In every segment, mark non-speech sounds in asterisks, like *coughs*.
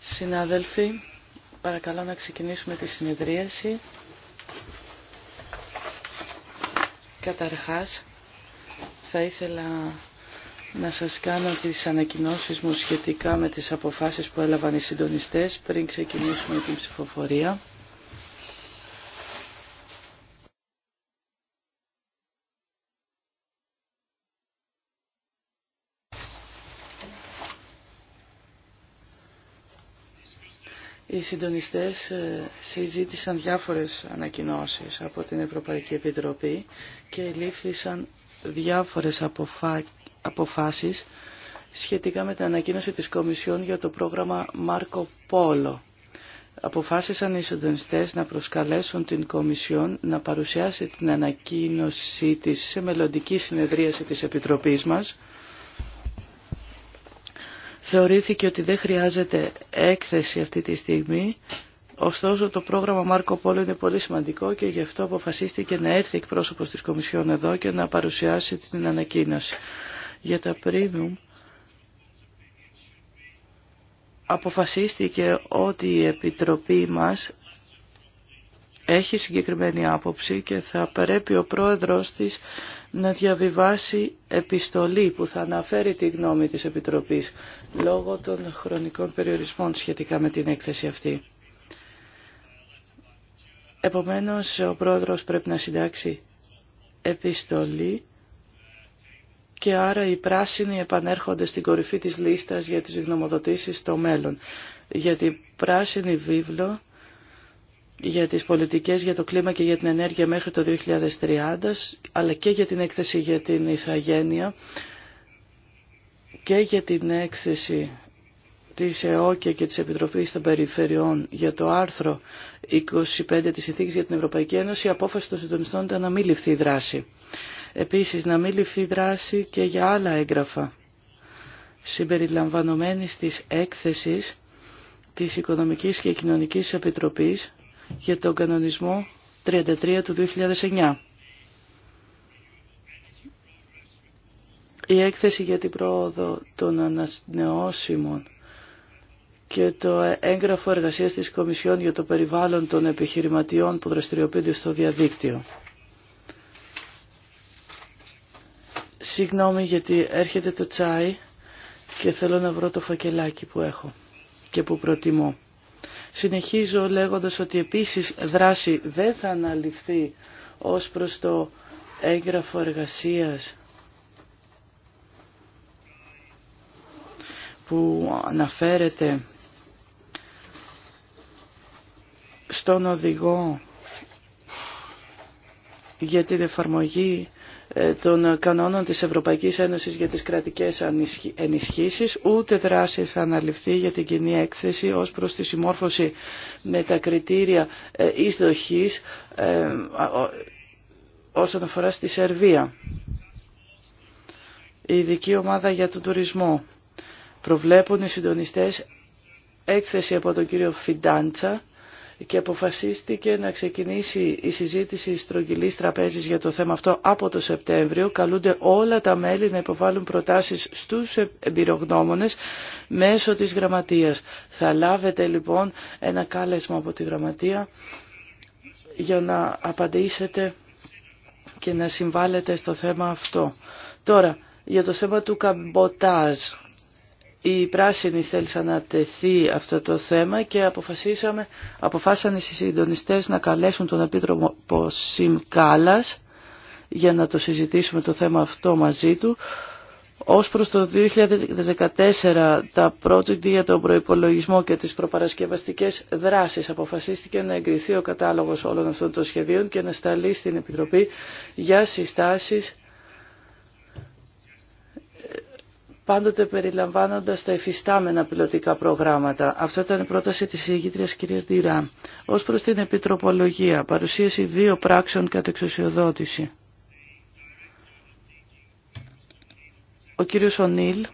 Συνάδελφοι, παρακαλώ να ξεκινήσουμε τη συνεδρίαση. Καταρχάς, θα ήθελα να σας κάνω τις ανακοινώσεις μου σχετικά με τις αποφάσεις που έλαβαν οι συντονιστές πριν ξεκινήσουμε την ψηφοφορία. οι συντονιστές ε, συζήτησαν διάφορες ανακοινώσεις από την Ευρωπαϊκή Επιτροπή και λήφθησαν διάφορες αποφάσεις σχετικά με την ανακοίνωση της Κομισιόν για το πρόγραμμα Μάρκο Πόλο. Αποφάσισαν οι συντονιστές να προσκαλέσουν την Κομισιόν να παρουσιάσει την ανακοίνωσή της σε μελλοντική συνεδρίαση της Επιτροπής μας θεωρήθηκε ότι δεν χρειάζεται έκθεση αυτή τη στιγμή. Ωστόσο το πρόγραμμα Μάρκο Πόλο είναι πολύ σημαντικό και γι' αυτό αποφασίστηκε να έρθει εκπρόσωπος της Κομισιόν εδώ και να παρουσιάσει την ανακοίνωση. Για τα premium αποφασίστηκε ότι η Επιτροπή μας έχει συγκεκριμένη άποψη και θα πρέπει ο πρόεδρος της να διαβιβάσει επιστολή που θα αναφέρει τη γνώμη της Επιτροπής λόγω των χρονικών περιορισμών σχετικά με την έκθεση αυτή. Επομένως, ο πρόεδρος πρέπει να συντάξει επιστολή και άρα οι πράσινοι επανέρχονται στην κορυφή της λίστας για τις γνωμοδοτήσεις στο μέλλον. Γιατί πράσινη βίβλο για τις πολιτικές για το κλίμα και για την ενέργεια μέχρι το 2030, αλλά και για την έκθεση για την ηθαγένεια και για την έκθεση της ΕΟΚΕ και της Επιτροπής των Περιφερειών για το άρθρο 25 της Συνθήκης για την Ευρωπαϊκή Ένωση, η απόφαση των συντονιστών ήταν να μην ληφθεί η δράση. Επίσης, να μην ληφθεί η δράση και για άλλα έγγραφα συμπεριλαμβανομένης της έκθεσης της Οικονομικής και Κοινωνικής Επιτροπής για τον κανονισμό 33 του 2009. Η έκθεση για την πρόοδο των ανανεώσιμων και το έγγραφο εργασίας της Κομισιόν για το περιβάλλον των επιχειρηματιών που δραστηριοποιούνται στο διαδίκτυο. Συγγνώμη γιατί έρχεται το τσάι και θέλω να βρω το φακελάκι που έχω και που προτιμώ. Συνεχίζω λέγοντας ότι επίσης δράση δεν θα αναλυφθεί ως προς το έγγραφο εργασίας που αναφέρεται στον οδηγό για την εφαρμογή ε, των κανόνων της Ευρωπαϊκής Ένωσης για τις κρατικές ενισχύσεις, ούτε δράση θα αναλυφθεί για την κοινή έκθεση ως προς τη συμμόρφωση με τα κριτήρια ε, εισδοχής ε, όσον αφορά στη Σερβία. Η ειδική ομάδα για τον τουρισμό. Προβλέπουν οι συντονιστές έκθεση από τον κύριο Φιντάντσα και αποφασίστηκε να ξεκινήσει η συζήτηση στρογγυλής τραπέζης για το θέμα αυτό από το Σεπτέμβριο. Καλούνται όλα τα μέλη να υποβάλουν προτάσεις στους εμπειρογνώμονες μέσω της γραμματείας. Θα λάβετε λοιπόν ένα κάλεσμα από τη γραμματεία για να απαντήσετε και να συμβάλλετε στο θέμα αυτό. Τώρα, για το θέμα του καμποτάζ οι πράσινοι θέλησαν να τεθεί αυτό το θέμα και αποφασίσαμε, αποφάσισαν οι συντονιστές να καλέσουν τον Επίτροπο Σιμ για να το συζητήσουμε το θέμα αυτό μαζί του. Ως προς το 2014 τα project για τον προϋπολογισμό και τις προπαρασκευαστικές δράσεις αποφασίστηκε να εγκριθεί ο κατάλογος όλων αυτών των σχεδίων και να σταλεί στην Επιτροπή για συστάσεις πάντοτε περιλαμβάνοντας τα εφιστάμενα πιλωτικά προγράμματα. Αυτό ήταν η πρόταση της ηγήτριας κυρίας Ντυρά. Ως προς την επιτροπολογία, παρουσίαση δύο πράξεων κατά εξουσιοδότηση. Ο κύριος Ονίλ,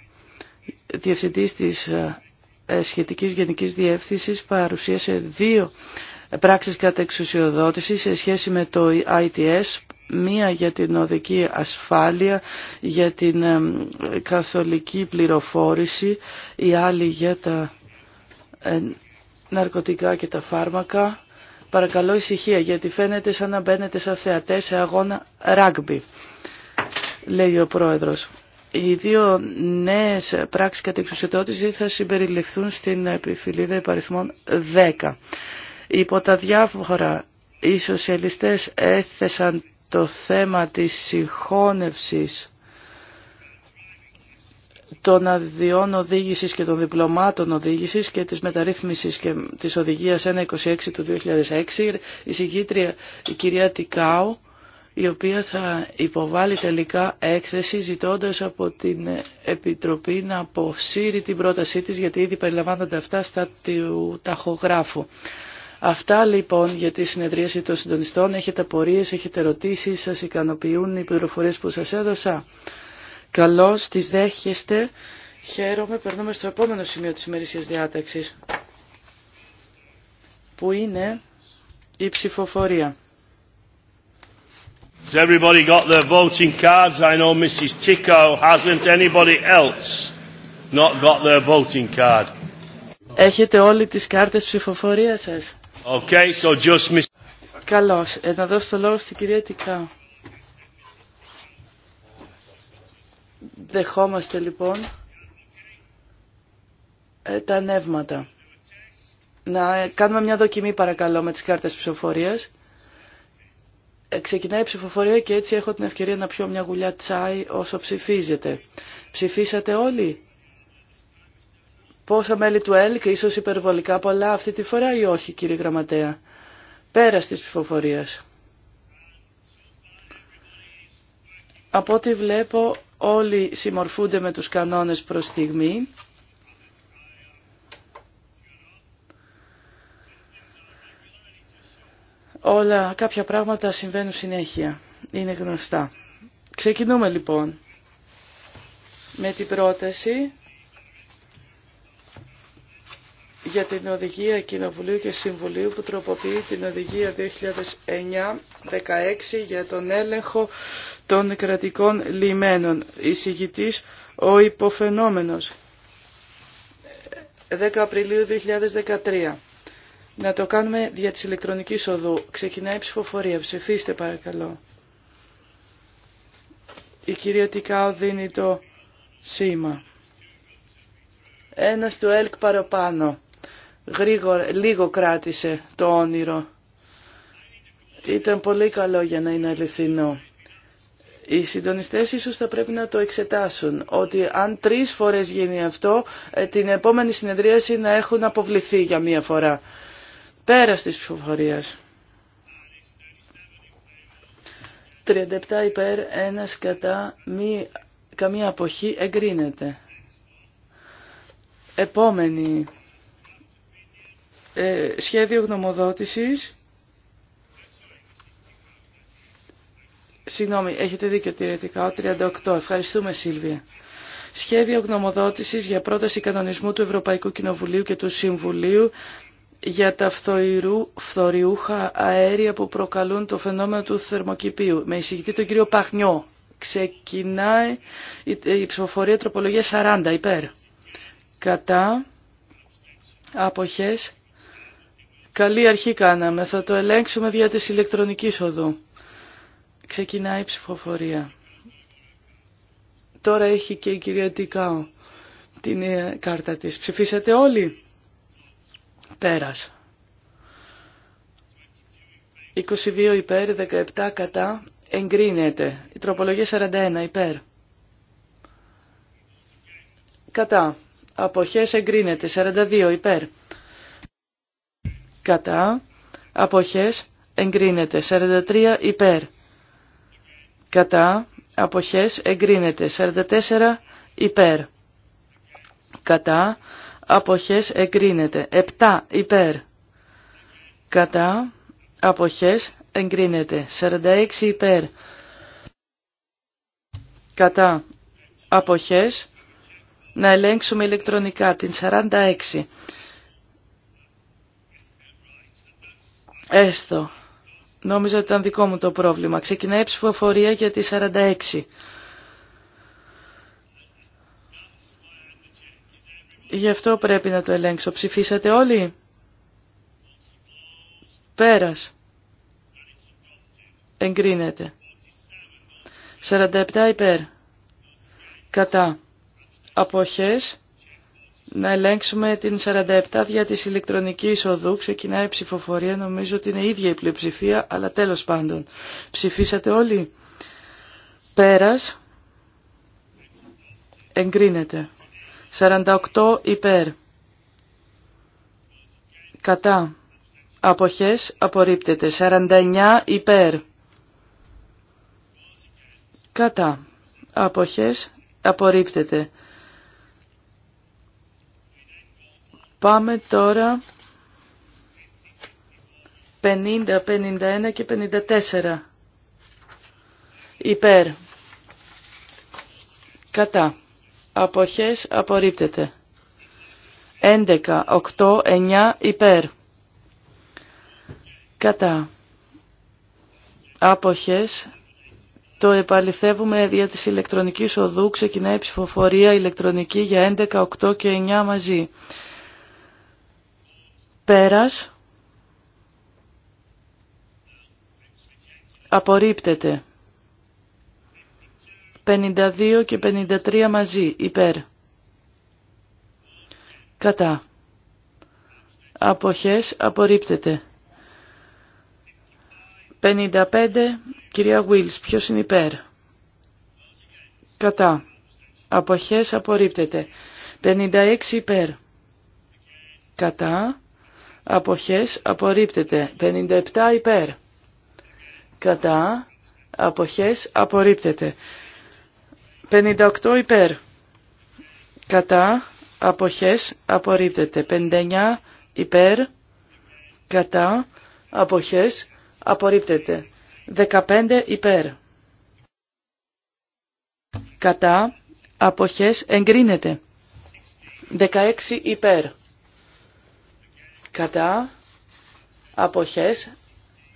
διευθυντής της ε, ε, σχετικής γενικής διεύθυνσης, παρουσίασε δύο πράξεις κατά εξουσιοδότηση σε σχέση με το ITS μία για την οδική ασφάλεια, για την ε, καθολική πληροφόρηση, η άλλη για τα ε, ναρκωτικά και τα φάρμακα. Παρακαλώ ησυχία γιατί φαίνεται σαν να μπαίνετε σαν θεατές σε αγώνα ράγμπι, λέει ο πρόεδρος. Οι δύο νέες πράξεις εξουσιατότηση θα συμπεριληφθούν στην επιφυλίδα υπαριθμών 10. Υπό τα διάφορα οι σοσιαλιστές έθεσαν το θέμα της συγχώνευσης των αδειών οδήγηση και των διπλωμάτων οδήγηση και τη μεταρρύθμιση και τη οδηγία 126 του 2006, η συγκίτρια η κυρία Τικάου, η οποία θα υποβάλει τελικά έκθεση ζητώντας από την Επιτροπή να αποσύρει την πρότασή της γιατί ήδη περιλαμβάνονται αυτά στα του ταχογράφου. Αυτά λοιπόν για τη συνεδρίαση των συντονιστών. Έχετε απορίες, έχετε ερωτήσεις, σας ικανοποιούν οι πληροφορίες που σας έδωσα. Καλώς, τις δέχεστε. Χαίρομαι, περνούμε στο επόμενο σημείο της ημερήσιας διάταξης, που είναι η ψηφοφορία. Έχετε όλοι τις κάρτες ψηφοφορίας σας. Okay, so just... Καλώς. Ε, να δώσω το λόγο στην κυρία Τικά. Δεχόμαστε λοιπόν ε, τα νεύματα. Να ε, κάνουμε μια δοκιμή παρακαλώ με τις κάρτες ψηφοφορίας. Ε, ξεκινάει η ψηφοφορία και έτσι έχω την ευκαιρία να πιω μια γουλιά τσάι όσο ψηφίζετε. Ψηφίσατε όλοι πόσα μέλη του ΕΛΚ, ίσως υπερβολικά πολλά αυτή τη φορά ή όχι κύριε Γραμματέα. Πέρα της ψηφοφορίας. Από ό,τι βλέπω όλοι συμμορφούνται με τους κανόνες προς στιγμή. Όλα κάποια πράγματα συμβαίνουν συνέχεια. Είναι γνωστά. Ξεκινούμε λοιπόν με την πρόταση για την Οδηγία Κοινοβουλίου και Συμβουλίου που τροποποιεί την Οδηγία 2009-16 για τον έλεγχο των κρατικών λιμένων. Εισηγητής ο υποφαινόμενος. 10 Απριλίου 2013. Να το κάνουμε δια της ηλεκτρονικής οδού. Ξεκινάει η ψηφοφορία. Ψηφίστε παρακαλώ. Η κυρία Τικάου δίνει το σήμα. Ένας του ΕΛΚ παραπάνω. Γρήγορα, λίγο κράτησε το όνειρο. Ήταν πολύ καλό για να είναι αληθινό. Οι συντονιστές ίσως θα πρέπει να το εξετάσουν, ότι αν τρεις φορές γίνει αυτό, ε, την επόμενη συνεδρίαση να έχουν αποβληθεί για μία φορά. Πέρας της ψηφοφορίας. 37 υπέρ, ένας κατά, μη, καμία αποχή εγκρίνεται. Επόμενη ε, σχέδιο γνωμοδότησης. Συγγνώμη, έχετε δίκιο τηρετικά, 38. Ευχαριστούμε Σίλβια. Σχέδιο γνωμοδότησης για πρόταση κανονισμού του Ευρωπαϊκού Κοινοβουλίου και του Συμβουλίου για τα φθοριούχα αέρια που προκαλούν το φαινόμενο του θερμοκηπίου. Με εισηγητή τον κύριο Παχνιό. Ξεκινάει η ψηφοφορία τροπολογία 40 υπέρ. Κατά αποχές Καλή αρχή κάναμε. Θα το ελέγξουμε δια της ηλεκτρονικής οδού. Ξεκινάει η ψηφοφορία. Τώρα έχει και η κυρία Τικάο την ε, κάρτα της. Ψηφίσατε όλοι. Πέρας. 22 υπέρ, 17 κατά. Εγκρίνεται. Η τροπολογία 41 υπέρ. Κατά. Αποχές εγκρίνεται. 42 υπέρ κατά, αποχές, εγκρίνεται. 43 υπέρ, κατά, αποχές, εγκρίνεται. 44 υπέρ, κατά, αποχές, εγκρίνεται. 7 υπέρ, κατά, αποχές, εγκρίνεται. 46 υπέρ, κατά, αποχές, να ελέγξουμε ηλεκτρονικά την 46. Έστω. Νόμιζα ότι ήταν δικό μου το πρόβλημα. Ξεκινάει η ψηφοφορία για τη 46. Γι' αυτό πρέπει να το ελέγξω. Ψηφίσατε όλοι. Πέρας. Εγκρίνεται. 47 υπέρ. Κατά. Αποχές να ελέγξουμε την 47 δια της ηλεκτρονικής οδού. Ξεκινάει η ψηφοφορία, νομίζω ότι είναι η ίδια η πλειοψηφία, αλλά τέλος πάντων. Ψηφίσατε όλοι. Πέρας. Εγκρίνεται. 48 υπέρ. Κατά. Αποχές απορρίπτεται. 49 υπέρ. Κατά. Αποχές απορρίπτεται. Πάμε τώρα 50, 51 και 54. Υπέρ. Κατά. Αποχές απορρίπτεται. 11, 8, 9 υπέρ. Κατά. Άποχες. Το επαληθεύουμε δια της ηλεκτρονικής οδού. Ξεκινάει ψηφοφορία ηλεκτρονική για 11, 8 και 9 μαζί. Πέρας. Απορρίπτεται. 52 και 53 μαζί. Υπέρ. Κατά. Αποχές. Απορρίπτεται. 55. Κυρία Wills, Ποιος είναι υπέρ. Κατά. Αποχές. Απορρίπτεται. 56 υπέρ. Κατά αποχές απορρίπτεται. 57 υπέρ. Κατά αποχές απορρίπτεται. 58 υπέρ. Κατά αποχές απορρίπτεται. 59 υπέρ. Κατά αποχές απορρίπτεται. 15 υπέρ. Κατά αποχές εγκρίνεται. 16 υπέρ κατά αποχές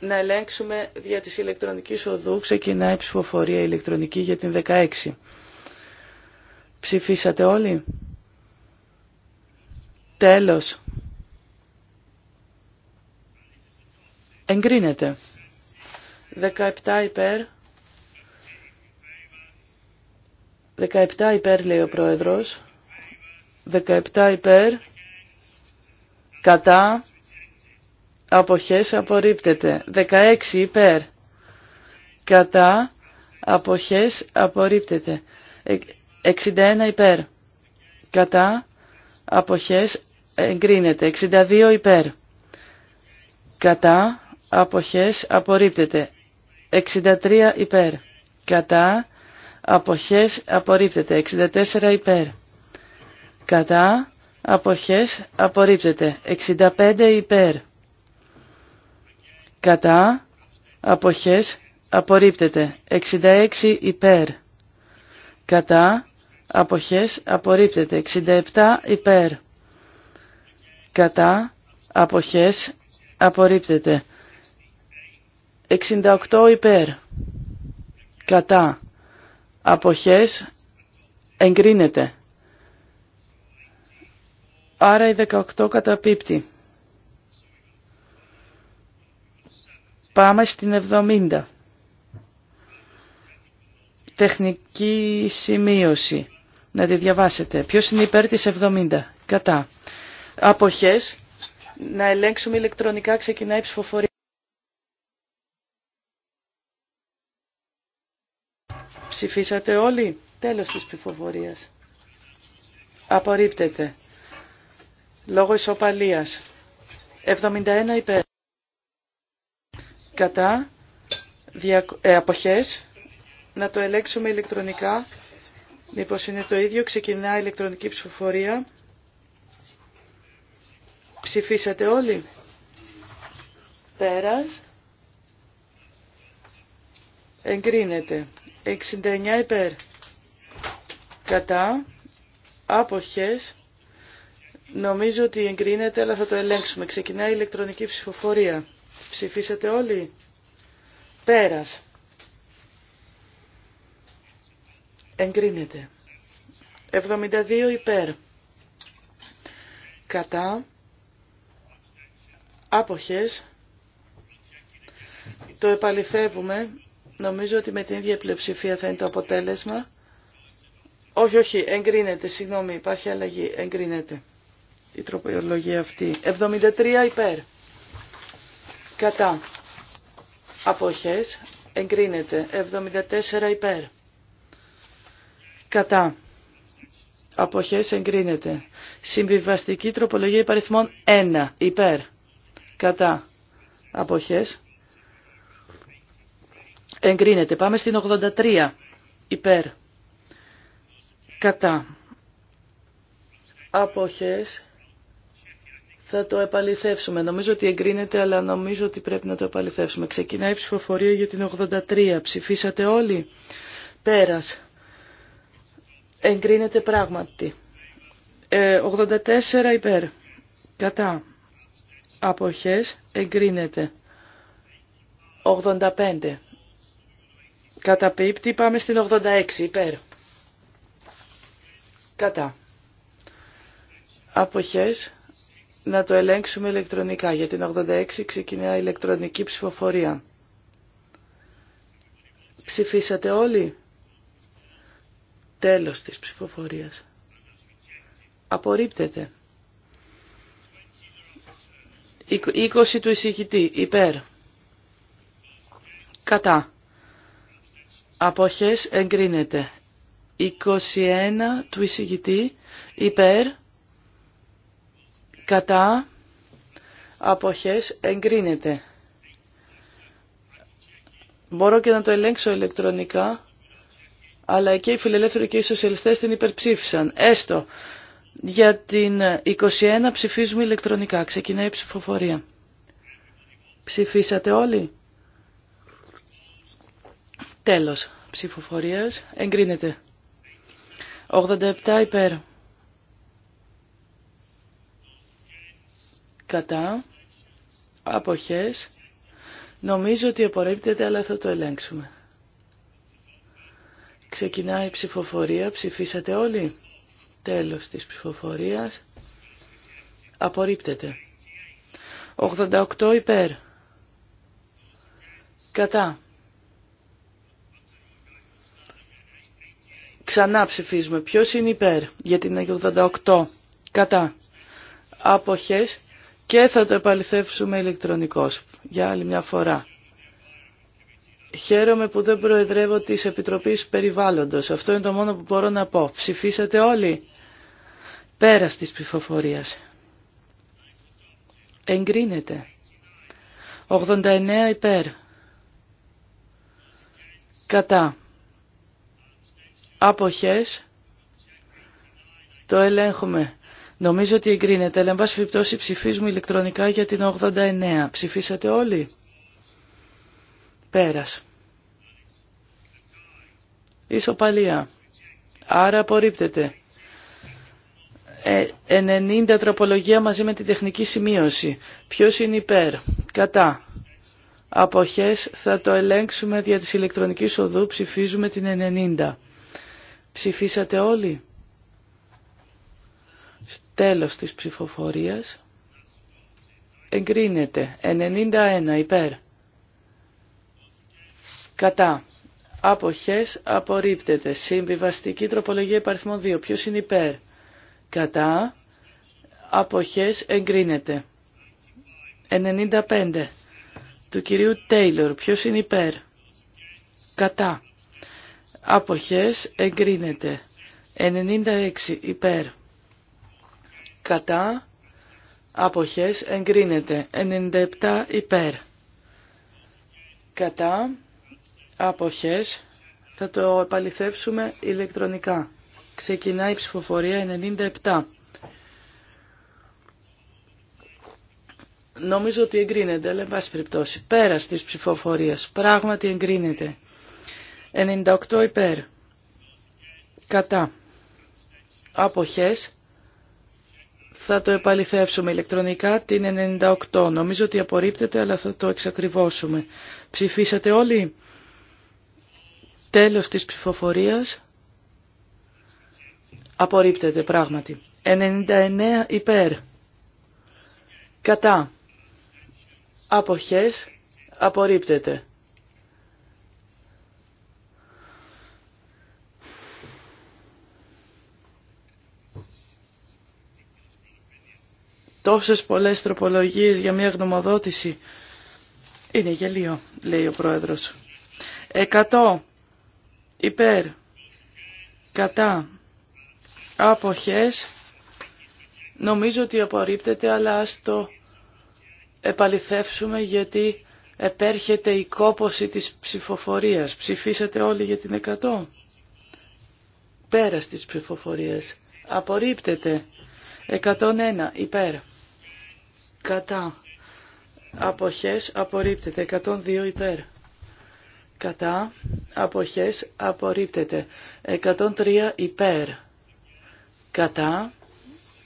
να ελέγξουμε δια της ηλεκτρονικής οδού ξεκινάει η ψηφοφορία ηλεκτρονική για την 16. Ψηφίσατε όλοι. Τέλος. Εγκρίνεται. 17 υπέρ. 17 υπέρ λέει ο πρόεδρος. 17 υπέρ κατά αποχές απορρίπτεται. 16 υπέρ κατά αποχές απορρίπτεται. 61 ε, υπέρ κατά αποχές εγκρίνεται. 62 υπέρ κατά αποχές απορρίπτεται. 63 υπέρ κατά αποχές απορρίπτεται. 64 υπέρ κατά αποχές απορρίπτεται. 65 υπέρ. Κατά αποχές απορρίπτεται. 66 υπέρ. Κατά αποχές απορρίπτεται. 67 υπέρ. Κατά αποχές απορρίπτεται. 68 υπέρ. Κατά αποχές εγκρίνεται άρα η 18 καταπίπτει. Πάμε στην 70. Τεχνική σημείωση. Να τη διαβάσετε. Ποιος είναι υπέρ της 70. Κατά. Αποχές. Να ελέγξουμε ηλεκτρονικά. Ξεκινάει η ψηφοφορία. Ψηφίσατε όλοι. Τέλος της ψηφοφορίας. Απορρίπτεται λόγω ισοπαλίας. 71 υπέρ. Κατά ε, αποχές. Να το ελέγξουμε ηλεκτρονικά. Μήπως είναι το ίδιο. Ξεκινά η ηλεκτρονική ψηφοφορία. Ψηφίσατε όλοι. Πέρας. Εγκρίνεται. 69 υπέρ. Κατά. Άποχες. Νομίζω ότι εγκρίνεται, αλλά θα το ελέγξουμε. Ξεκινάει η ηλεκτρονική ψηφοφορία. Ψηφίσατε όλοι. Πέρας. Εγκρίνεται. 72 υπέρ. Κατά. Άποχες. Το επαληθεύουμε. Νομίζω ότι με την ίδια πλειοψηφία θα είναι το αποτέλεσμα. Όχι, όχι, εγκρίνεται, συγγνώμη, υπάρχει αλλαγή, εγκρίνεται η τροπολογία αυτή. 73 υπέρ. Κατά. Αποχές. Εγκρίνεται. 74 υπέρ. Κατά. Αποχές εγκρίνεται. Συμβιβαστική τροπολογία υπαριθμών 1. Υπέρ. Κατά. Αποχές. Εγκρίνεται. Πάμε στην 83. Υπέρ. Κατά. Αποχές θα το επαληθεύσουμε. Νομίζω ότι εγκρίνεται, αλλά νομίζω ότι πρέπει να το επαληθεύσουμε. Ξεκινάει η ψηφοφορία για την 83. Ψηφίσατε όλοι. Πέρας. Εγκρίνεται πράγματι. 84 ε, υπέρ. Κατά. Αποχές. Εγκρίνεται. 85. Καταπίπτει. Πάμε στην 86 υπέρ. Κατά. Αποχές να το ελέγξουμε ηλεκτρονικά. Για την 86 ξεκινά ηλεκτρονική ψηφοφορία. Ψηφίσατε όλοι. Τέλος της ψηφοφορίας. Απορρίπτεται. 20 του εισηγητή. Υπέρ. Κατά. Αποχές εγκρίνεται. 21 του εισηγητή. Υπέρ κατά αποχές εγκρίνεται. Μπορώ και να το ελέγξω ηλεκτρονικά, αλλά και οι φιλελεύθεροι και οι σοσιαλιστές την υπερψήφισαν. Έστω, για την 21 ψηφίζουμε ηλεκτρονικά. Ξεκινάει η ψηφοφορία. Ψηφίσατε όλοι. Τέλος ψηφοφορίας. Εγκρίνεται. 87 υπέρ. κατά, αποχές, νομίζω ότι απορρίπτεται αλλά θα το ελέγξουμε. Ξεκινάει η ψηφοφορία, ψηφίσατε όλοι. Τέλος της ψηφοφορίας, απορρίπτεται. 88 υπέρ, κατά. Ξανά ψηφίζουμε. Ποιος είναι υπέρ για την 88. Κατά. Αποχές και θα το επαληθεύσουμε ηλεκτρονικώς για άλλη μια φορά. Χαίρομαι που δεν προεδρεύω της Επιτροπής Περιβάλλοντος. Αυτό είναι το μόνο που μπορώ να πω. Ψηφίσατε όλοι. Πέρας της ψηφοφορίας. Εγκρίνεται. 89 υπέρ. Κατά. Αποχές. Το ελέγχουμε. Νομίζω ότι εγκρίνεται, αλλά εν πάση ψηφίζουμε ηλεκτρονικά για την 89. Ψηφίσατε όλοι. Πέρας. Ισοπαλία. Άρα απορρίπτεται. Ε, 90 τροπολογία μαζί με την τεχνική σημείωση. Ποιος είναι υπέρ. Κατά. Αποχές θα το ελέγξουμε δια της ηλεκτρονικής οδού. Ψηφίζουμε την 90. Ψηφίσατε όλοι. Τέλος της ψηφοφορίας. Εγκρίνεται. 91 υπέρ. Κατά. Αποχές απορρίπτεται. Συμβιβαστική τροπολογία υπαριθμό 2. Ποιος είναι υπέρ. Κατά. Αποχές εγκρίνεται. 95. Του κυρίου Τέιλορ. Ποιος είναι υπέρ. Κατά. Αποχές εγκρίνεται. 96 υπέρ κατά, αποχές, εγκρίνεται. 97 υπέρ, κατά, αποχές, θα το επαληθεύσουμε ηλεκτρονικά. Ξεκινάει η ψηφοφορία 97. Νομίζω ότι εγκρίνεται, αλλά εν πάση περιπτώσει. Πέρα τη ψηφοφορία. Πράγματι εγκρίνεται. 98 υπέρ. Κατά. Αποχές θα το επαληθεύσουμε ηλεκτρονικά την 98. Νομίζω ότι απορρίπτεται αλλά θα το εξακριβώσουμε. Ψηφίσατε όλοι. Τέλος της ψηφοφορίας. Απορρίπτεται πράγματι. 99 υπέρ. Κατά. Αποχές. Απορρίπτεται. τόσες πολλές τροπολογίες για μια γνωμοδότηση. Είναι γελίο, λέει ο πρόεδρος. Εκατό υπέρ κατά άποχες νομίζω ότι απορρίπτεται αλλά ας το επαληθεύσουμε γιατί επέρχεται η κόποση της ψηφοφορίας. Ψηφίσατε όλοι για την 100. Πέρας της ψηφοφορίας. Απορρίπτεται. 101 υπέρ κατά αποχές απορρίπτεται 102 υπέρ κατά αποχές απορρίπτεται 103 υπέρ κατά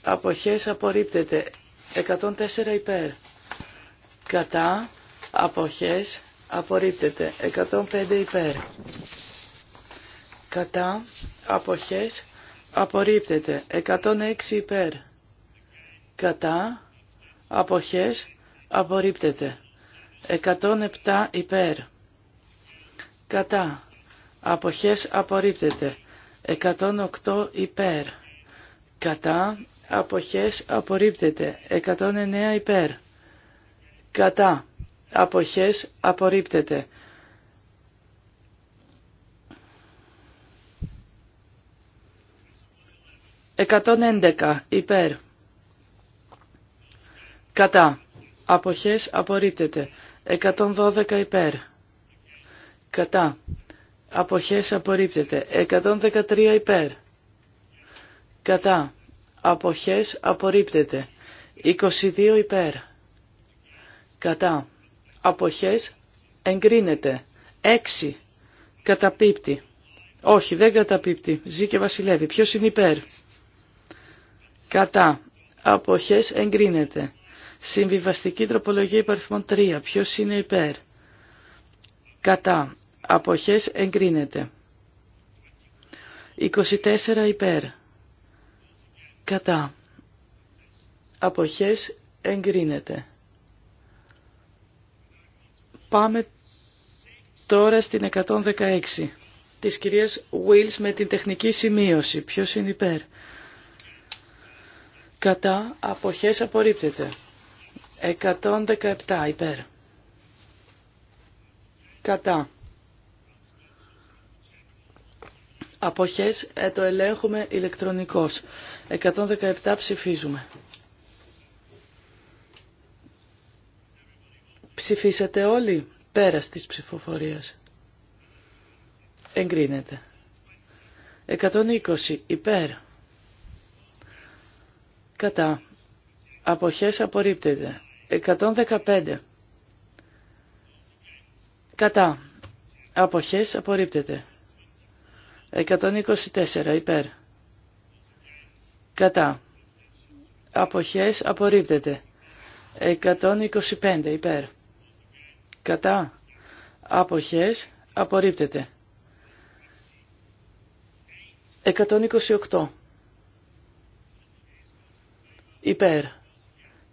αποχές απορρίπτεται 104 υπέρ κατά αποχές απορρίπτεται 105 υπέρ κατά αποχές απορρίπτεται 106 υπέρ κατά αποχές απορρίπτεται. 107 υπέρ. Κατά. Αποχές απορρίπτεται. 108 υπέρ. Κατά. Αποχές απορρίπτεται. 109 υπέρ. Κατά. Αποχές απορρίπτεται. 111 υπέρ. Κατά. Αποχές απορρίπτεται. 112 υπέρ. Κατά. Αποχές απορρίπτεται. 113 υπέρ. Κατά. Αποχές απορρίπτεται. 22 υπέρ. Κατά. Αποχές εγκρίνεται. 6. Καταπίπτει. Όχι, δεν καταπίπτει. Ζει και βασιλεύει. Ποιος είναι υπέρ. Κατά. Αποχές εγκρίνεται. Συμβιβαστική τροπολογία υπαριθμών 3. Ποιο είναι υπέρ. Κατά. Αποχές εγκρίνεται. 24 υπέρ. Κατά. Αποχές εγκρίνεται. Πάμε τώρα στην 116 της κυρίας Wills με την τεχνική σημείωση. Ποιος είναι υπέρ. Κατά αποχές απορρίπτεται. 117 υπέρ. Κατά. Αποχές ε, το ελέγχουμε ηλεκτρονικός. 117 ψηφίζουμε. Ψηφίσατε όλοι πέρα της ψηφοφορίες Εγκρίνεται. 120 υπέρ. Κατά. Αποχές απορρίπτεται. 115. Κατά. Αποχές απορρίπτεται. 124 υπέρ. Κατά. Αποχές απορρίπτεται. 125 υπέρ. Κατά. Αποχές απορρίπτεται. 128 υπέρ.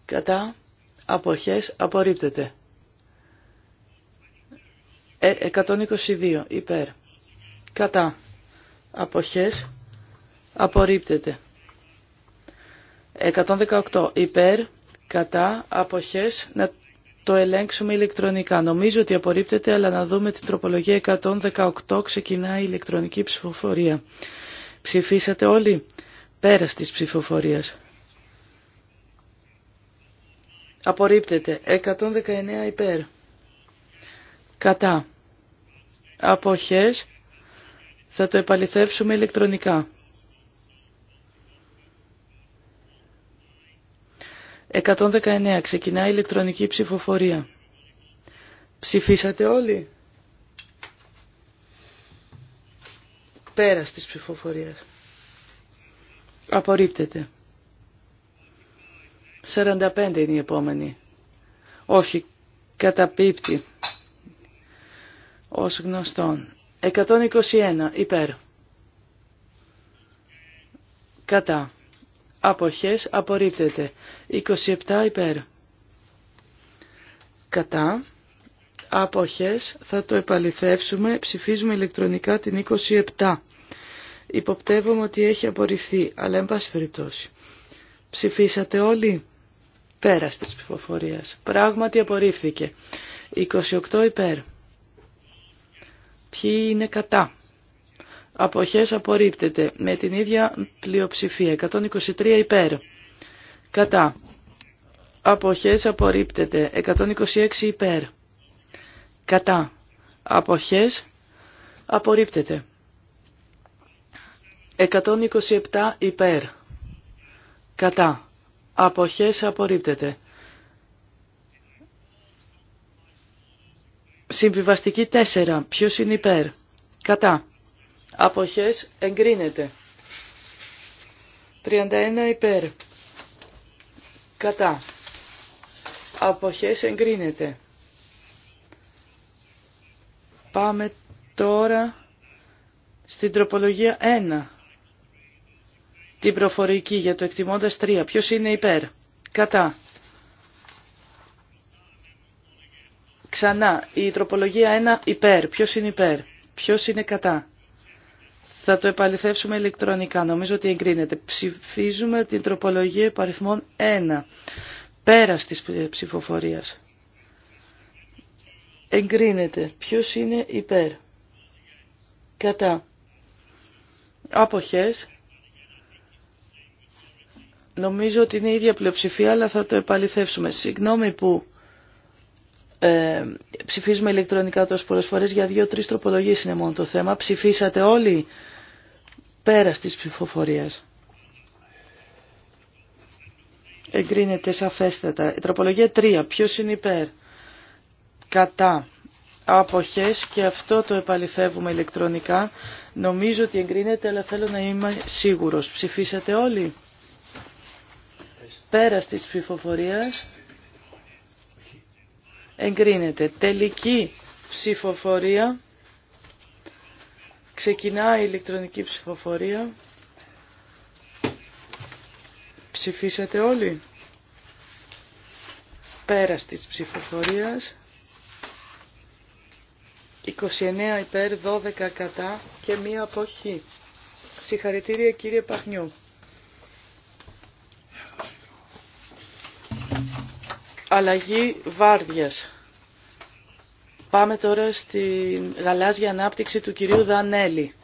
Κατά αποχές απορρίπτεται. 122 ε, υπέρ. Κατά. Αποχές απορρίπτεται. 118 υπέρ. Κατά. Αποχές να το ελέγξουμε ηλεκτρονικά. Νομίζω ότι απορρίπτεται, αλλά να δούμε την τροπολογία 118. Ξεκινάει η ηλεκτρονική ψηφοφορία. Ψηφίσατε όλοι πέρα της ψηφοφορίας. Απορρίπτεται. 119 υπέρ. Κατά. Αποχές. Θα το επαληθεύσουμε ηλεκτρονικά. 119. Ξεκινά η ηλεκτρονική ψηφοφορία. Ψηφίσατε όλοι. Πέρας της ψηφοφορίας. Απορρίπτεται. 45 είναι η επόμενη. Όχι, καταπίπτη. Ως γνωστόν. 121 υπέρ. Κατά. Αποχές απορρίπτεται. 27 υπέρ. Κατά. Αποχές θα το επαληθεύσουμε. Ψηφίζουμε ηλεκτρονικά την 27. Υποπτεύομαι ότι έχει απορριφθεί, αλλά εν πάση περιπτώσει. Ψηφίσατε όλοι. Πέρας της ψηφοφορίας. Πράγματι απορρίφθηκε. 28 υπέρ. Ποιοι είναι κατά. Αποχές απορρίπτεται με την ίδια πλειοψηφία. 123 υπέρ. Κατά. Αποχές απορρίπτεται. 126 υπέρ. Κατά. Αποχές απορρίπτεται. 127 υπέρ. Κατά αποχές απορρίπτεται. Συμβιβαστική 4. Ποιος είναι υπέρ. Κατά. Αποχές εγκρίνεται. 31 υπέρ. Κατά. Αποχές εγκρίνεται. Πάμε τώρα στην τροπολογία 1 την προφορική για το εκτιμώντας 3. Ποιος είναι υπέρ. Κατά. Ξανά, η τροπολογία 1 υπέρ. Ποιος είναι υπέρ. Ποιος είναι κατά. Θα το επαληθεύσουμε ηλεκτρονικά. Νομίζω ότι εγκρίνεται. Ψηφίζουμε την τροπολογία υπαριθμών 1. Πέρας της ψηφοφορίας. Εγκρίνεται. Ποιος είναι υπέρ. Κατά. Αποχές. Νομίζω ότι είναι η ίδια πλειοψηφία, αλλά θα το επαληθεύσουμε. Συγγνώμη που ε, ψηφίζουμε ηλεκτρονικά τόσες πολλές φορές, για δύο-τρεις τροπολογίες είναι μόνο το θέμα. Ψηφίσατε όλοι πέρα της ψηφοφορίας. Εγκρίνεται σαφέστατα. Η τροπολογία 3. Ποιος είναι υπέρ. Κατά. Αποχές και αυτό το επαληθεύουμε ηλεκτρονικά. Νομίζω ότι εγκρίνεται αλλά θέλω να είμαι σίγουρος. Ψηφίσατε όλοι. Πέρας της ψηφοφορίας εγκρίνεται. Τελική ψηφοφορία. Ξεκινά η ηλεκτρονική ψηφοφορία. Ψηφίσατε όλοι. Πέρας της ψηφοφορίας. 29 υπέρ, 12 κατά και μία αποχή. Συγχαρητήρια κύριε Παχνιού. αλλαγή βάρδιας. Πάμε τώρα στην γαλάζια ανάπτυξη του κυρίου Δανέλη.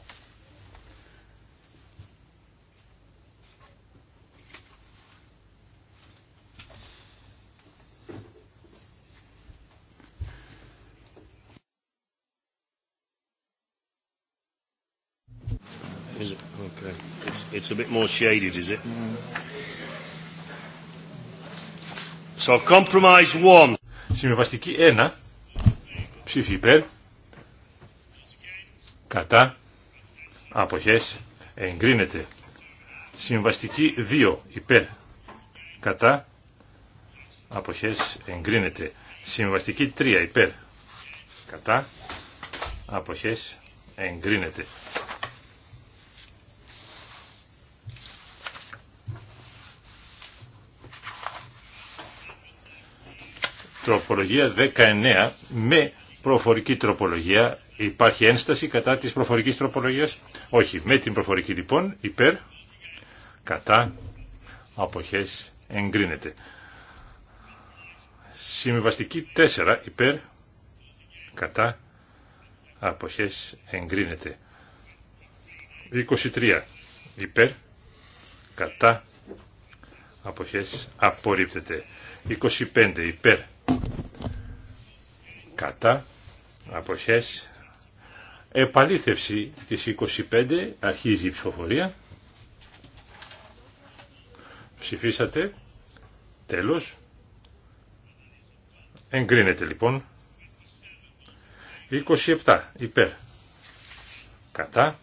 it's a bit more shaded, is it? Mm. So compromise one. 1. Ψήφι υπέρ. Κατά. Αποχές. Εγκρίνεται. Συμβαστική 2. Υπέρ. Κατά. Αποχές. Εγκρίνεται. Συμβαστική 3. Υπέρ. Κατά. Αποχές. Εγκρίνεται. Τροπολογία 19 με προφορική τροπολογία. Υπάρχει ένσταση κατά της προφορικής τροπολογίας. Όχι, με την προφορική λοιπόν υπέρ, κατά, αποχές εγκρίνεται. Συμβαστική 4 υπέρ, κατά, αποχές εγκρίνεται. 23 υπέρ, κατά, αποχές απορρίπτεται. 25 υπέρ, κατά αποχές επαλήθευση της 25 αρχίζει η ψηφοφορία ψηφίσατε τέλος εγκρίνεται λοιπόν 27 υπέρ κατά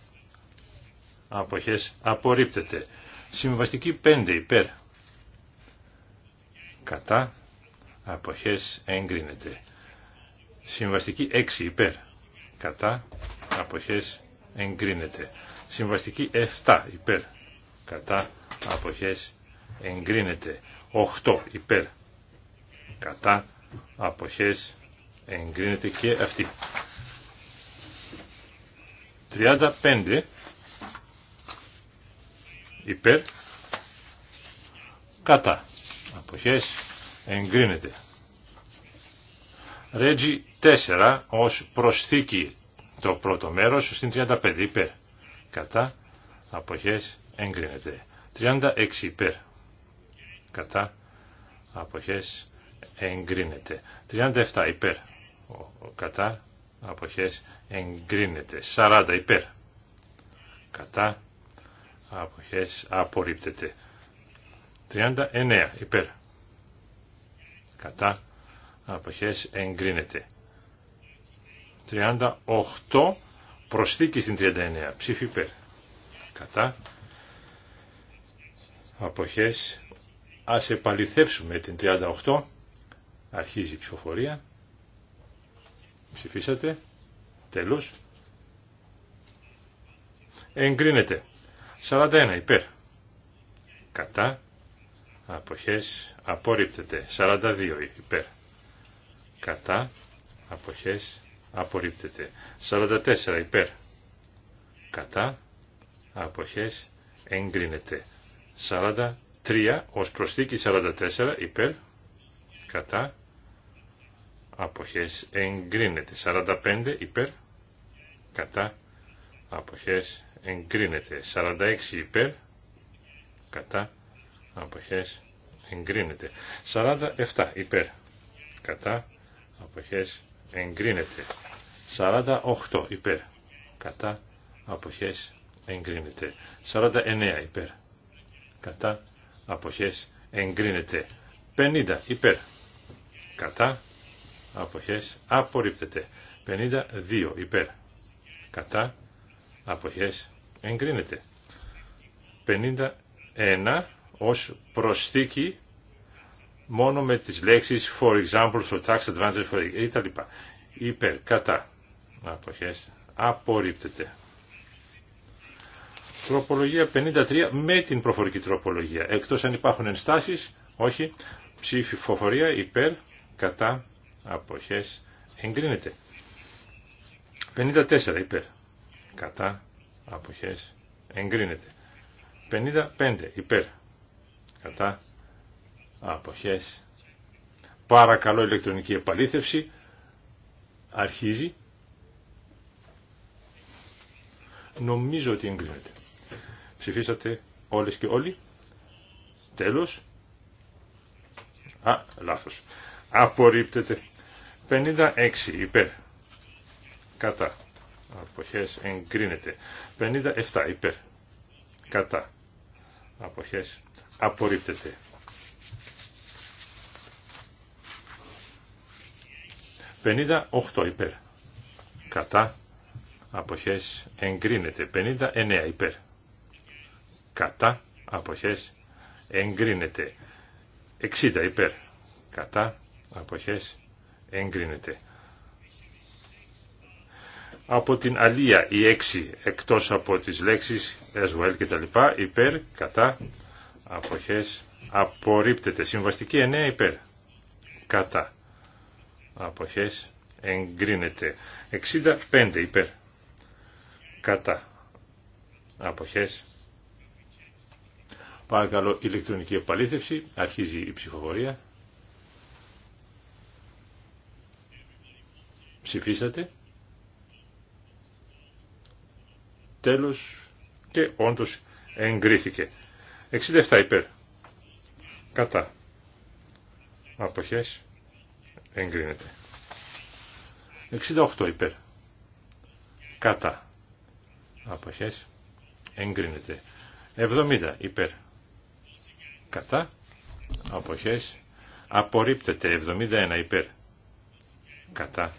αποχές απορρίπτεται συμβαστική 5 υπέρ κατά αποχές εγκρίνεται Συμβαστική 6 υπέρ. Κατά. Αποχές εγκρίνεται. Συμβαστική 7 υπέρ. Κατά. Αποχές εγκρίνεται. 8 υπέρ. Κατά. Αποχές εγκρίνεται και αυτή. 35 υπέρ. Κατά. Αποχές εγκρίνεται. Ρέτζι 4 ως προσθήκη το πρώτο μέρος στην 35 υπέρ. Κατά αποχές εγκρίνεται. 36 υπέρ. Κατά αποχές εγκρίνεται. 37 υπέρ. Κατά αποχές εγκρίνεται. 40 υπέρ. Κατά αποχές απορρίπτεται. 39 υπέρ. Κατά αποχές εγκρίνεται. 38 προσθήκη στην 39. Ψήφι υπέρ. Κατά. Αποχές. Ας επαληθεύσουμε την 38. Αρχίζει η ψηφοφορία. Ψηφίσατε. Τέλος. Εγκρίνεται. 41 υπέρ. Κατά. Αποχές. Απορρίπτεται. 42 υπέρ. Κατά. Αποχές απορρίπτεται. 44 υπέρ κατά αποχές εγκρίνεται. 43 ως προσθήκη 44 υπέρ κατά αποχές εγκρίνεται. 45 υπέρ κατά αποχές εγκρίνεται. 46 υπέρ κατά αποχές εγκρίνεται. 47 υπέρ κατά αποχές εγκρίνεται. 48 υπέρ. Κατά αποχές εγκρίνεται. 49 υπέρ. Κατά αποχές εγκρίνεται. 50 υπέρ. Κατά αποχές απορρίπτεται. 52 υπέρ. Κατά αποχές εγκρίνεται. 51 ως προσθήκη μόνο με τις λέξεις for example, for tax advantage, for ή e- Υπέρ, κατά, αποχές, απορρίπτεται. Τροπολογία 53 με την προφορική τροπολογία. Εκτός αν υπάρχουν ενστάσεις, όχι, ψηφοφορία υπέρ, κατά, αποχές, εγκρίνεται. 54 υπέρ, κατά, αποχές, εγκρίνεται. 55 υπέρ, κατά, αποχές παρακαλώ ηλεκτρονική επαλήθευση αρχίζει νομίζω ότι εγκρίνεται ψηφίσατε όλες και όλοι τέλος α λάθος απορρίπτεται 56 υπέρ κατά αποχές εγκρίνεται 57 υπέρ κατά αποχές απορρίπτεται 58 υπέρ. Κατά αποχές εγκρίνεται. 59 υπέρ. Κατά αποχές εγκρίνεται. 60 υπέρ. Κατά αποχές εγκρίνεται. Από την αλία η 6 εκτός από τις λέξεις as well και τα λοιπά υπέρ κατά αποχές απορρίπτεται. Συμβαστική 9 υπέρ. Κατά αποχές εγκρίνεται 65 υπέρ κατά αποχές παρακαλώ ηλεκτρονική επαλήθευση αρχίζει η ψηφοφορία ψηφίσατε τέλος και όντως εγκρίθηκε 67 υπέρ κατά αποχές Εγκρίνεται. 68 υπέρ. Κατά. Αποχές. Εγκρίνεται. 70 υπέρ. Κατά. Αποχές. Απορρίπτεται. 71 υπέρ. Κατά.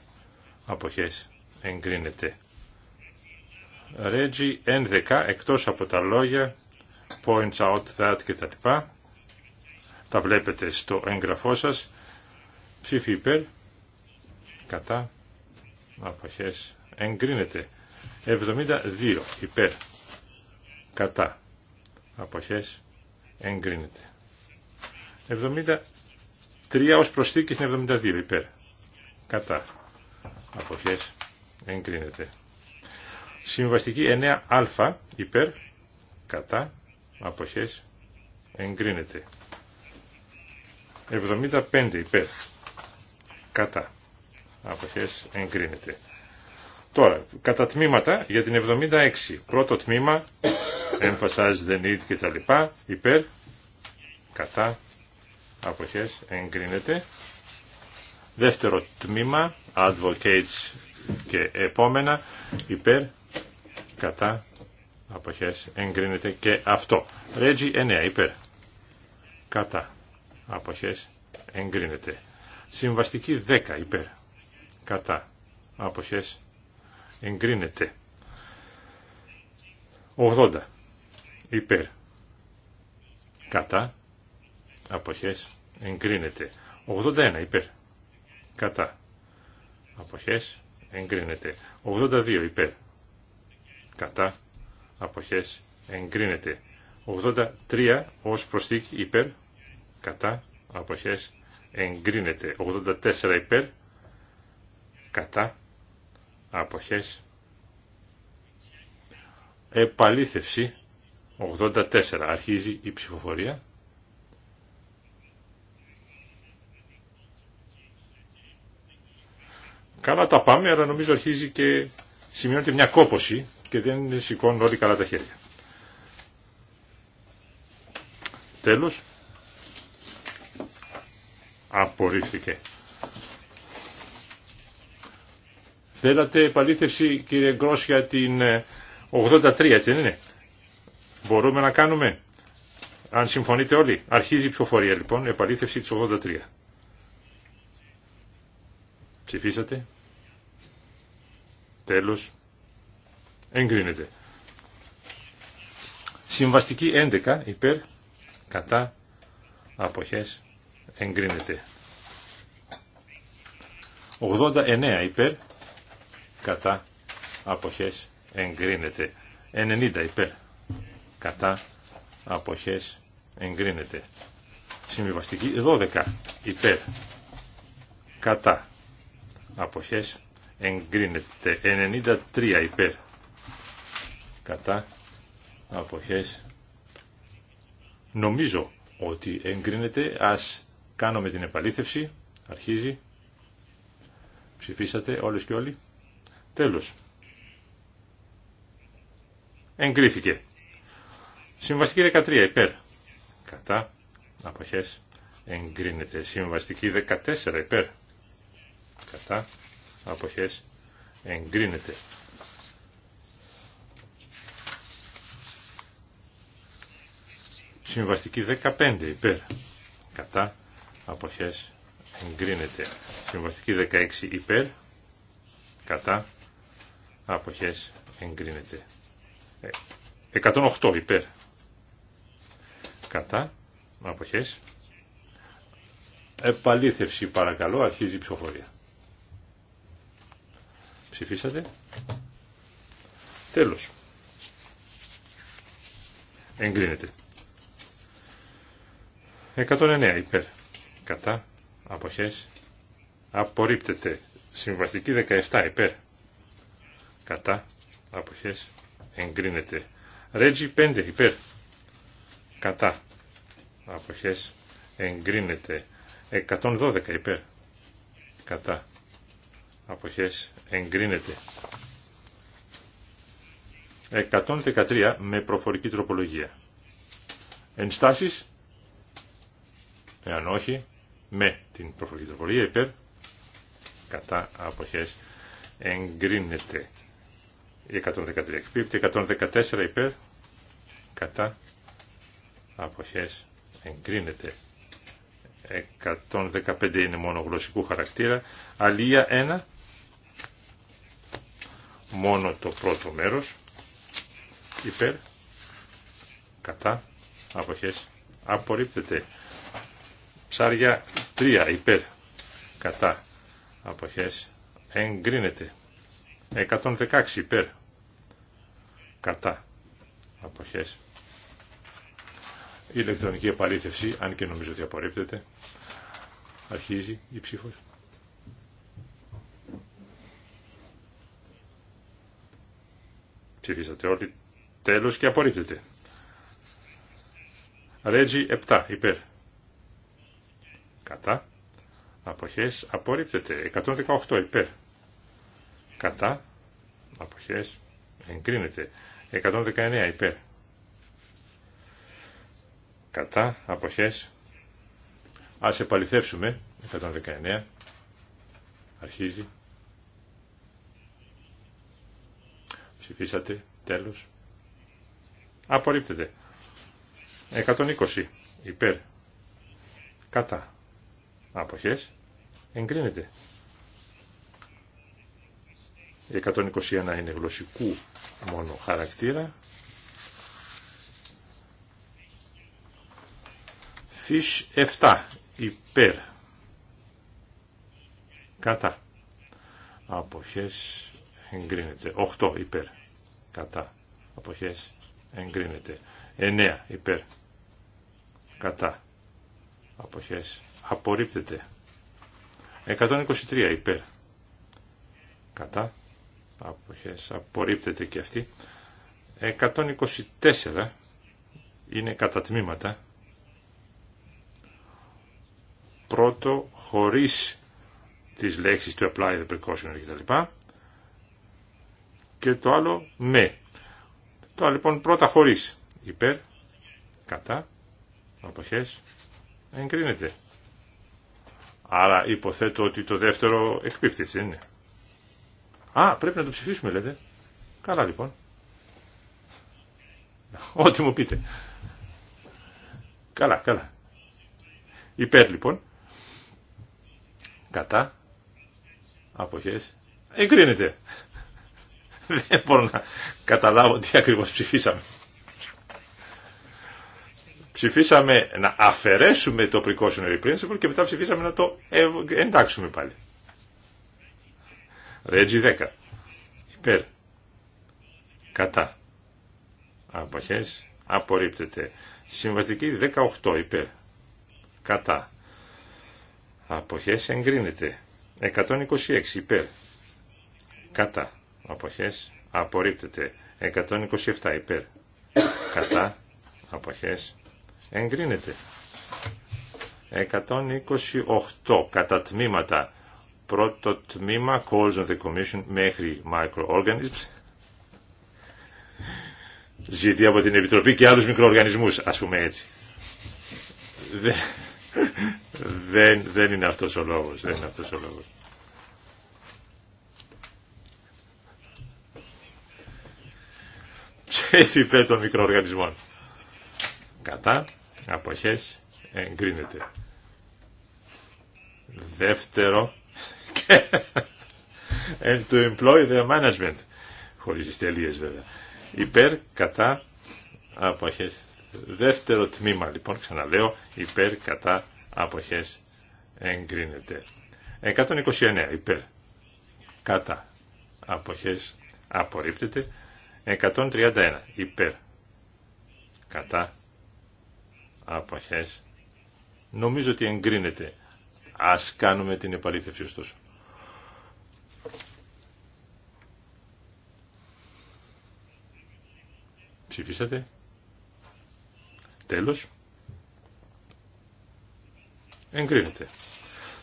Αποχές. Εγκρίνεται. Ρέτζι 11 εκτός από τα λόγια points out that κτλ. Τα βλέπετε στο έγγραφό σας. Ψήφι υπέρ, κατά, αποχές, εγκρίνεται. 72 υπέρ, κατά, αποχές, εγκρίνεται. 73 ως προσθήκη στην 72 υπέρ, κατά, αποχές, εγκρίνεται. Συμβαστική 9α υπέρ, κατά, αποχές, εγκρίνεται. 75 υπέρ, κατά αποχές εγκρίνεται. Τώρα, κατά τμήματα για την 76. Πρώτο τμήμα, *coughs* emphasize the need και τα λοιπά, υπέρ, κατά, αποχές, εγκρίνεται. Δεύτερο τμήμα, advocates και επόμενα, υπέρ, κατά, αποχές, εγκρίνεται και αυτό. Reggie 9, υπέρ, κατά, αποχές, εγκρίνεται. Συμβαστική 10 υπέρ. Κατά. Αποχές. Εγκρίνεται. 80 υπέρ. Κατά. Αποχές. Εγκρίνεται. 81 υπέρ. Κατά. Αποχές. Εγκρίνεται. 82 υπέρ. Κατά. Αποχές. Εγκρίνεται. 83 ως προσθήκη υπέρ. Κατά. Αποχές εγκρίνεται 84 υπέρ κατά αποχές επαλήθευση 84 αρχίζει η ψηφοφορία καλά τα πάμε αλλά νομίζω αρχίζει και σημειώνεται μια κόποση και δεν σηκώνουν όλοι καλά τα χέρια τέλος Απορρίφθηκε. Θέλατε επαλήθευση κύριε Γκρός για την 83 ε, έτσι δεν είναι. Μπορούμε να κάνουμε. Αν συμφωνείτε όλοι. Αρχίζει η ψηφοφορία λοιπόν. Επαλήθευση της 83. Ψηφίσατε. Τέλος. Εγκρίνεται. Συμβαστική 11 υπέρ κατά αποχές εγκρίνεται. 89 υπέρ κατά αποχές εγκρίνεται. 90 υπέρ κατά αποχές εγκρίνεται. Συμβιβαστική 12 υπέρ κατά αποχές εγκρίνεται. 93 υπέρ κατά αποχές νομίζω ότι εγκρίνεται ας Κάνουμε την επαλήθευση. Αρχίζει. Ψηφίσατε όλες και όλοι. Τέλος. Εγκρίθηκε. Συμβαστική 13 υπέρ. Κατά. Αποχές. Εγκρίνεται. Συμβαστική 14 υπέρ. Κατά. Αποχές. Εγκρίνεται. Συμβαστική 15 υπέρ. Κατά αποχές εγκρίνεται. Συμβαστική 16 υπέρ, κατά, αποχές εγκρίνεται. 108 ε, υπέρ, κατά, αποχές. Επαλήθευση παρακαλώ, αρχίζει η ψηφοφορία. Ψηφίσατε. Τέλος. Εγκρίνεται. 109 υπέρ κατά αποχές απορρίπτεται. Συμβαστική 17 υπέρ κατά αποχές εγκρίνεται. Ρέτζι 5 υπέρ κατά αποχές εγκρίνεται. 112 υπέρ κατά αποχές εγκρίνεται. 113 με προφορική τροπολογία. Ενστάσεις, εάν όχι, με την προφορική τροπολογία υπέρ κατά αποχές εγκρίνεται 113 εκπίπτει 114 υπέρ κατά αποχές εγκρίνεται 115 είναι μόνο γλωσσικού χαρακτήρα αλία 1 μόνο το πρώτο μέρος υπέρ κατά αποχές απορρίπτεται Ψάρια 3 υπέρ κατά αποχές εγκρίνεται. 116 υπέρ κατά αποχές η ηλεκτρονική επαλήθευση, αν και νομίζω ότι απορρίπτεται, αρχίζει η ψήφος. Ψηφίσατε όλοι. Τέλος και απορρίπτεται. Ρέτζι 7 υπέρ κατά, αποχές απορρίπτεται. 118 υπέρ, κατά, αποχές εγκρίνεται. 119 υπέρ, κατά, αποχές. Ας επαληθεύσουμε. 119 αρχίζει. Ψηφίσατε, τέλος. Απορρίπτεται. 120 υπέρ, κατά, Αποχές. Εγκρίνεται. 121 είναι γλωσσικού μόνο χαρακτήρα. Φυσ 7 υπέρ. Κατά. Αποχές εγκρίνεται. 8 υπέρ. Κατά. Αποχές εγκρίνεται. 9 υπέρ. Κατά. Αποχές Απορρίπτεται. 123 υπέρ. Κατά. Αποχές. Απορρίπτεται και αυτή. 124 είναι κατά τμήματα. Πρώτο χωρίς τις λέξεις του apply the precaution κτλ. Και το άλλο με. Ναι. Τώρα λοιπόν πρώτα χωρίς υπέρ, κατά, αποχές, εγκρίνεται. Άρα υποθέτω ότι το δεύτερο εκπίπτει, είναι. Α, πρέπει να το ψηφίσουμε λέτε. Καλά λοιπόν. *laughs* Ό,τι μου πείτε. Καλά, καλά. Υπέρ λοιπόν. Κατά. Αποχές. Εγκρίνεται. *laughs* Δεν μπορώ να καταλάβω τι ακριβώς ψηφίσαμε ψηφίσαμε να αφαιρέσουμε το precautionary principle και μετά ψηφίσαμε να το εντάξουμε πάλι. Ρέτζι 10. Υπέρ. Κατά. Αποχές. Απορρίπτεται. Συμβαστική 18. Υπέρ. Κατά. Αποχές εγκρίνεται. 126. Υπέρ. Κατά. Αποχές. Απορρίπτεται. 127. Υπέρ. Κατά. Αποχές εγκρίνεται. 128 κατά τμήματα. Πρώτο τμήμα calls on the commission μέχρι microorganisms. Ζητεί από την Επιτροπή και άλλους μικροοργανισμούς, ας πούμε έτσι. Δεν, δεν είναι αυτός ο λόγος. Δεν είναι αυτός ο λόγος. Ψέφι υπέρ των μικροοργανισμών. Κατά αποχές εγκρίνεται. Δεύτερο, and to employ the management, χωρίς τις τελείες βέβαια. Υπέρ, κατά, αποχές. Δεύτερο τμήμα λοιπόν, ξαναλέω, υπέρ, κατά, αποχές εγκρίνεται. 129 υπέρ, κατά, αποχές απορρίπτεται. 131 υπέρ, κατά, αποχές νομίζω ότι εγκρίνεται ας κάνουμε την επαλήθευση ωστόσο ψηφίσατε τέλος εγκρίνεται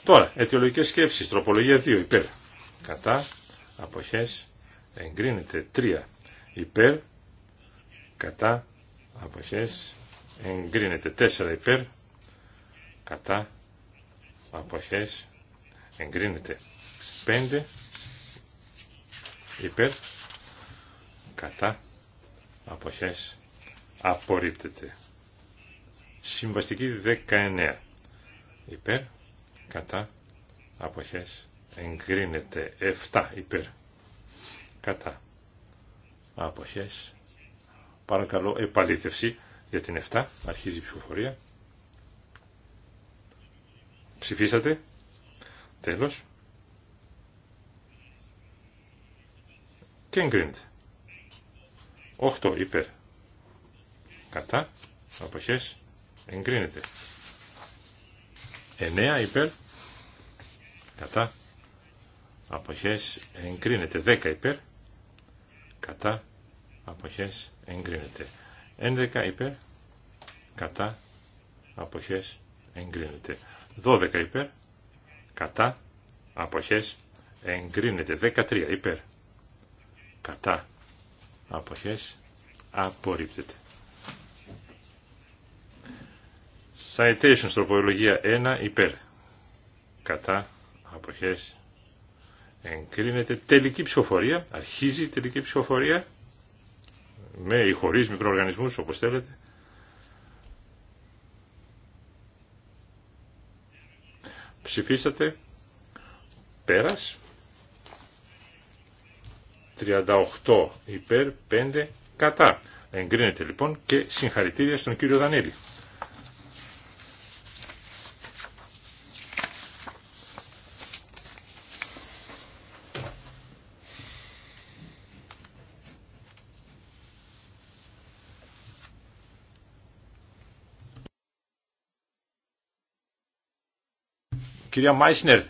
τώρα αιτιολογικέ σκέψει τροπολογία 2 υπέρ κατά αποχέ. εγκρίνεται 3 υπέρ κατά αποχές εγκρίνεται 4 υπέρ κατά αποχές εγκρίνεται 5 υπέρ κατά αποχές απορρίπτεται συμβαστική 19 υπέρ κατά αποχές εγκρίνεται 7 υπέρ κατά αποχές παρακαλώ επαλήθευση για την 7 αρχίζει η ψηφοφορία. Ψηφίσατε. Τέλος. Και εγκρίνεται. 8 υπέρ. Κατά. Αποχές. Εγκρίνεται. 9 υπέρ. Κατά. Αποχές. Εγκρίνεται. 10 υπέρ. Κατά. Αποχές. Εγκρίνεται. 11 υπέρ κατά αποχές εγκρίνεται. 12 υπέρ κατά αποχές εγκρίνεται. 13 υπέρ κατά αποχές απορρίπτεται. Citation τροπολογία 1 υπέρ κατά αποχές εγκρίνεται τελική ψηφοφορία, αρχίζει η τελική ψηφοφορία με ναι, ή χωρί μικροοργανισμού όπω θέλετε. Ψηφίσατε πέρας 38 υπέρ 5 κατά. Εγκρίνεται λοιπόν και συγχαρητήρια στον κύριο Δανέλη. Κυρία Μάισνερ,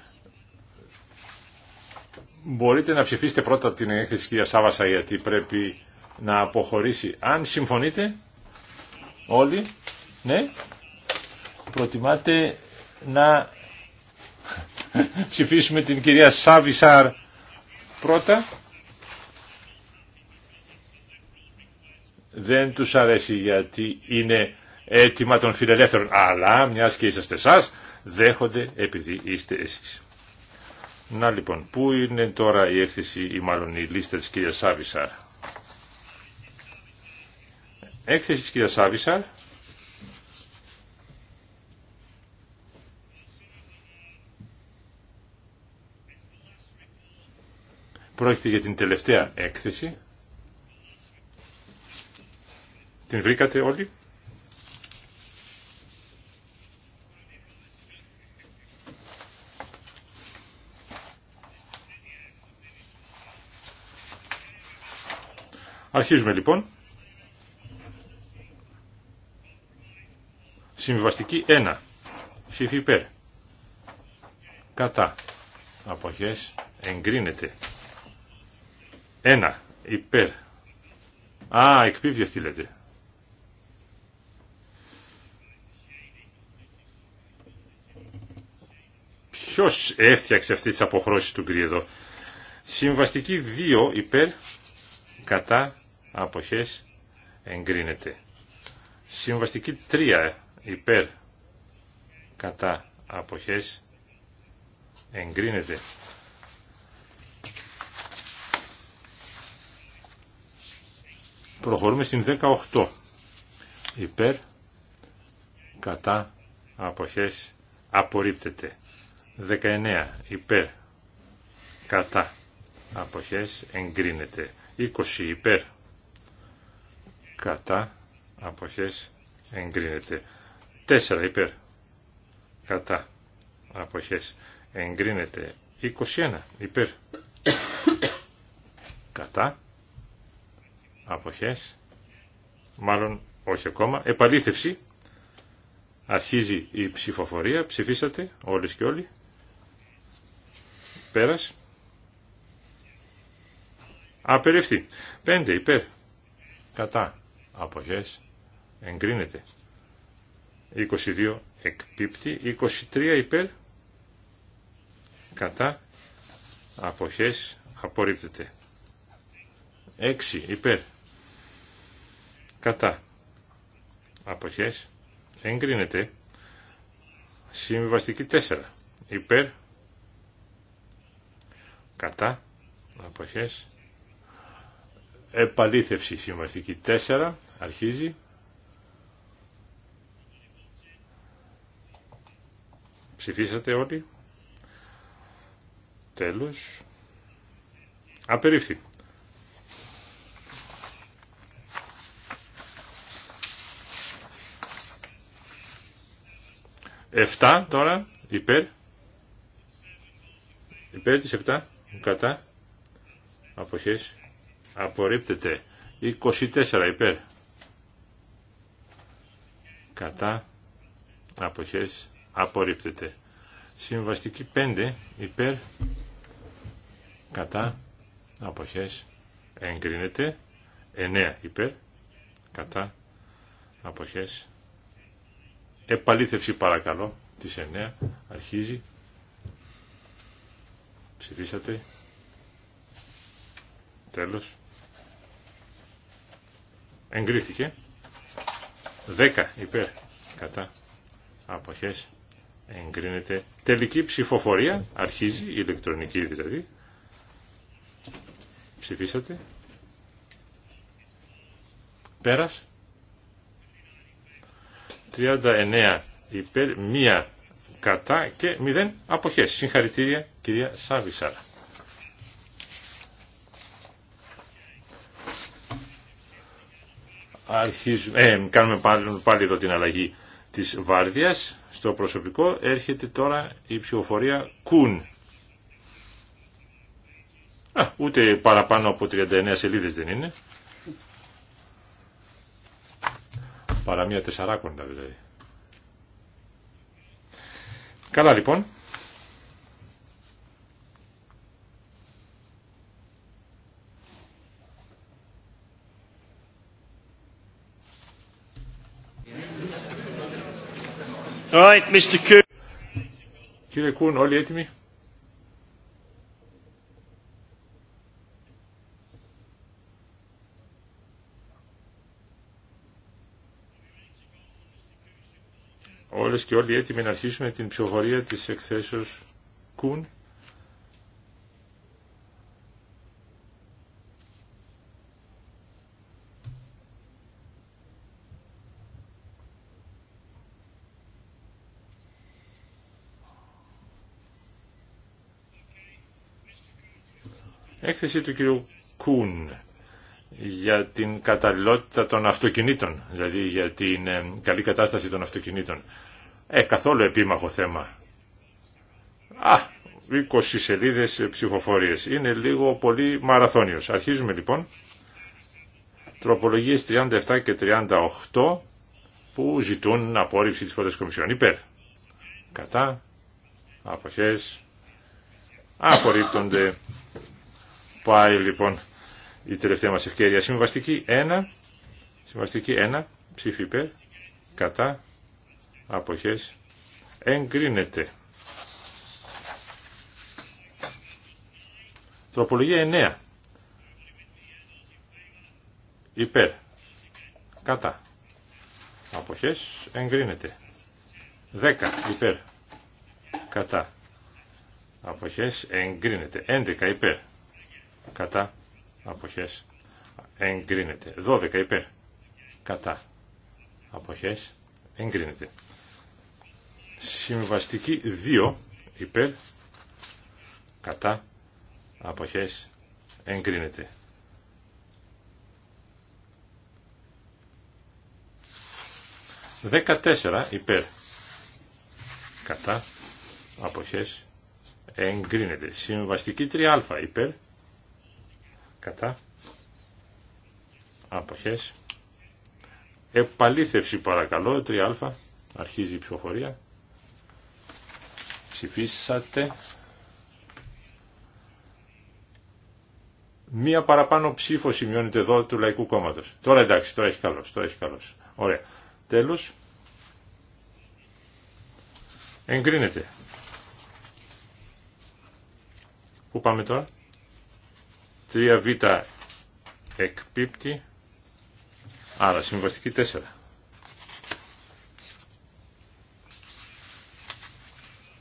μπορείτε να ψηφίσετε πρώτα την έκθεση της κυρία Σάβασα γιατί πρέπει να αποχωρήσει. Αν συμφωνείτε όλοι, ναι, προτιμάτε να *laughs* ψηφίσουμε την κυρία Σάβισαρ πρώτα. Δεν τους αρέσει γιατί είναι έτοιμα των φιλελεύθερων. Αλλά, μιας και είσαστε εσάς, δέχονται επειδή είστε εσείς. Να λοιπόν, πού είναι τώρα η έκθεση ή μάλλον η λίστα της κυρίας Έκθεση της κυρίας Σάβισαρ Πρόκειται για την τελευταία έκθεση. Την βρήκατε όλοι. Αρχίζουμε λοιπόν. Συμβιβαστική 1. Ψήφι υπέρ. Κατά. Αποχές εγκρίνεται. 1. Υπέρ. Α, εκπίβει αυτή λέτε. Ποιος έφτιαξε αυτή τις αποχρώσεις του γκρι εδώ. Συμβαστική 2 υπέρ κατά αποχές εγκρίνεται. Συμβαστική 3 ε, υπέρ κατά αποχές εγκρίνεται. Προχωρούμε στην 18 υπέρ κατά αποχές απορρίπτεται. 19 υπέρ κατά αποχές εγκρίνεται. 20 υπέρ κατά αποχές εγκρίνεται 4 υπέρ κατά αποχές εγκρίνεται 21 υπέρ κατά αποχές μάλλον όχι ακόμα επαλήθευση αρχίζει η ψηφοφορία ψηφίσατε όλες και όλοι πέρας απερευθεί 5 υπέρ κατά αποχές εγκρίνεται 22 εκπίπτει 23 υπέρ κατά αποχές απορρίπτεται 6 υπέρ κατά αποχές εγκρίνεται συμβιβαστική 4 υπέρ κατά αποχές επαλήθευση σημαντική 4 αρχίζει ψηφίσατε όλοι τέλος απερίφθη Εφτά τώρα, υπέρ. Υπέρ της 7, κατά. Αποχές απορρίπτεται 24 υπέρ κατά αποχές απορρίπτεται συμβαστική 5 υπέρ κατά αποχές εγκρίνεται 9 υπέρ κατά αποχές επαλήθευση παρακαλώ της 9 αρχίζει ψηφίσατε τέλος εγκρίθηκε 10 υπέρ κατά αποχές εγκρίνεται τελική ψηφοφορία αρχίζει η ηλεκτρονική δηλαδή ψηφίσατε πέρας 39 υπέρ 1 κατά και 0 αποχές συγχαρητήρια κυρία Σάβησαρα Ε, κάνουμε πάλι, πάλι εδώ την αλλαγή της βάρδιας στο προσωπικό έρχεται τώρα η ψηφοφορία κουν ούτε παραπάνω από 39 σελίδες δεν είναι παρά μια τεσσαράκοντα δηλαδή καλά λοιπόν Κύριε Κούν, όλοι έτοιμοι. Όλες και όλοι έτοιμοι να αρχίσουμε την ψηφοφορία της εκθέσεως Κούν. έκθεση του κυρίου Κούν για την καταλληλότητα των αυτοκινήτων, δηλαδή για την ε, καλή κατάσταση των αυτοκινήτων. Ε, καθόλου επίμαχο θέμα. Α, 20 σελίδες ψηφοφορίες. Είναι λίγο πολύ μαραθώνιος. Αρχίζουμε λοιπόν. Τροπολογίες 37 και 38 που ζητούν απόρριψη της πρώτης κομισιόν. Υπέρ. Κατά. Αποχές. Απορρίπτονται. Πάει λοιπόν η τελευταία μας ευκαιρία. Συμβαστική 1. Συμβαστική 1. Ψήφι υπέρ. Κατά. Αποχές. Εγκρίνεται. Τροπολογία 9. Υπέρ. Κατά. Αποχές. Εγκρίνεται. 10. Υπέρ. Κατά. Αποχές. Εγκρίνεται. 11. Υπέρ κατά αποχές εγκρίνεται 12 υπέρ κατά αποχές εγκρίνεται συμβαστική 2 υπέρ κατά αποχές 14 Δεκατέσσερα υπέρ κατά αποχές εγκρίνεται. Συμβαστική 3α υπέρ Κατά. Αποχές. Επαλήθευση παρακαλώ. 3α. Αρχίζει η ψηφοφορία. Ψηφίσατε. Μία παραπάνω ψήφο σημειώνεται εδώ του Λαϊκού Κόμματος. Τώρα εντάξει, τώρα έχει καλός, τώρα έχει καλός. Ωραία. Τέλος. Εγκρίνεται. Πού πάμε τώρα. 3β εκπίπτει, άρα συμβαστική 4.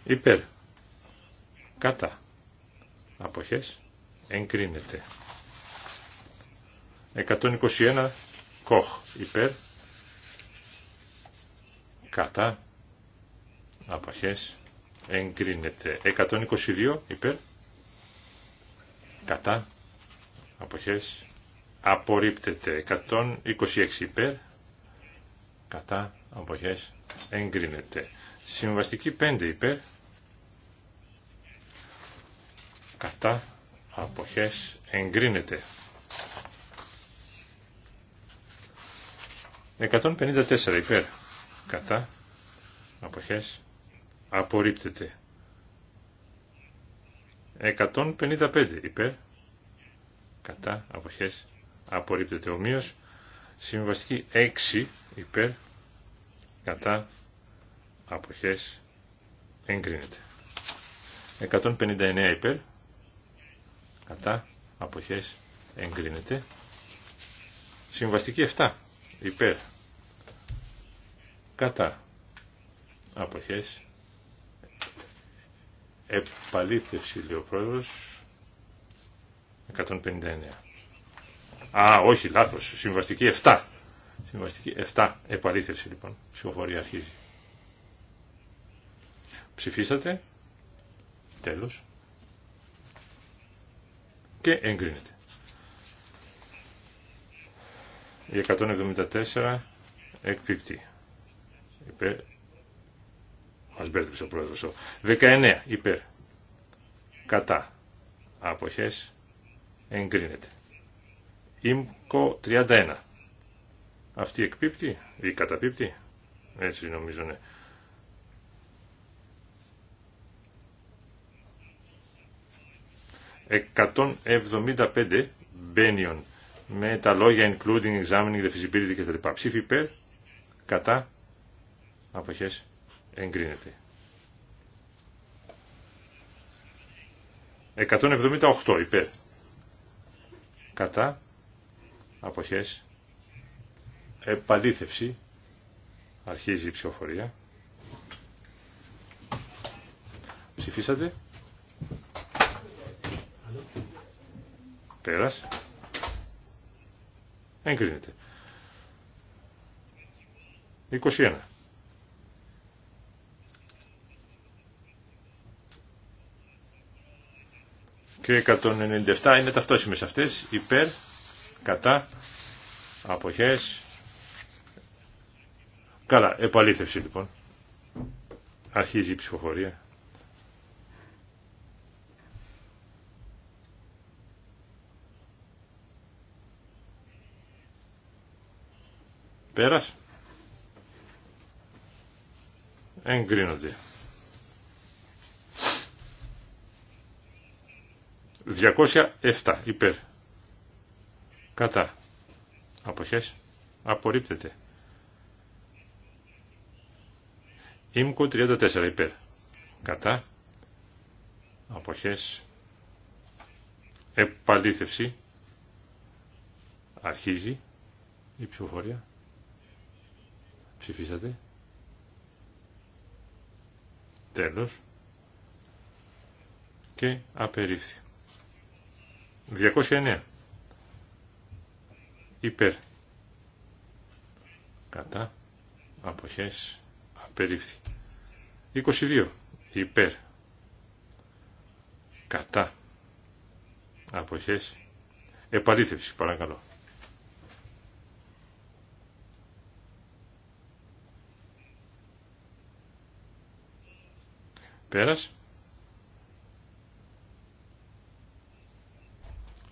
Υπέρ, κατά, αποχές, εγκρίνεται. 121 κοχ, υπέρ, κατά, αποχές, εγκρίνεται. 122 υπέρ, κατά, αποχές απορρίπτεται 126 υπέρ κατά αποχές εγκρίνεται συμβαστική 5 υπέρ κατά αποχές εγκρίνεται 154 υπέρ κατά αποχές απορρίπτεται 155 υπέρ κατά αποχές απορρίπτεται ομοίως. Συμβαστική 6 υπέρ κατά αποχές εγκρίνεται. 159 υπέρ κατά αποχές εγκρίνεται. Συμβαστική 7 υπέρ κατά αποχές επαλήθευση λέει ο πρόεδρος 159. Α, όχι, λάθος. Συμβαστική 7. Συμβαστική 7. Επαλήθευση λοιπόν. Ψηφοφορία αρχίζει. Ψηφίσατε. Τέλος. Και εγκρίνεται. Η 174 εκπίπτει. Υπέρ. Μας μπέρδεψε ο πρόεδρος. 19 υπέρ. Κατά. Αποχές εγκρίνεται. Ήμκο 31. Αυτή εκπίπτει ή καταπίπτει. Έτσι νομίζω ναι. «175 μπένιον» με τα λόγια «including examining the feasibility» κτλ. Ψήφι υπέρ, κατά, αποχές, εγκρίνεται. 178 υπέρ, κατά αποχές επαλήθευση αρχίζει η ψηφοφορία ψηφίσατε πέρας εγκρίνεται 21 και 197 είναι ταυτόσιμες αυτές υπέρ, κατά, αποχές. Καλά, επαλήθευση λοιπόν. Αρχίζει η ψηφοφορία. Πέρας. Εγκρίνονται. 207 υπέρ. Κατά. Αποχές. Απορρίπτεται. Ήμκο 34 υπέρ. Κατά. Αποχές. Επαλήθευση. Αρχίζει η ψηφοφορία. Ψηφίσατε. Τέλος. Και απερίφθη. 209. Υπέρ. Κατά. Αποχές. Απερίφθη. 22. Υπέρ. Κατά. Αποχές. Επαλήθευση παρακαλώ. Πέρας.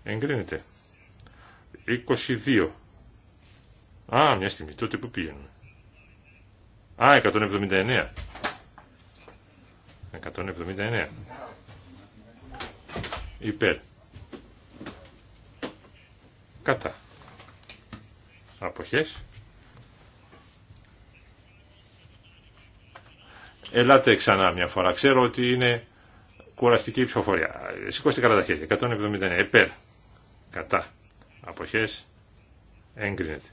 Εγκρίνεται. 22. Α, μια στιγμή. Τότε που πήγαινε. Α, 179. 179. Υπέρ. Κατά. Αποχές. Ελάτε ξανά μια φορά. Ξέρω ότι είναι κουραστική η ψηφοφορία. Σηκώστε καλά τα χέρια. 179. Υπέρ κατά αποχές έγκρινεται.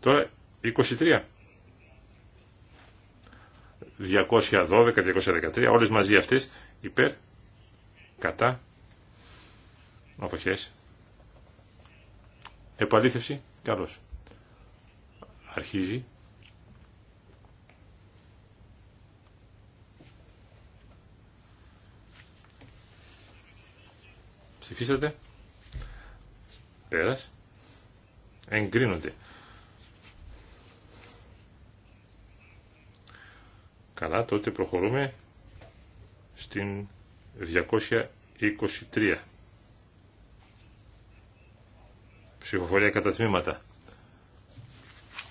Τώρα 23. 212-213, όλες μαζί αυτές, υπέρ, κατά, αποχές, επαλήθευση, καλώς. Αρχίζει. Ψηφίσατε. Πέρας. Εγκρίνονται. Καλά, τότε προχωρούμε στην 223. Ψηφοφορία κατά τμήματα.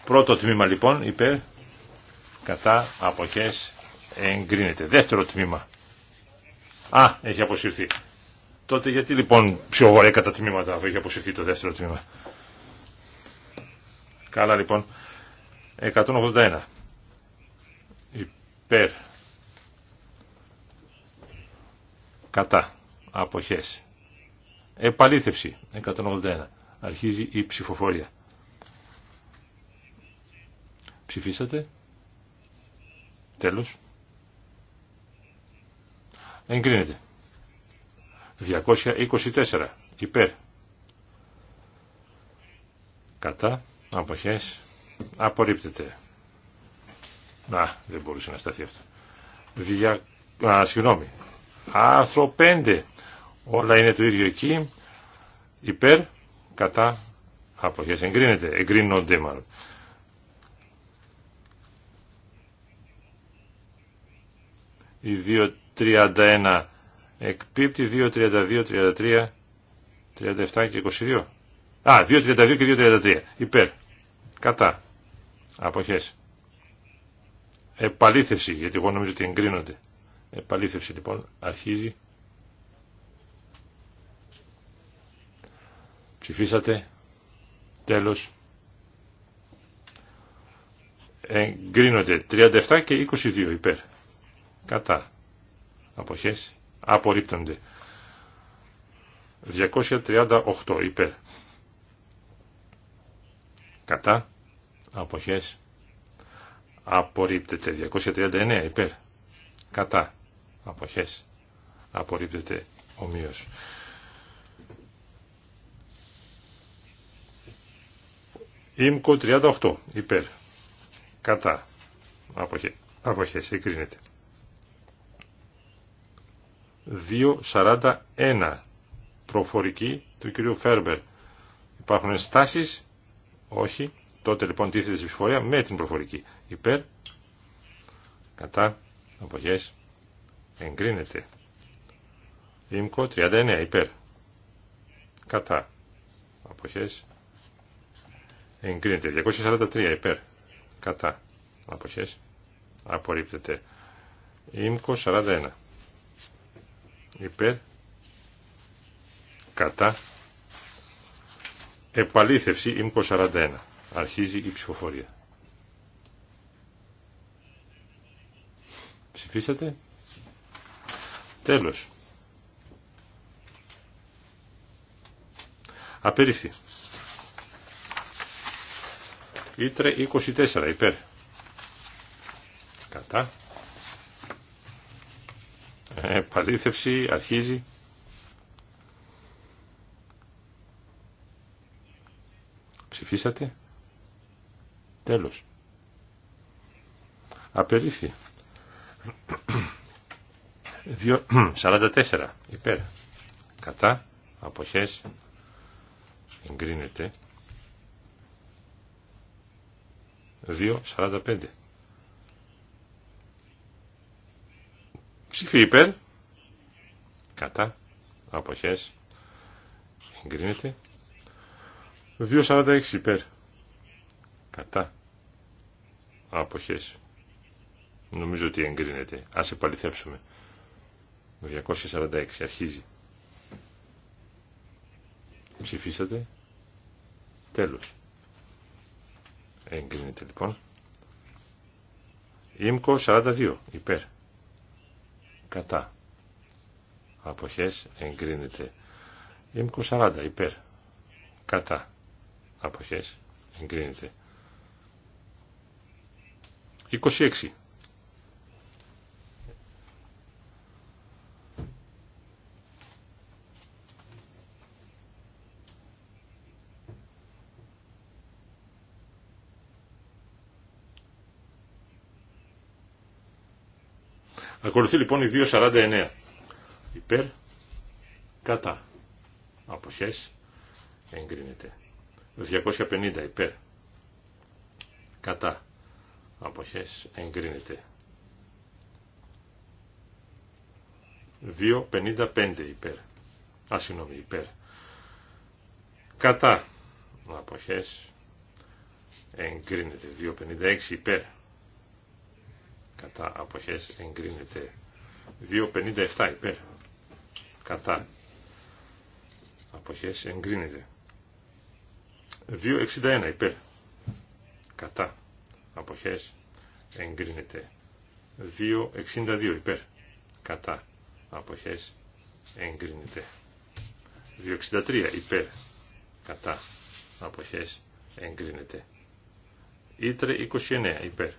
Πρώτο τμήμα λοιπόν υπέρ κατά αποχές εγκρίνεται. Δεύτερο τμήμα. Α, έχει αποσυρθεί. Τότε γιατί λοιπόν πιο βορέ κατά τμήματα αφού έχει αποσυρθεί το δεύτερο τμήμα. Καλά λοιπόν. 181. Υπέρ. Κατά. Αποχές. Επαλήθευση. 181. Αρχίζει η ψηφοφορία. Ψηφίσατε. Τέλος. Εγκρίνεται. 224 υπέρ κατά αποχές απορρίπτεται να δεν μπορούσε να σταθεί αυτό Δια... Α, συγγνώμη άρθρο 5 όλα είναι το ίδιο εκεί υπέρ κατά αποχές εγκρίνεται εγκρίνονται μάλλον οι 2.31 Εκπίπτει 2.32, 33, 37 και 22. Α, 2,32 και 2,33 Υπέρ. Κατά. Αποχές. Επαλήθευση, γιατί εγώ νομίζω ότι εγκρίνονται. Επαλήθευση λοιπόν αρχίζει. Ψηφίσατε. Τέλος. Εγκρίνονται 37 και 22 υπέρ. Κατά. Αποχές απορρίπτονται. 238 υπέρ. Κατά αποχές απορρίπτεται. 239 υπέρ. Κατά αποχές απορρίπτεται ομοίως. Ήμκο 38 υπέρ. Κατά αποχές. Αποχές, 2.41 προφορική του κυρίου Φέρμπερ. Υπάρχουν ενστάσει, όχι, τότε λοιπόν τίθεται η ψηφοφορία με την προφορική. Υπέρ, κατά, αποχές, εγκρίνεται. Εγκρίνεται. 39 υπέρ, κατά, αποχές, εγκρίνεται. 243 υπέρ, κατά, αποχές, απορρίπτεται. Ήμκο 41 υπέρ κατά επαλήθευση ύμκο 41 αρχίζει η ψηφοφορία ψηφίσατε τέλος απερίφθη Ήτρε 24 υπέρ κατά Επαλήθευση αρχίζει. Ψηφίσατε. Τέλος. Απερίφθη. 44 υπέρ. Κατά. Αποχές. Εγκρίνεται. 45. Ψήφι υπέρ. Κατά. Αποχές. Εγκρίνεται. 2.46 υπέρ. Κατά. Αποχές. Νομίζω ότι εγκρίνεται. Ας επαληθεύσουμε. 246 αρχίζει. Ψηφίσατε. Τέλος. Εγκρίνεται λοιπόν. Ήμκο 42 υπέρ κατά αποχές εγκρίνεται Η 40 υπέρ κατά αποχές εγκρίνεται 26 Ακολουθεί λοιπόν η 2.49. Υπέρ, κατά. Αποχές, εγκρίνεται. 250 υπέρ, κατά. Αποχές, εγκρίνεται. 2.55 υπέρ. Α, υπέρ. Κατά. Αποχές, εγκρίνεται. 2.56 υπέρ κατά αποχές εγκρίνεται 2.57 υπέρ κατά αποχές εγκρίνεται 2.61 υπέρ κατά αποχές εγκρίνεται 2.62 υπέρ κατά αποχές εγκρίνεται 2.63 υπέρ κατά αποχές εγκρίνεται Ήτρε 29 υπέρ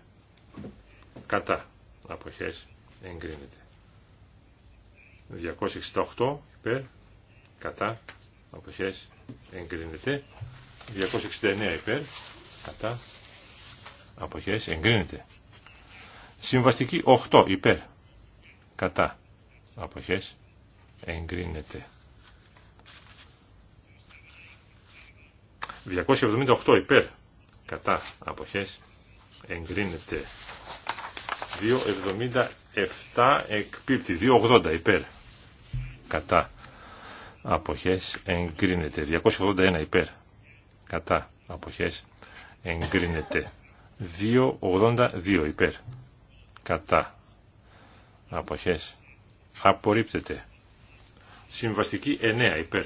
κατά αποχές εγκρίνεται 268 υπέρ κατά αποχές εγκρίνεται 269 υπέρ κατά αποχές εγκρίνεται συμβαστική 8 υπέρ κατά αποχές εγκρίνεται 278 υπέρ κατά αποχές εγκρίνεται 2,77 εκπίπτει. 2,80 υπέρ. Κατά. Αποχές εγκρίνεται. 281 υπέρ. Κατά. Αποχές εγκρίνεται. 2,82 υπέρ. Κατά. Αποχές απορρίπτεται. Συμβαστική 9 υπέρ.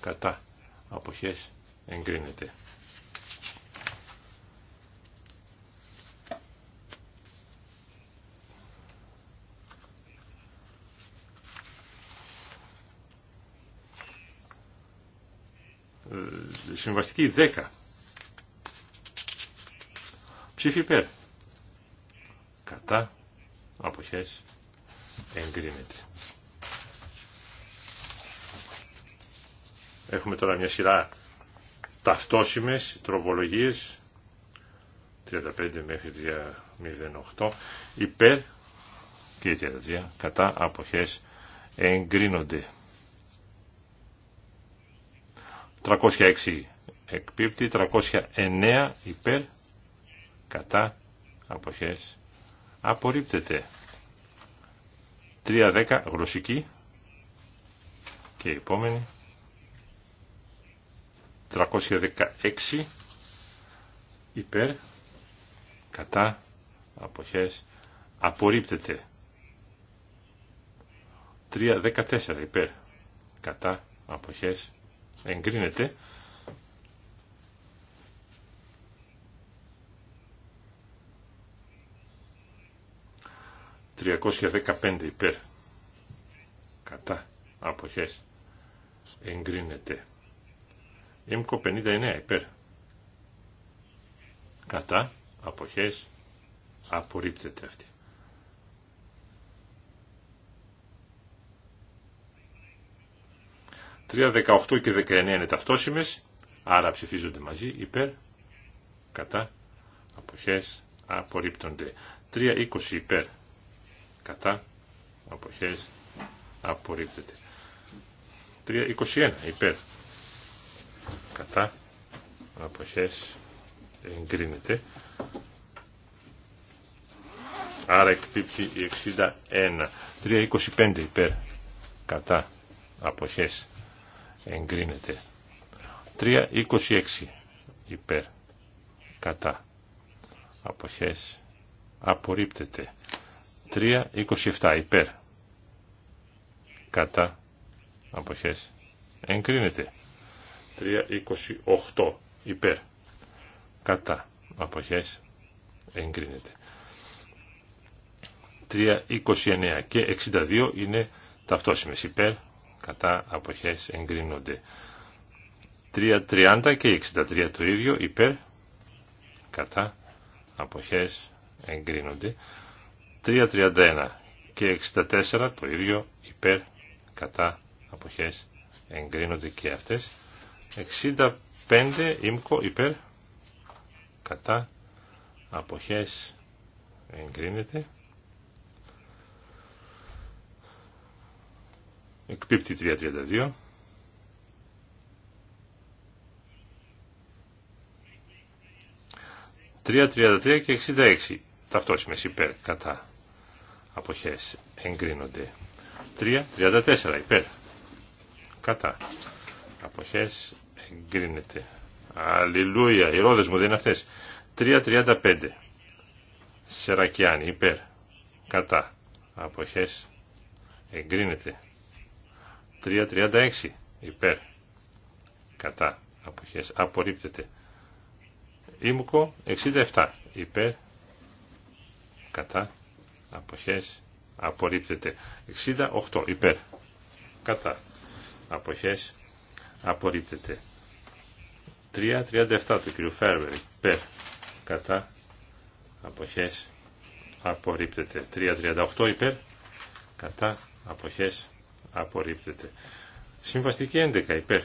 Κατά. Αποχές εγκρίνεται. Συμβαστική 10. Ψήφι υπέρ. Κατά. Αποχές. Εγκρίνεται. Έχουμε τώρα μια σειρά ταυτόσιμες τροπολογίες 35 μέχρι 308 υπέρ και 33 κατά αποχές εγκρίνονται. 306 εκπίπτει, 309 υπέρ, κατά, αποχές, απορρίπτεται. 310 γλωσσική και η επόμενη. 316 υπέρ, κατά, αποχές, απορρίπτεται. 314 υπέρ, κατά, αποχές, εγκρίνεται. ...315 υπέρ... ...κατά... ...αποχές... ...εγκρίνεται... ...ΕΜΚΟ 59 υπέρ... ...κατά... ...αποχές... ...απορρίπτεται αυτή... 3, 18 και 19 είναι ταυτόσιμες, άρα ψηφίζονται μαζί, υπέρ, κατά, αποχές, απορρίπτονται. 3, 20 υπέρ, κατά, αποχές, απορρίπτεται. 3, 21 υπέρ, κατά, αποχές, εγκρίνεται. Άρα εκπίπτει η 61. 3,25 υπέρ κατά αποχές εγκρίνεται. 3.26 υπέρ κατά αποχές απορρίπτεται. 3.27 υπέρ κατά αποχές εγκρίνεται. 3.28 υπέρ κατά αποχές εγκρίνεται. 3.29 και 62 είναι ταυτόσιμες υπέρ κατά αποχές εγκρίνονται. 3.30 και 63 το ίδιο υπέρ κατά αποχές εγκρίνονται. 3.31 και 64 το ίδιο υπέρ κατά αποχές εγκρίνονται και αυτές. 65 ΙΜΚΟ υπέρ κατά αποχές εγκρίνεται. Εκπίπτει 332. 3 33 και 66 ταυτόσιμες υπέρ κατά αποχές εγκρίνονται. 3, 34 υπέρ κατά αποχές εγκρίνεται. Αλληλούια, οι ρόδες μου δεν είναι αυτές. 3.35 Σερακιάνη υπέρ κατά αποχές εγκρίνεται. 3.36 υπέρ κατά αποχές απορρίπτεται ήμουκο 67 υπέρ κατά αποχές απορρίπτεται 68 υπέρ κατά αποχές απορρίπτεται 3.37 του κ. Φέρβερ υπέρ κατά αποχές απορρίπτεται 3.38 υπέρ κατά αποχές απορρίπτεται. Συμβαστική 11 υπέρ.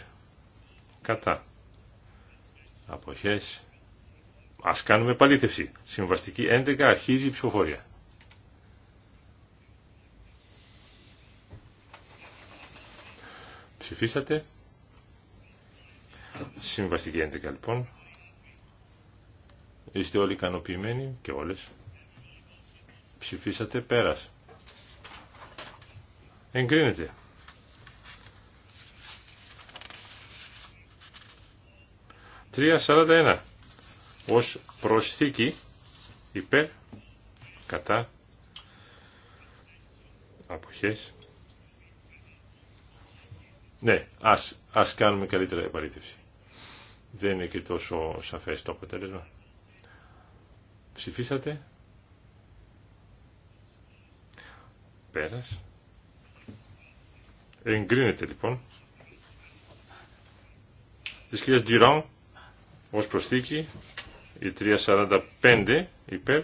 Κατά. Αποχές. Ας κάνουμε παλήθευση. Συμβαστική 11 αρχίζει η ψηφοφορία. Ψηφίσατε. Συμβαστική 11 λοιπόν. Είστε όλοι ικανοποιημένοι και όλες. Ψηφίσατε πέρασε. Εγκρίνεται. Τρία σαράντα Ως προσθήκη υπέρ κατά αποχές. Ναι, ας, ας κάνουμε καλύτερη επαλήθευση. Δεν είναι και τόσο σαφές το αποτέλεσμα. Ψηφίσατε. Πέρας. Εγκρίνεται λοιπόν. Της κυρίας Ντυρόν ως προσθήκη η 345 υπέρ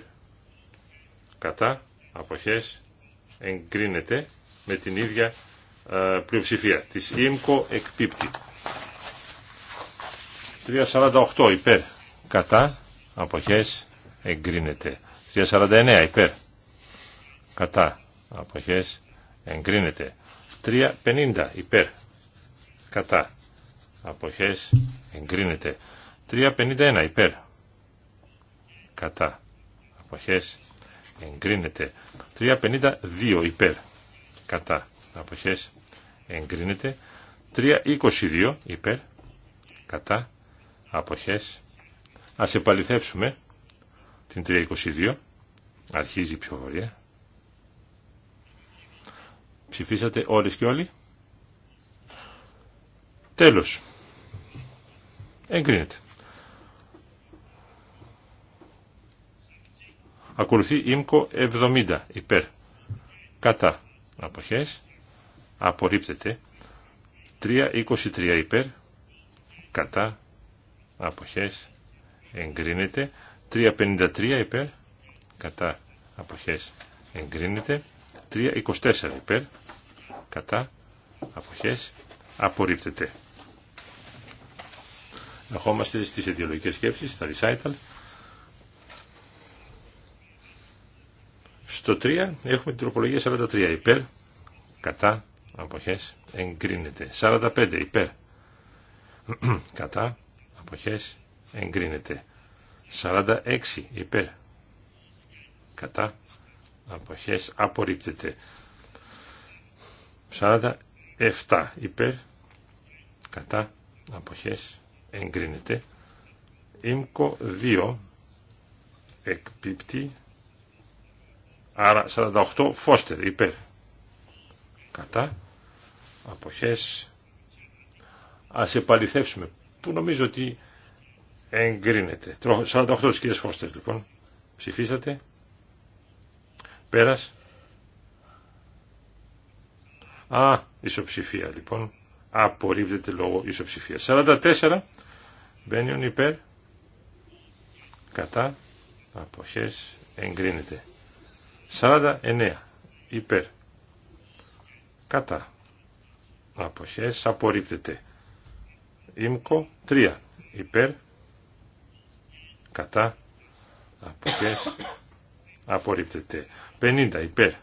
κατά αποχές εγκρίνεται με την ίδια ε, πλειοψηφία. Της ΙΜΚΟ εκπίπτει. 348 υπέρ κατά αποχές εγκρίνεται. 349 υπέρ κατά αποχές εγκρίνεται. 3.50 υπέρ κατά αποχές εγκρίνεται 3.51 υπέρ κατά αποχές εγκρίνεται 3.52 υπέρ κατά αποχές εγκρίνεται 3.22 υπέρ κατά αποχές ας επαληθεύσουμε την 3.22 αρχίζει η ψηφοφορία Ψηφίσατε όλες και όλοι. Τέλος. Εγκρίνεται. Ακολουθεί ΙΜΚΟ 70 υπέρ. Κατά. Αποχές. Απορρίπτεται. 3.23 υπέρ. Κατά. Αποχές. Εγκρίνεται. 3.53 υπέρ. Κατά. Αποχές. Εγκρίνεται. 3.24 υπέρ κατά αποχές απορρίπτεται. Ερχόμαστε στις αιτιολογικές σκέψεις, στα recital. Στο 3 έχουμε την τροπολογία 43 υπέρ, κατά, αποχές, εγκρίνεται. 45 υπέρ, *clears throat* κατά, αποχές, εγκρίνεται. 46 υπέρ, κατά, αποχές, απορρίπτεται. 47 υπέρ κατά αποχές εγκρίνεται ΙΜΚΟ 2 εκπίπτει άρα 48 Φώστερ υπέρ κατά αποχές ας επαληθεύσουμε που νομίζω ότι εγκρίνεται 48 της κυρίας Φώστερ λοιπόν ψηφίσατε πέρας Α, ισοψηφία λοιπόν. Απορρίπτεται λόγω ισοψηφία. 44. Μπένιον υπέρ. Κατά. Αποχέ. Εγκρίνεται. 49. Υπέρ. Κατά. Αποχέ, Απορρίπτεται. Ήμκο 3. Υπέρ. Κατά. Αποχέ. Απορρίπτεται. 50. Υπέρ.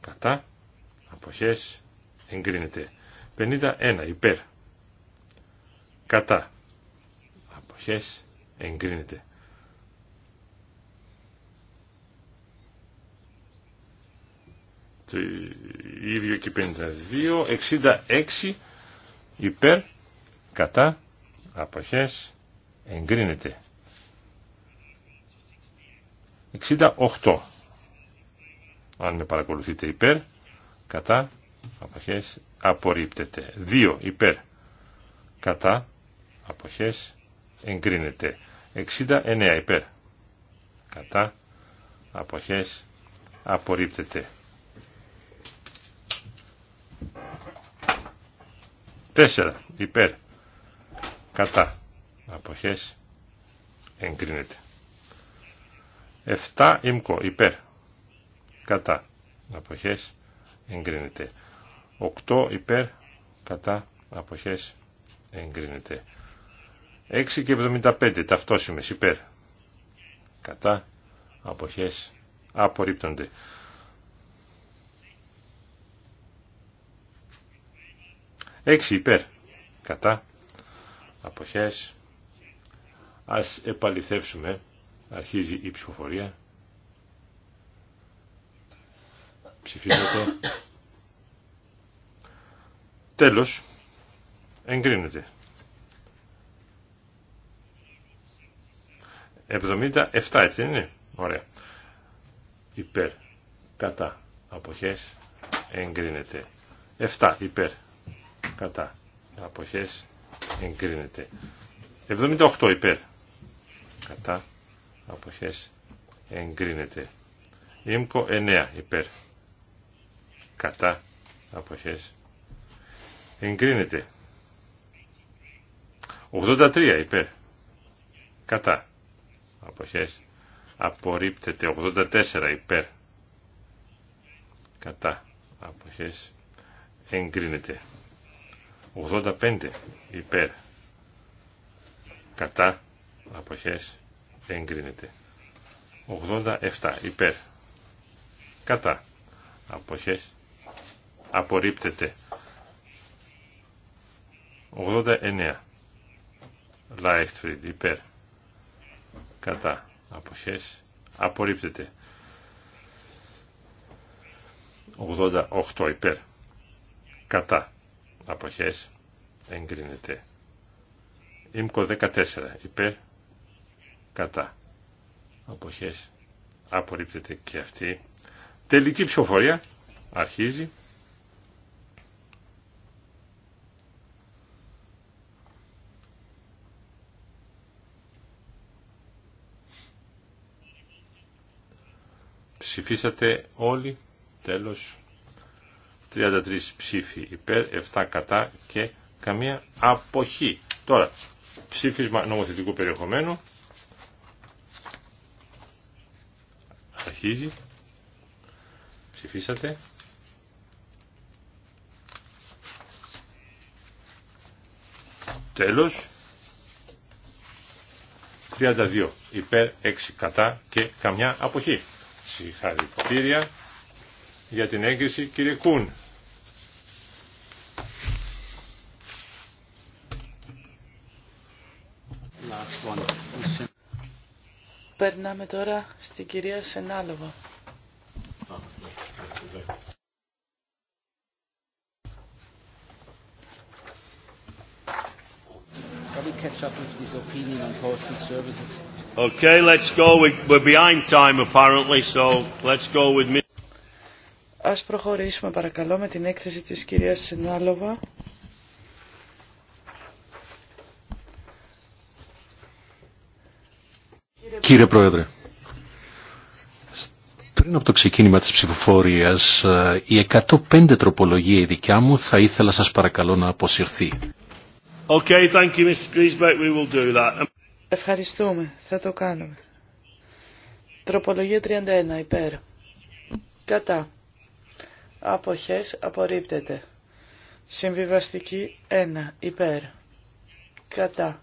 Κατά Αποχές εγκρίνεται. 51 υπέρ. Κατά. Αποχές εγκρίνεται. Το ίδιο και 52. 66 υπέρ. Κατά. Αποχές εγκρίνεται. 68. Αν με παρακολουθείτε υπέρ κατά αποχές απορρίπτεται 2 υπέρ κατά αποχές εγκρίνεται 69 υπέρ κατά αποχές απορρίπτεται 4 υπέρ κατά αποχές εγκρίνεται 7 ΙΜΚΟ υπέρ κατά αποχές εγκρίνεται. 8 υπέρ κατά αποχές εγκρίνεται. 6 και 75 ταυτόσημες υπέρ κατά αποχές απορρίπτονται. 6 υπέρ. Κατά. Αποχές. Ας επαληθεύσουμε. Αρχίζει η ψηφοφορία. Ψηφίζεται. Τέλος. Εγκρίνεται. 77 έτσι είναι. Ωραία. Υπέρ. Κατά. Αποχές. Εγκρίνεται. 7 υπέρ. Κατά. Αποχές. Εγκρίνεται. 78 υπέρ. Κατά. Αποχές. Εγκρίνεται. Ήμκο 9 υπέρ κατά αποχές εγκρίνεται 83 υπέρ κατά αποχές απορρίπτεται 84 υπέρ κατά αποχές εγκρίνεται 85 υπέρ κατά αποχές εγκρίνεται 87 υπέρ κατά αποχές απορρίπτεται. 89. Λάιχτφριντ υπέρ. Κατά. Αποχές. Απορρίπτεται. 88 υπέρ. Κατά. Αποχές. Εγκρίνεται. Ήμκο 14 υπέρ. Κατά. Αποχές. Απορρίπτεται και αυτή. Τελική ψηφοφορία. Αρχίζει. Ψηφίσατε όλοι. Τέλος. 33 ψήφοι υπέρ, 7 κατά και καμία αποχή. Τώρα, ψήφισμα νομοθετικού περιεχομένου. Αρχίζει. Ψηφίσατε. Τέλος. 32 υπέρ, 6 κατά και καμιά αποχή. Συγχαρητήρια για την έγκριση κύριε Κούν. Περνάμε τώρα στην κυρία Σενάλοβα. Ας προχωρήσουμε παρακαλώ με την έκθεση της κυρίας Συνάλοβα. Κύριε Πρόεδρε, πριν από το ξεκίνημα της ψηφοφορίας, ε, η 105 τροπολογία η δικιά μου θα ήθελα σας παρακαλώ να αποσυρθεί. Okay, thank you, Mr. Griesbeck. We will do that. Ευχαριστούμε. Θα το κάνουμε. Τροπολογία 31. Υπέρ. Κατά. Αποχές απορρίπτεται. Συμβιβαστική 1. Υπέρ. Κατά.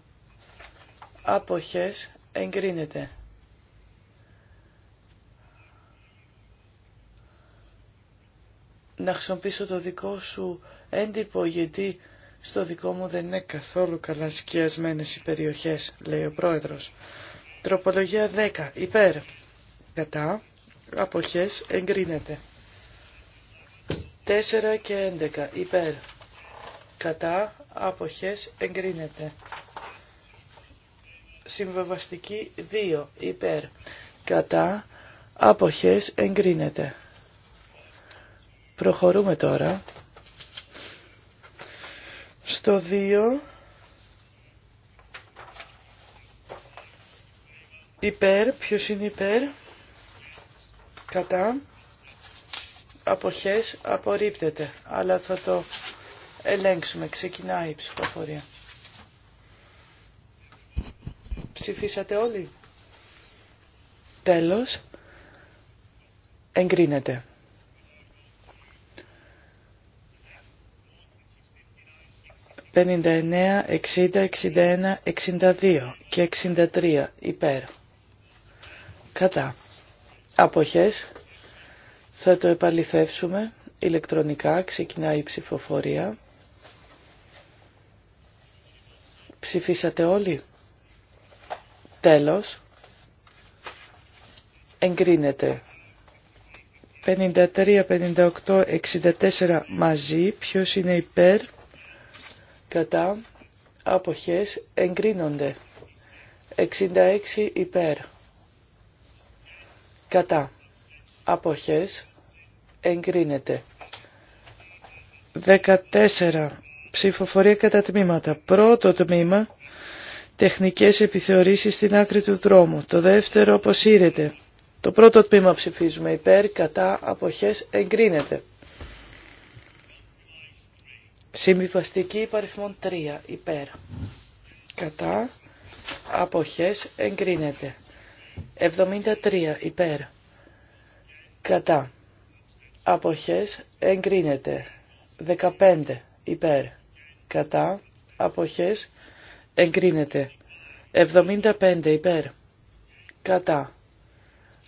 Αποχές εγκρίνεται. Να χρησιμοποιήσω το δικό σου έντυπο γιατί στο δικό μου δεν είναι καθόλου καλά σκιασμένες οι περιοχές, λέει ο πρόεδρος. Τροπολογία 10. Υπέρ. Κατά. Αποχές εγκρίνεται. 4 και 11. Υπέρ. Κατά. Αποχές εγκρίνεται. Συμβεβαστική 2. Υπέρ. Κατά. Αποχές εγκρίνεται. Προχωρούμε τώρα στο 2 υπέρ, ποιος είναι υπέρ, κατά, αποχές απορρίπτεται, αλλά θα το ελέγξουμε, ξεκινάει η ψηφοφορία. Ψηφίσατε όλοι. Τέλος, εγκρίνεται. 59, 60, 61, 62 και 63 υπέρ. Κατά. Αποχές. Θα το επαληθεύσουμε ηλεκτρονικά. Ξεκινάει η ψηφοφορία. Ψηφίσατε όλοι. Τέλος. Εγκρίνεται. 53, 58, 64 μαζί. Ποιος είναι υπέρ κατά αποχές εγκρίνονται 66 υπέρ κατά αποχές εγκρίνεται 14 ψηφοφορία κατά τμήματα πρώτο τμήμα τεχνικές επιθεωρήσεις στην άκρη του δρόμου το δεύτερο αποσύρεται το πρώτο τμήμα ψηφίζουμε υπέρ κατά αποχές εγκρίνεται Συμβιβαστική υπαριθμών 3 υπέρ. Κατά αποχές εγκρίνεται. 73 υπέρ. Κατά αποχές εγκρίνεται. 15 υπέρ. Κατά αποχές εγκρίνεται. 75 υπέρ. Κατά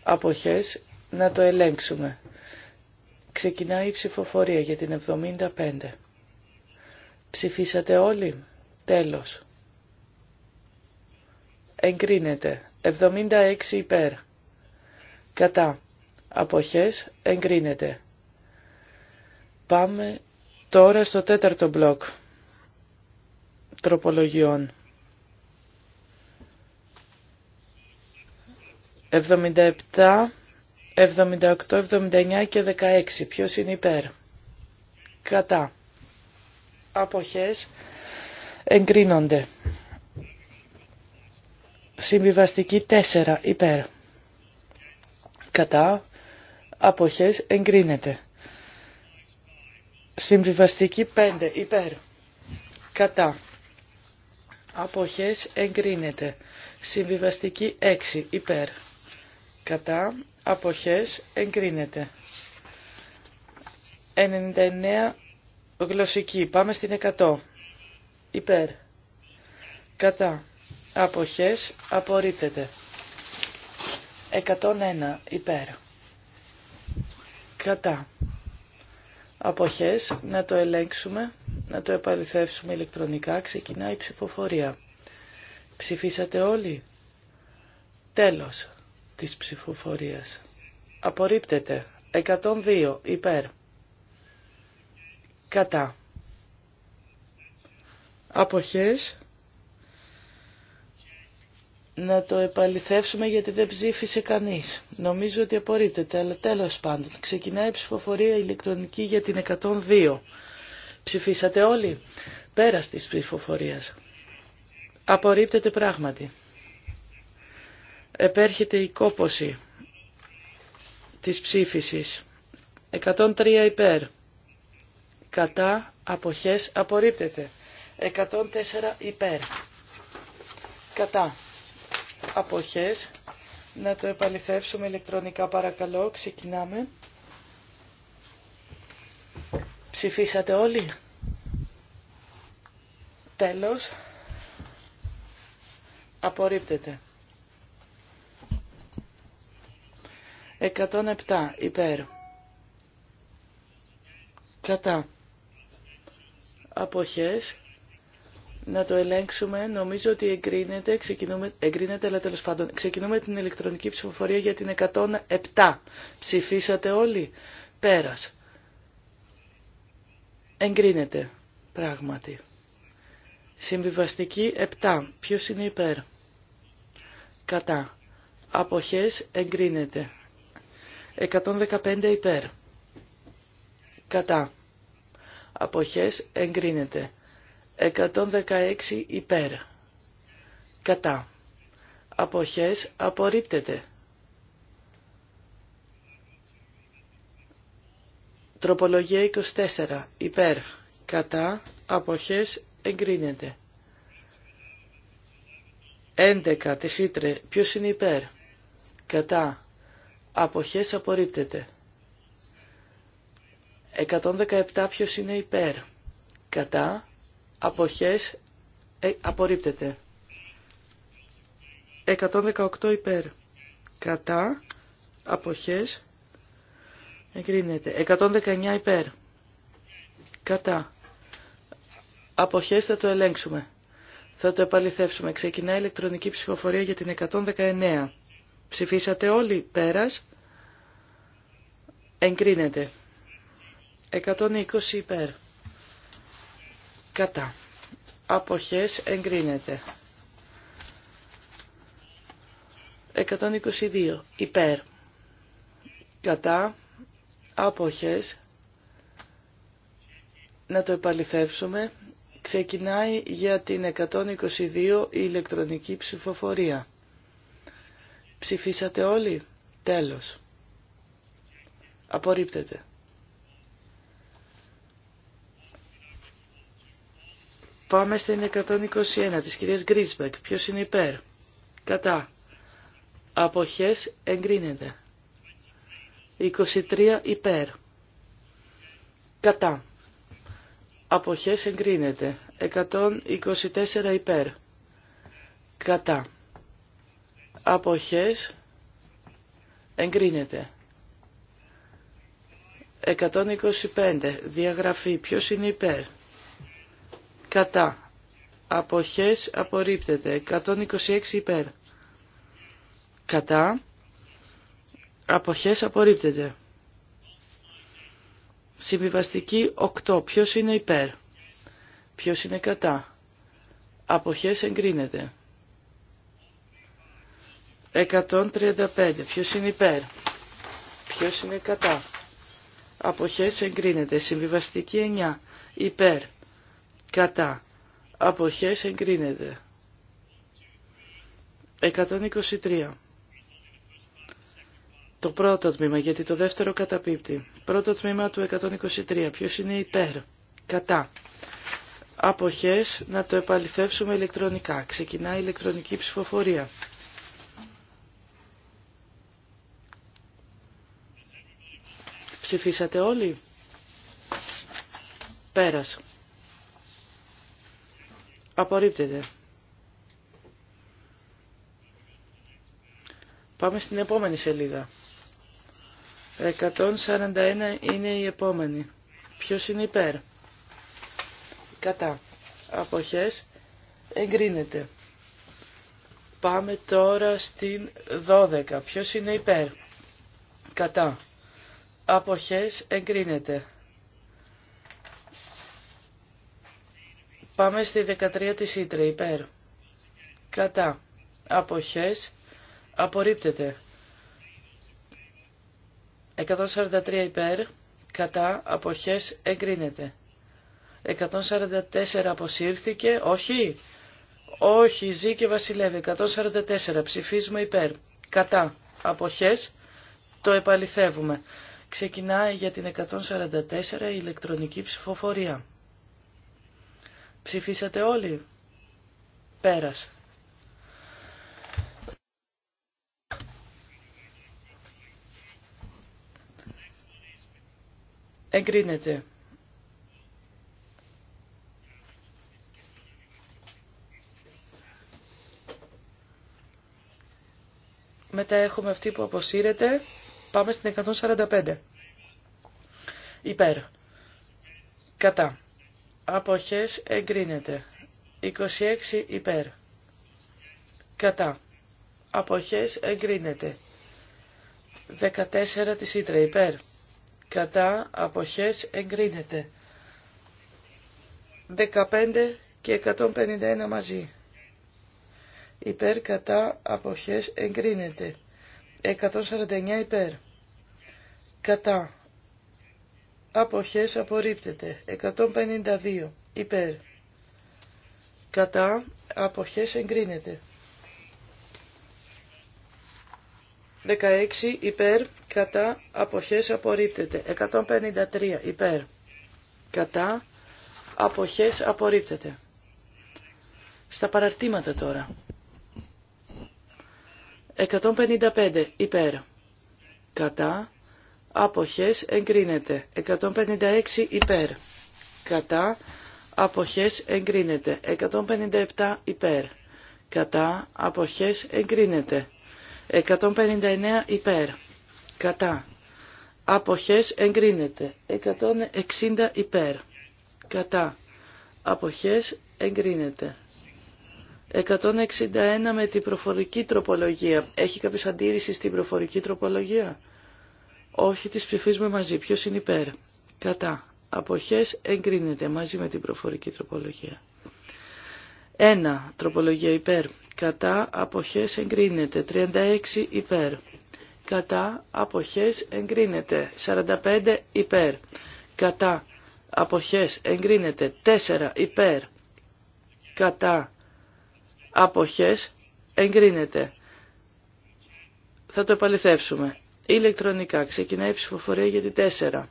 αποχές να το ελέγξουμε. Ξεκινάει η ψηφοφορία για την 75. Ψηφίσατε όλοι. Τέλος. Εγκρίνεται. 76 υπέρ. Κατά. Αποχές. Εγκρίνεται. Πάμε τώρα στο τέταρτο μπλοκ τροπολογιών. 77, 78, 79 και 16. Ποιος είναι υπέρ. Κατά αποχές εγκρίνονται. Συμβιβαστική 4 υπέρ. Κατά αποχές εγκρίνεται. Συμβιβαστική 5 υπέρ. Κατά αποχές εγκρίνεται. Συμβιβαστική 6 υπέρ. Κατά αποχές εγκρίνεται. 99 Γλωσσική. Πάμε στην 100. Υπέρ. Κατά. Αποχές. Απορρίπτεται. 101. Υπέρ. Κατά. Αποχές. Να το ελέγξουμε. Να το επαληθεύσουμε ηλεκτρονικά. Ξεκινάει η ψηφοφορία. Ψηφίσατε όλοι. Τέλος της ψηφοφορίας. Απορρίπτεται. 102. Υπέρ κατά. Αποχές. Να το επαληθεύσουμε γιατί δεν ψήφισε κανείς. Νομίζω ότι απορρίπτεται, αλλά τέλος πάντων. Ξεκινάει η ψηφοφορία ηλεκτρονική για την 102. Ψηφίσατε όλοι. Πέρα της ψηφοφορίας. Απορρίπτεται πράγματι. Επέρχεται η κόποση της ψήφισης. 103 υπέρ κατά αποχές απορρίπτεται. 104 υπέρ κατά αποχές. Να το επαληθεύσουμε ηλεκτρονικά παρακαλώ. Ξεκινάμε. Ψηφίσατε όλοι. Τέλος. Απορρίπτεται. 107 υπέρ. Κατά αποχές να το ελέγξουμε. Νομίζω ότι εγκρίνεται, ξεκινούμε, εγκρίνεται, αλλά τέλος πάντων. Ξεκινούμε την ηλεκτρονική ψηφοφορία για την 107. Ψηφίσατε όλοι. Πέρας. Εγκρίνεται. Πράγματι. Συμβιβαστική 7. Ποιος είναι υπέρ. Κατά. Αποχές εγκρίνεται. 115 υπέρ. Κατά αποχές εγκρίνεται. 116 υπέρ. Κατά. Αποχές απορρίπτεται. Τροπολογία 24 υπέρ. Κατά. Αποχές εγκρίνεται. 11 της Ήτρε. Ποιος είναι υπέρ. Κατά. Αποχές απορρίπτεται. 117 ποιος είναι υπέρ. Κατά. Αποχές. Ε, απορρίπτεται. 118 υπέρ. Κατά. Αποχές. Εγκρίνεται. 119 υπέρ. Κατά. Αποχές θα το ελέγξουμε. Θα το επαληθεύσουμε. Ξεκινά η ηλεκτρονική ψηφοφορία για την 119. Ψηφίσατε όλοι. Πέρας. Εγκρίνεται. 120 υπέρ. Κατά. Αποχές εγκρίνεται. 122 υπέρ. Κατά. Αποχές. Να το επαληθεύσουμε. Ξεκινάει για την 122 η ηλεκτρονική ψηφοφορία. Ψηφίσατε όλοι. Τέλος. Απορρίπτεται. Πάμε στην 121 της κυρίας Γκρίσμπεκ. Ποιος είναι υπέρ. Κατά. Αποχές εγκρίνεται. 23 υπέρ. Κατά. Αποχές εγκρίνεται. 124 υπέρ. Κατά. Αποχές εγκρίνεται. 125. Διαγραφή. Ποιος είναι υπέρ κατά, αποχές απορρίπτεται, 126 υπέρ, κατά, αποχές απορρίπτεται. Συμβιβαστική 8. Ποιος είναι υπέρ. Ποιος είναι κατά. Αποχές εγκρίνεται. 135. Ποιος είναι υπέρ. Ποιος είναι κατά. Αποχές εγκρίνεται. Συμβιβαστική 9. Υπέρ κατά αποχές εγκρίνεται 123 το πρώτο τμήμα γιατί το δεύτερο καταπίπτει πρώτο τμήμα του 123 ποιος είναι υπέρ κατά αποχές να το επαληθεύσουμε ηλεκτρονικά ξεκινά η ηλεκτρονική ψηφοφορία ψηφίσατε όλοι πέρασε Απορρίπτεται. Πάμε στην επόμενη σελίδα. 141 είναι η επόμενη. Ποιος είναι υπέρ. Κατά. Αποχές. Εγκρίνεται. Πάμε τώρα στην 12. Ποιος είναι υπέρ. Κατά. Αποχές εγκρίνεται. Πάμε στη 13 της Ήτρε, υπέρ. Κατά. Αποχές. Απορρίπτεται. 143 υπέρ. Κατά. Αποχές. Εγκρίνεται. 144 αποσύρθηκε. Όχι. Όχι. Ζει και βασιλεύει. 144. Ψηφίζουμε υπέρ. Κατά. Αποχές. Το επαληθεύουμε. Ξεκινάει για την 144 η ηλεκτρονική ψηφοφορία. Ψηφίσατε όλοι. Πέρας. Εγκρίνεται. Μετά έχουμε αυτή που αποσύρεται. Πάμε στην 145. Υπέρ. Κατά. Αποχές εγκρίνεται. 26 υπέρ. Κατά. Αποχές εγκρίνεται. 14 της Ήτρα υπέρ. Κατά. Αποχές εγκρίνεται. 15 και 151 μαζί. Υπέρ κατά αποχές εγκρίνεται. 149 υπέρ. Κατά αποχές απορρίπτεται. 152 υπέρ. Κατά αποχές εγκρίνεται. 16 υπέρ. Κατά αποχές απορρίπτεται. 153 υπέρ. Κατά αποχές απορρίπτεται. Στα παραρτήματα τώρα. 155 υπέρ. Κατά αποχές εγκρίνεται. 156 υπέρ. Κατά αποχές εγκρίνεται. 157 υπέρ. Κατά αποχές εγκρίνεται. 159 υπέρ. Κατά αποχές εγκρίνεται. 160 υπέρ. Κατά αποχές εγκρίνεται. 161 με την προφορική τροπολογία. Έχει κάποιος αντίρρηση στην προφορική τροπολογία. Όχι, τις ψηφίζουμε μαζί. Ποιος είναι υπέρ. Κατά. Αποχές εγκρίνεται μαζί με την προφορική τροπολογία. 1. Τροπολογία υπέρ. Κατά. Αποχές εγκρίνεται. 36 υπέρ. Κατά. Αποχές εγκρίνεται. 45 υπέρ. Κατά. Αποχές εγκρίνεται. 4 υπέρ. Κατά. Αποχές εγκρίνεται. Θα το επαληθεύσουμε ηλεκτρονικά. Ξεκινάει η ψηφοφορία για την 4.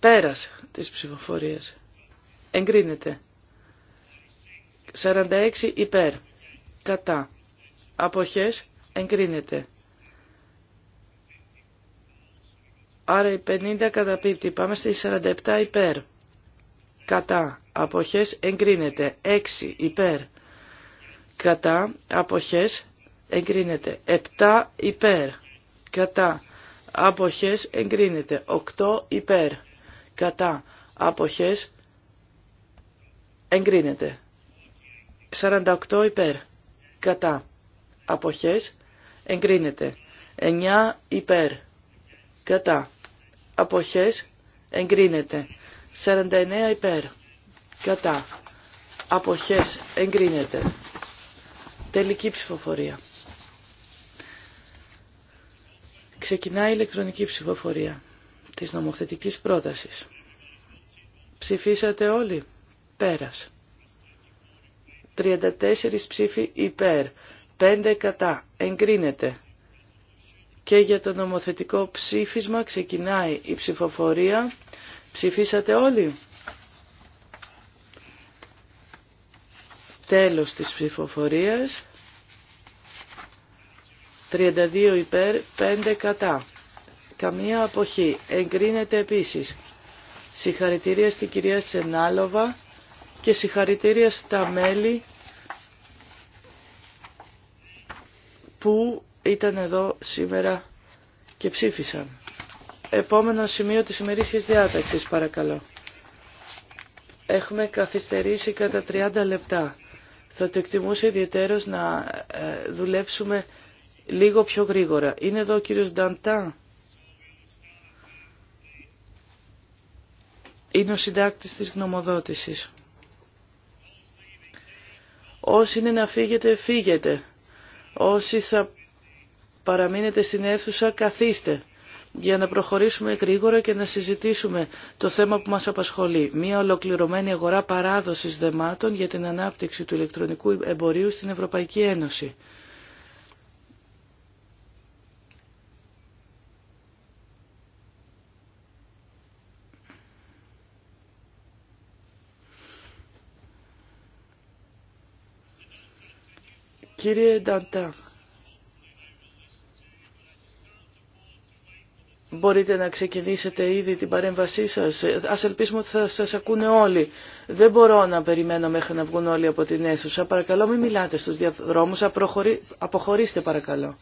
Πέρας της ψηφοφορίας. Εγκρίνεται. 46 υπέρ. Κατά. Αποχές. Εγκρίνεται. Άρα η 50 καταπίπτει. Πάμε στη 47 υπέρ. Κατά. Αποχές εγκρίνεται. 6 υπέρ κατά αποχές εγκρίνεται 7 υπέρ κατά αποχές εγκρίνεται 8 υπέρ κατά αποχές εγκρίνεται 48 υπέρ κατά αποχές εγκρίνεται 9 υπέρ κατά αποχές εγκρίνεται 49 υπέρ κατά αποχές εγκρίνεται Τελική ψηφοφορία. Ξεκινάει η ηλεκτρονική ψηφοφορία της νομοθετικής πρότασης. Ψηφίσατε όλοι. Πέρας. 34 ψήφοι υπέρ. 5 κατά. Εγκρίνεται. Και για το νομοθετικό ψήφισμα ξεκινάει η ψηφοφορία. Ψηφίσατε όλοι. Τέλος της ψηφοφορίας. 32 υπέρ, 5 κατά. Καμία αποχή. Εγκρίνεται επίσης. Συγχαρητήρια στην κυρία Σενάλοβα και συγχαρητήρια στα μέλη που ήταν εδώ σήμερα και ψήφισαν. Επόμενο σημείο της ημερήσιας διάταξης, παρακαλώ. Έχουμε καθυστερήσει κατά 30 λεπτά. Θα το εκτιμούσε ιδιαίτερος να ε, δουλέψουμε λίγο πιο γρήγορα. Είναι εδώ ο κύριος Νταντά. Είναι ο συντάκτης της γνωμοδότησης. Όσοι είναι να φύγετε, φύγετε. Όσοι θα παραμείνετε στην αίθουσα, καθίστε για να προχωρήσουμε γρήγορα και να συζητήσουμε το θέμα που μας απασχολεί. Μία ολοκληρωμένη αγορά παράδοσης δεμάτων για την ανάπτυξη του ηλεκτρονικού εμπορίου στην Ευρωπαϊκή Ένωση. Κύριε Νταντά, Μπορείτε να ξεκινήσετε ήδη την παρέμβασή σας. Ας ελπίσουμε ότι θα σας ακούνε όλοι. Δεν μπορώ να περιμένω μέχρι να βγουν όλοι από την αίθουσα. Παρακαλώ μην μιλάτε στους διαδρόμους. Αποχωρήστε παρακαλώ.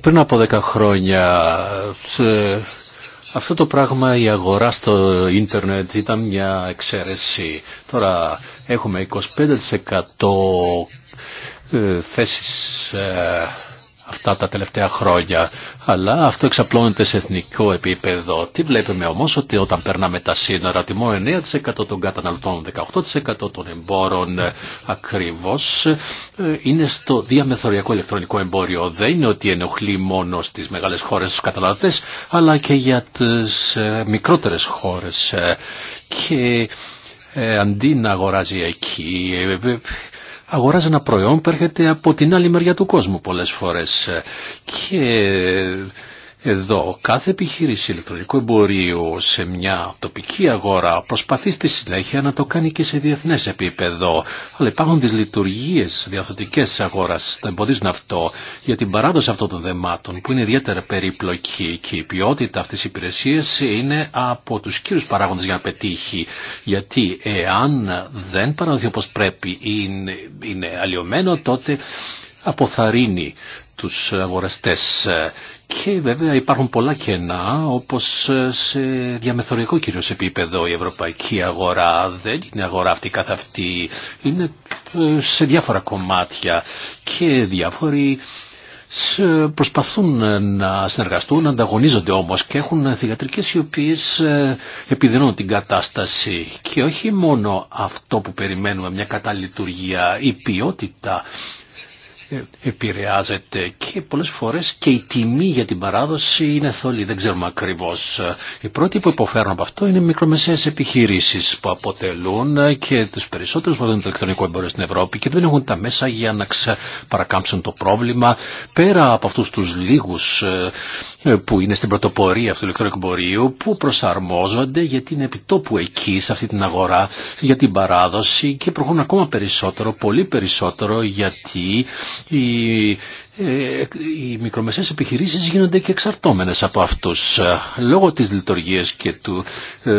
Πριν από 10 χρόνια αυτό το πράγμα η αγορά στο ίντερνετ ήταν μια εξαίρεση. Τώρα έχουμε 25% ε, θέσεις ε, αυτά τα τελευταία χρόνια. Αλλά αυτό εξαπλώνεται σε εθνικό επίπεδο. Τι βλέπουμε όμως ότι όταν περνάμε τα σύνορα τιμώ 9% των καταναλωτών, 18% των εμπόρων ακριβώς ε, είναι στο διαμεθοριακό ηλεκτρονικό εμπόριο. Δεν είναι ότι ενοχλεί μόνο στις μεγάλες χώρες τους καταναλωτέ, αλλά και για τις ε, μικρότερες χώρες. Ε, και ε, αντί να αγοράζει εκεί, αγοράζει ένα προϊόν που έρχεται από την άλλη μεριά του κόσμου πολλές φορές ε, και εδώ κάθε επιχείρηση ηλεκτρονικού εμπορίου σε μια τοπική αγορά προσπαθεί στη συνέχεια να το κάνει και σε διεθνές επίπεδο. Αλλά υπάρχουν τις λειτουργίες διαθωτικές της αγοράς, το εμποδίζουν αυτό για την παράδοση αυτών των δεμάτων που είναι ιδιαίτερα περιπλοκή και η ποιότητα αυτής της υπηρεσίας είναι από τους κύριους παράγοντες για να πετύχει. Γιατί εάν δεν παραδοθεί όπως πρέπει ή είναι αλλοιωμένο τότε αποθαρρύνει τους αγοραστές και βέβαια υπάρχουν πολλά κενά, όπως σε διαμεθοριακό κυρίως επίπεδο η ευρωπαϊκή αγορά δεν είναι αγορά αυτή καθ' αυτή, είναι ε, σε διάφορα κομμάτια και διάφοροι ε, προσπαθούν να συνεργαστούν, ανταγωνίζονται όμως και έχουν θηγατρικές οι οποίες ε, επιδεινώνουν την κατάσταση και όχι μόνο αυτό που περιμένουμε μια κατάλληλη λειτουργία, η ποιότητα επηρεάζεται και πολλές φορές και η τιμή για την παράδοση είναι θόλη, δεν ξέρουμε ακριβώς. Ε, οι πρώτοι που υποφέρουν από αυτό είναι οι μικρομεσαίες επιχειρήσεις που αποτελούν και τους περισσότερους που το ηλεκτρονικό εμπόριο στην Ευρώπη και δεν έχουν τα μέσα για να παρακάμψουν το πρόβλημα πέρα από αυτούς τους λίγους ε, ε, που είναι στην πρωτοπορία αυτού του ηλεκτρονικού εμπορίου που προσαρμόζονται γιατί είναι επιτόπου εκεί σε αυτή την αγορά για την παράδοση και προχωρούν ακόμα περισσότερο, πολύ περισσότερο γιατί οι ε, οι μικρομεσαίες επιχειρήσεις γίνονται και εξαρτώμενες από αυτούς. Λόγω της λειτουργίας και του ε,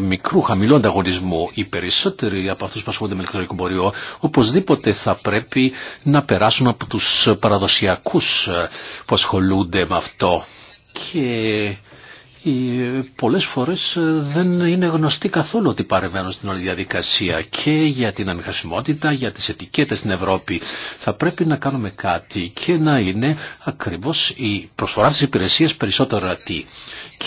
μικρού χαμηλού ανταγωνισμού, οι περισσότεροι από αυτούς που ασχολούνται με ηλεκτρονικό εμπορίο, οπωσδήποτε θα πρέπει να περάσουν από τους παραδοσιακούς που ασχολούνται με αυτό και πολλές φορές ε, δεν είναι γνωστή καθόλου ότι παρεμβαίνουν στην όλη διαδικασία και για την ανεχασιμότητα, για τις ετικέτες στην Ευρώπη. Θα πρέπει να κάνουμε κάτι και να είναι ακριβώς η προσφορά της υπηρεσίας περισσότερο ατή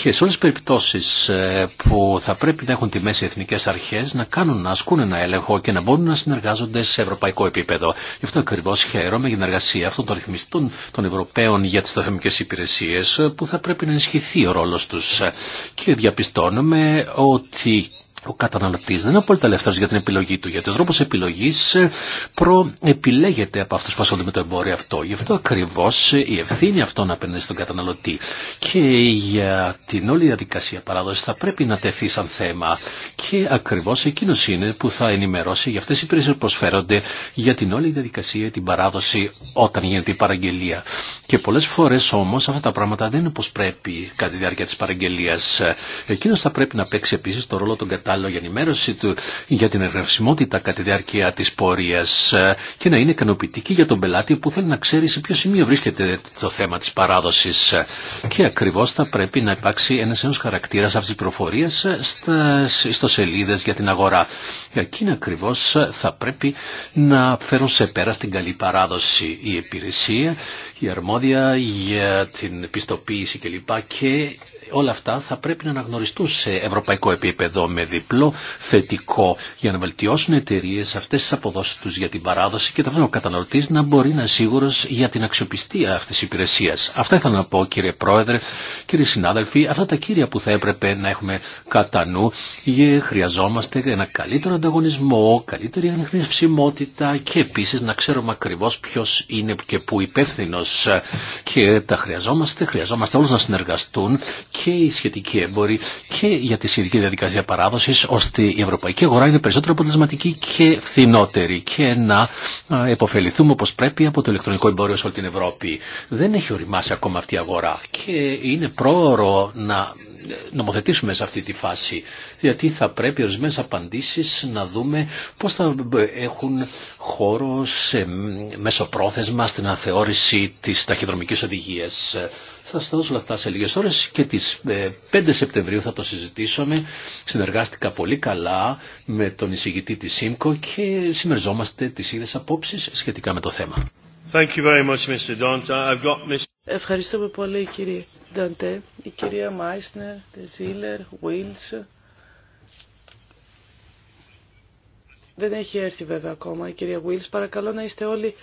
και σε όλες τις περιπτώσεις ε, που θα πρέπει να έχουν τη μέση εθνικές αρχές να κάνουν να ασκούν ένα έλεγχο και να μπορούν να συνεργάζονται σε ευρωπαϊκό επίπεδο. Γι' αυτό ακριβώ χαίρομαι για την εργασία αυτών των ρυθμιστών των Ευρωπαίων για τις σταθεμικές υπηρεσίες που θα πρέπει να ενισχυθεί ο ρόλος τους. Και διαπιστώνουμε ότι ο καταναλωτής δεν είναι απόλυτα ελεύθερος για την επιλογή του, γιατί ο τρόπος επιλογής ε, προεπιλέγεται από αυτούς που ασχολούνται με το εμπόριο αυτό. Γι' αυτό ακριβώς ε, η ευθύνη να απέναντι στον καταναλωτή και για την όλη διαδικασία παράδοση θα πρέπει να τεθεί σαν θέμα και ακριβώς εκείνος είναι που θα ενημερώσει για αυτές οι υπηρεσίες που προσφέρονται για την όλη διαδικασία, την παράδοση όταν γίνεται η παραγγελία. Και πολλές φορές όμως αυτά τα πράγματα δεν είναι όπως πρέπει κατά τη διάρκεια τη παραγγελίας. Ε, Εκείνο θα πρέπει να παίξει επίσης το ρόλο των κατά κατάλληλο για ενημέρωση του για την εργασιμότητα κατά τη διάρκεια της πορείας ε, και να είναι ικανοποιητική για τον πελάτη που θέλει να ξέρει σε ποιο σημείο βρίσκεται το θέμα της παράδοσης. Ε, και ακριβώς θα πρέπει να υπάρξει ένας ένας χαρακτήρας αυτής της προφορίας ε, στις ιστοσελίδε για την αγορά. Εκείνα ακριβώ ακριβώς θα πρέπει να φέρουν σε πέρα στην καλή παράδοση η υπηρεσία, η αρμόδια για την επιστοποίηση κλπ. Και όλα αυτά θα πρέπει να αναγνωριστούν σε ευρωπαϊκό επίπεδο με διπλό θετικό για να βελτιώσουν εταιρείε αυτέ τι αποδόσει του για την παράδοση και ταυτόχρονα ο καταναλωτή να μπορεί να είναι σίγουρο για την αξιοπιστία αυτή τη υπηρεσία. Αυτά ήθελα να πω κύριε Πρόεδρε, κύριοι συνάδελφοι, αυτά τα κύρια που θα έπρεπε να έχουμε κατά νου. Ε, χρειαζόμαστε ένα καλύτερο ανταγωνισμό, καλύτερη ανεχνευσιμότητα και επίση να ξέρουμε ακριβώ ποιο είναι και πού υπεύθυνο. Ε, και τα χρειαζόμαστε, χρειαζόμαστε όλου να συνεργαστούν και η σχετική εμπορή και για τη σχετική διαδικασία παράδοσης ώστε η ευρωπαϊκή αγορά είναι περισσότερο αποτελεσματική και φθηνότερη και να επωφεληθούμε όπως πρέπει από το ηλεκτρονικό εμπόριο σε όλη την Ευρώπη. Δεν έχει οριμάσει ακόμα αυτή η αγορά και είναι πρόωρο να ε, νομοθετήσουμε σε αυτή τη φάση γιατί θα πρέπει ορισμένε απαντήσεις να δούμε πώς θα ε, έχουν χώρο σε μέσο πρόθεσμα στην αναθεώρηση της ταχυδρομικής οδηγίας. Θα σας δώσω αυτά σε λίγες ώρες και 5 ε, Σεπτεμβρίου θα το συζητήσουμε. Συνεργάστηκα πολύ καλά με τον εισηγητή της ΣΥΜΚΟ και συμμεριζόμαστε τις ίδιες απόψεις σχετικά με το θέμα. Thank you very much, Mr. I've got... Ευχαριστούμε πολύ κύριε Νταντέ, η κυρία Μάισνερ, Ζήλερ, Βίλς. Δεν έχει έρθει βέβαια ακόμα η κυρία Βίλς. Παρακαλώ να είστε όλοι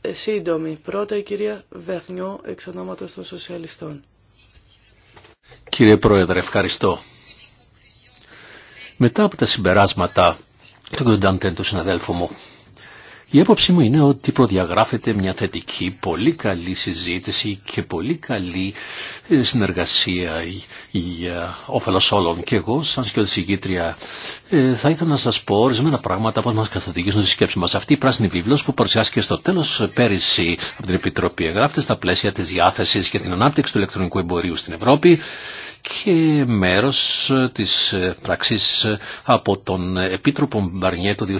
ε, σύντομοι. Πρώτα η κυρία Βεθνιό, εξ ονόματος των Σοσιαλιστών. Κύριε Πρόεδρε, ευχαριστώ. Μετά από τα συμπεράσματα του τον του συναδέλφου μου, η έποψή μου είναι ότι προδιαγράφεται μια θετική, πολύ καλή συζήτηση και πολύ καλή ε, συνεργασία για όφελος όλων. Και εγώ, σαν σκιοδησηγήτρια, ε, θα ήθελα να σας πω ορισμένα πράγματα που μας καθοδηγήσουν στη σκέψη μας. Αυτή η πράσινη βίβλος που παρουσιάστηκε στο τέλος πέρυσι από την Επιτροπή εγγράφεται στα πλαίσια της διάθεσης και την ανάπτυξη του ηλεκτρονικού εμπορίου στην Ευρώπη και μέρος της ε, πραξής ε, από τον Επίτροπο Μπαρνιέ το 2011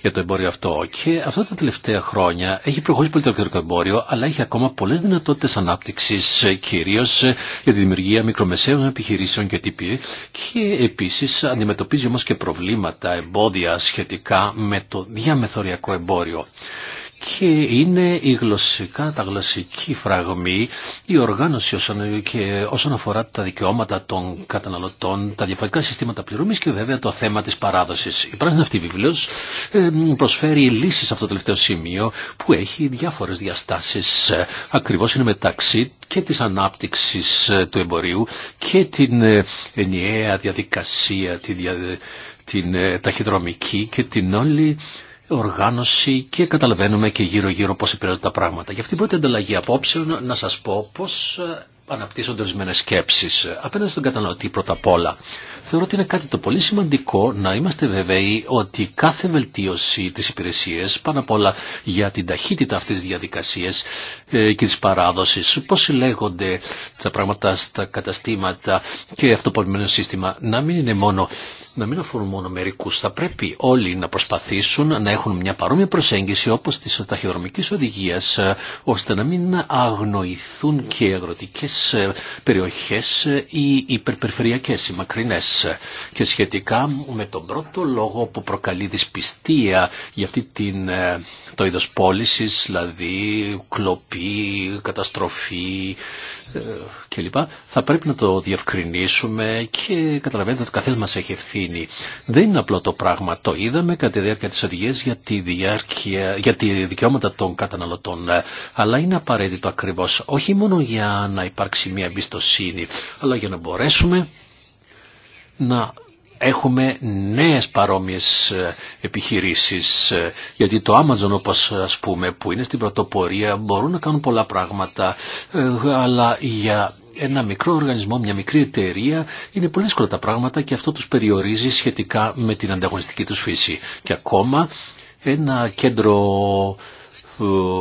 για το εμπόριο αυτό. Και αυτά τα τελευταία χρόνια έχει προχωρήσει πολύ το εμπόριο, αλλά έχει ακόμα πολλές δυνατότητες ανάπτυξης, ε, κυρίως για τη δημιουργία μικρομεσαίων επιχειρήσεων και τύπη. Και επίσης αντιμετωπίζει όμως και προβλήματα, εμπόδια σχετικά με το διαμεθοριακό εμπόριο και είναι η γλωσσικά, τα γλωσσική φραγμή, η οργάνωση όσον, όσον αφορά τα δικαιώματα των καταναλωτών, τα διαφορετικά συστήματα πληρωμής και βέβαια το θέμα της παράδοσης. Η πράσινη αυτή βιβλίος προσφέρει λύσεις σε αυτό το τελευταίο σημείο που έχει διάφορες διαστάσεις. Ε, ακριβώς είναι μεταξύ και της ανάπτυξης ε, του εμπορίου και την ε, ενιαία διαδικασία, την ταχυδρομική και την όλη οργάνωση και καταλαβαίνουμε και γύρω-γύρω πώς επηρεάζονται τα πράγματα. Για αυτήν την πρώτη ανταλλαγή απόψεων να σας πω πώς ε, αναπτύσσονται ορισμένε σκέψεις απέναντι στον καταναλωτή πρώτα απ' όλα. Θεωρώ ότι είναι κάτι το πολύ σημαντικό να είμαστε βέβαιοι ότι κάθε βελτίωση της υπηρεσίας πάνω απ' όλα για την ταχύτητα αυτής της διαδικασίας ε, και της παράδοσης, πώς συλλέγονται τα πράγματα στα καταστήματα και αυτό το σύστημα να μην είναι μόνο να μην αφορούν μόνο μερικού. Θα πρέπει όλοι να προσπαθήσουν να έχουν μια παρόμοια προσέγγιση όπως τη ταχυδρομική οδηγία, ε, ώστε να μην αγνοηθούν και οι αγροτικές ε, περιοχές ή ε, υπερπεριφερειακέ, οι μακρινέ. Και σχετικά με τον πρώτο λόγο που προκαλεί δυσπιστία για αυτή την, το είδο πώληση, δηλαδή κλοπή, καταστροφή κλπ. Θα πρέπει να το διευκρινίσουμε και καταλαβαίνετε ότι ο καθένας έχει δεν είναι απλό το πράγμα. Το είδαμε κατά τη διάρκεια της για τη, διάρκεια, για τη δικαιώματα των καταναλωτών. Ε, αλλά είναι απαραίτητο ακριβώς όχι μόνο για να υπάρξει μια εμπιστοσύνη, αλλά για να μπορέσουμε να έχουμε νέες παρόμοιες ε, επιχειρήσεις ε, γιατί το Amazon όπως ας πούμε που είναι στην πρωτοπορία μπορούν να κάνουν πολλά πράγματα αλλά για ένα μικρό οργανισμό, μια μικρή εταιρεία, είναι πολύ δύσκολα τα πράγματα και αυτό τους περιορίζει σχετικά με την ανταγωνιστική τους φύση. Και ακόμα ένα κέντρο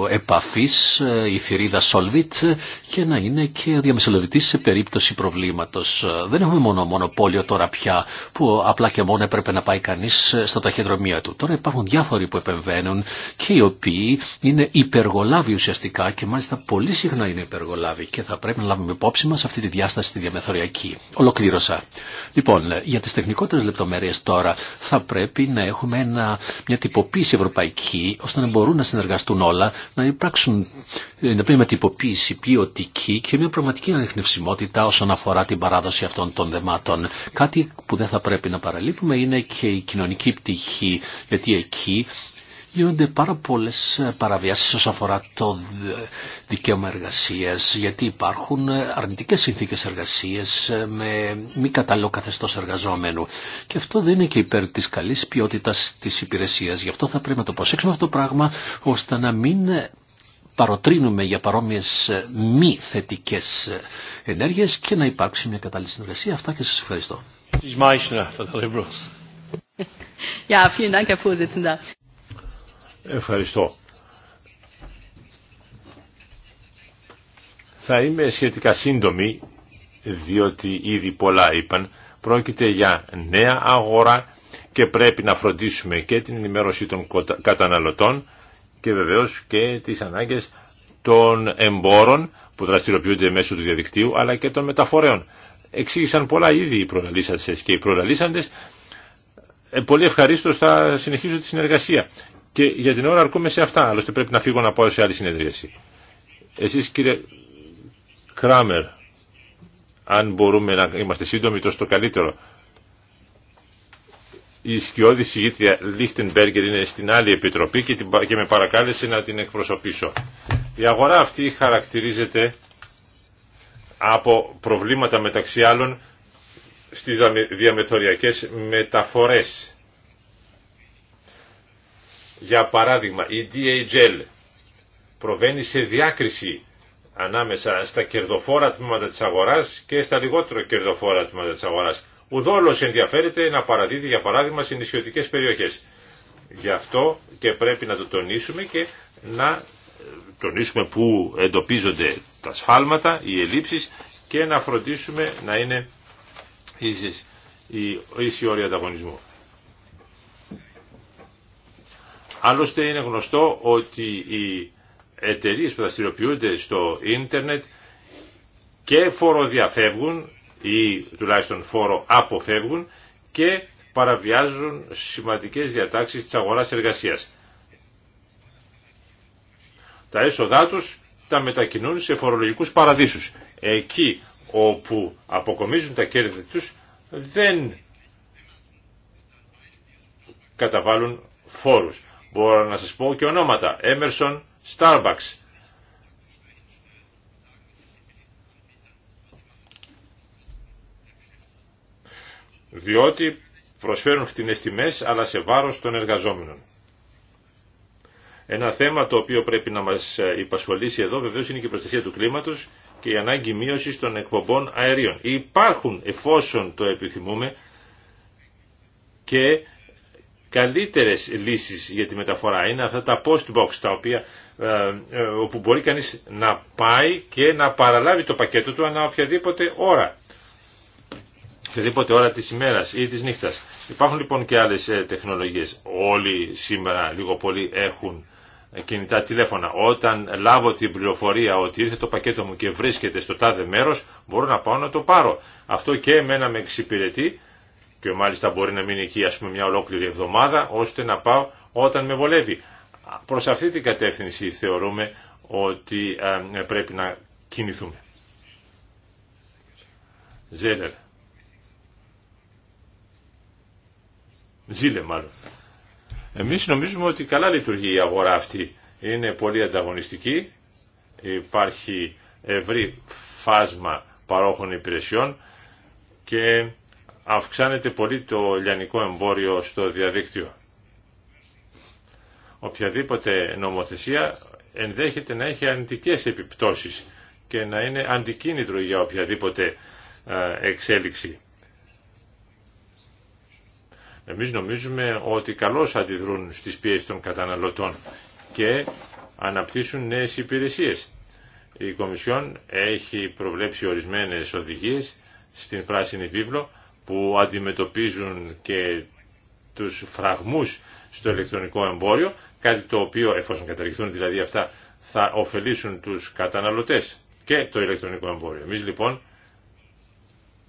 ε, επαφής, ε, η θηρίδα Solvit και να είναι και ο σε περίπτωση προβλήματος. Ε, δεν έχουμε μόνο μονοπόλιο τώρα πια που απλά και μόνο έπρεπε να πάει κανείς στα ταχυδρομεία του. Τώρα υπάρχουν διάφοροι που επεμβαίνουν και οι οποίοι είναι υπεργολάβοι ουσιαστικά και μάλιστα πολύ συχνά είναι υπεργολάβοι και θα πρέπει να λάβουμε υπόψη μας αυτή τη διάσταση τη διαμεθοριακή. Ολοκλήρωσα. Λοιπόν, για τις τεχνικότερες λεπτομέρειες τώρα θα πρέπει να έχουμε ένα, μια τυποποίηση ευρωπαϊκή ώστε να μπορούν να συνεργαστούν όλα να υπάρξουν, ε, να πούμε τυποποίηση ποιοτική και μια πραγματική ανεχνευσιμότητα όσον αφορά την παράδοση αυτών των δεμάτων. Κάτι που δεν θα πρέπει να παραλείπουμε είναι και η κοινωνική πτυχή, γιατί εκεί γίνονται πάρα πολλές ε, παραβιάσεις όσον αφορά το ε, δικαίωμα εργασίας γιατί υπάρχουν ε, αρνητικές συνθήκες εργασίας με μη κατάλληλο καθεστώς εργαζόμενου και αυτό δεν είναι και υπέρ της καλής ποιότητας της υπηρεσίας γι' αυτό θα πρέπει να το προσέξουμε αυτό το πράγμα ώστε να μην παροτρύνουμε για παρόμοιες μη θετικές ενέργειες και να υπάρξει μια κατάλληλη συνεργασία. Αυτά και σας ευχαριστώ. *laughs* Ευχαριστώ. Θα είμαι σχετικά σύντομη, διότι ήδη πολλά είπαν. Πρόκειται για νέα αγορά και πρέπει να φροντίσουμε και την ενημέρωση των καταναλωτών και βεβαίως και τις ανάγκες των εμπόρων που δραστηριοποιούνται μέσω του διαδικτύου αλλά και των μεταφορέων. Εξήγησαν πολλά ήδη οι προλαλήσαντες και οι προλαλήσαντες. Ε, πολύ ευχαρίστως θα συνεχίσω τη συνεργασία και για την ώρα αρκούμε σε αυτά, άλλωστε πρέπει να φύγω να πάω σε άλλη συνεδρίαση. Εσείς κύριε Κράμερ, αν μπορούμε να είμαστε σύντομοι τόσο το καλύτερο. Η σκιώδη συγγήτρια Λίχτενμπέργκερ είναι στην άλλη επιτροπή και, και με παρακάλεσε να την εκπροσωπήσω. Η αγορά αυτή χαρακτηρίζεται από προβλήματα μεταξύ άλλων στις διαμεθοριακές μεταφορές. Για παράδειγμα, η DHL προβαίνει σε διάκριση ανάμεσα στα κερδοφόρα τμήματα της αγοράς και στα λιγότερο κερδοφόρα τμήματα της αγοράς. Ουδόλως ενδιαφέρεται να παραδίδει για παράδειγμα σε νησιωτικές περιοχές. Γι' αυτό και πρέπει να το τονίσουμε και να ε, τονίσουμε που εντοπίζονται τα σφάλματα, οι ελλείψεις και να φροντίσουμε να είναι ίσες οι όροι ανταγωνισμού. Άλλωστε είναι γνωστό ότι οι εταιρείες που δραστηριοποιούνται στο ίντερνετ και φοροδιαφεύγουν ή τουλάχιστον φόρο αποφεύγουν και παραβιάζουν σημαντικές διατάξεις της αγοράς εργασίας. Τα έσοδά τους τα μετακινούν σε φορολογικούς παραδείσους. Εκεί όπου αποκομίζουν τα κέρδη τους δεν καταβάλουν φόρους. Μπορώ να σας πω και ονόματα. Emerson, Starbucks. Διότι προσφέρουν φτηνές τιμές αλλά σε βάρος των εργαζόμενων. Ένα θέμα το οποίο πρέπει να μας ε, υπασχολήσει εδώ βεβαίως είναι και η προστασία του κλίματος και η ανάγκη μείωσης των εκπομπών αερίων. Υπάρχουν εφόσον το επιθυμούμε και καλύτερες λύσεις για τη μεταφορά. Είναι αυτά τα post-box τα οποία, ε, ε, όπου μπορεί κανείς να πάει και να παραλάβει το πακέτο του ανά οποιαδήποτε ώρα. Οποιαδήποτε ώρα της ημέρας ή της νύχτας. Υπάρχουν λοιπόν και άλλες ε, τεχνολογίες. Όλοι σήμερα λίγο πολύ έχουν ε, κινητά τηλέφωνα. Όταν λάβω την πληροφορία ότι ήρθε το πακέτο μου και βρίσκεται στο τάδε μέρος, μπορώ να πάω να το πάρω. Αυτό και εμένα με εξυπηρετεί και μάλιστα μπορεί να μείνει εκεί ας πούμε μια ολόκληρη εβδομάδα ώστε να πάω όταν με βολεύει. Προς αυτή την κατεύθυνση θεωρούμε ότι πρέπει να κινηθούμε. Ζέλερ. Ζήλε μάλλον. Εμείς νομίζουμε ότι καλά λειτουργεί η αγορά αυτή. Είναι πολύ ανταγωνιστική. Υπάρχει ευρύ φάσμα παρόχων υπηρεσιών και αυξάνεται πολύ το λιανικό εμπόριο στο διαδίκτυο. Οποιαδήποτε νομοθεσία ενδέχεται να έχει αντικές επιπτώσεις και να είναι αντικίνητρο για οποιαδήποτε εξέλιξη. Εμείς νομίζουμε ότι καλώς αντιδρούν στις πιέσεις των καταναλωτών και αναπτύσσουν νέες υπηρεσίες. Η Κομισιόν έχει προβλέψει ορισμένες οδηγίες στην Πράσινη Βίβλο που αντιμετωπίζουν και τους φραγμούς στο ηλεκτρονικό εμπόριο, κάτι το οποίο εφόσον καταργηθούν δηλαδή αυτά θα ωφελήσουν τους καταναλωτές και το ηλεκτρονικό εμπόριο. Εμείς λοιπόν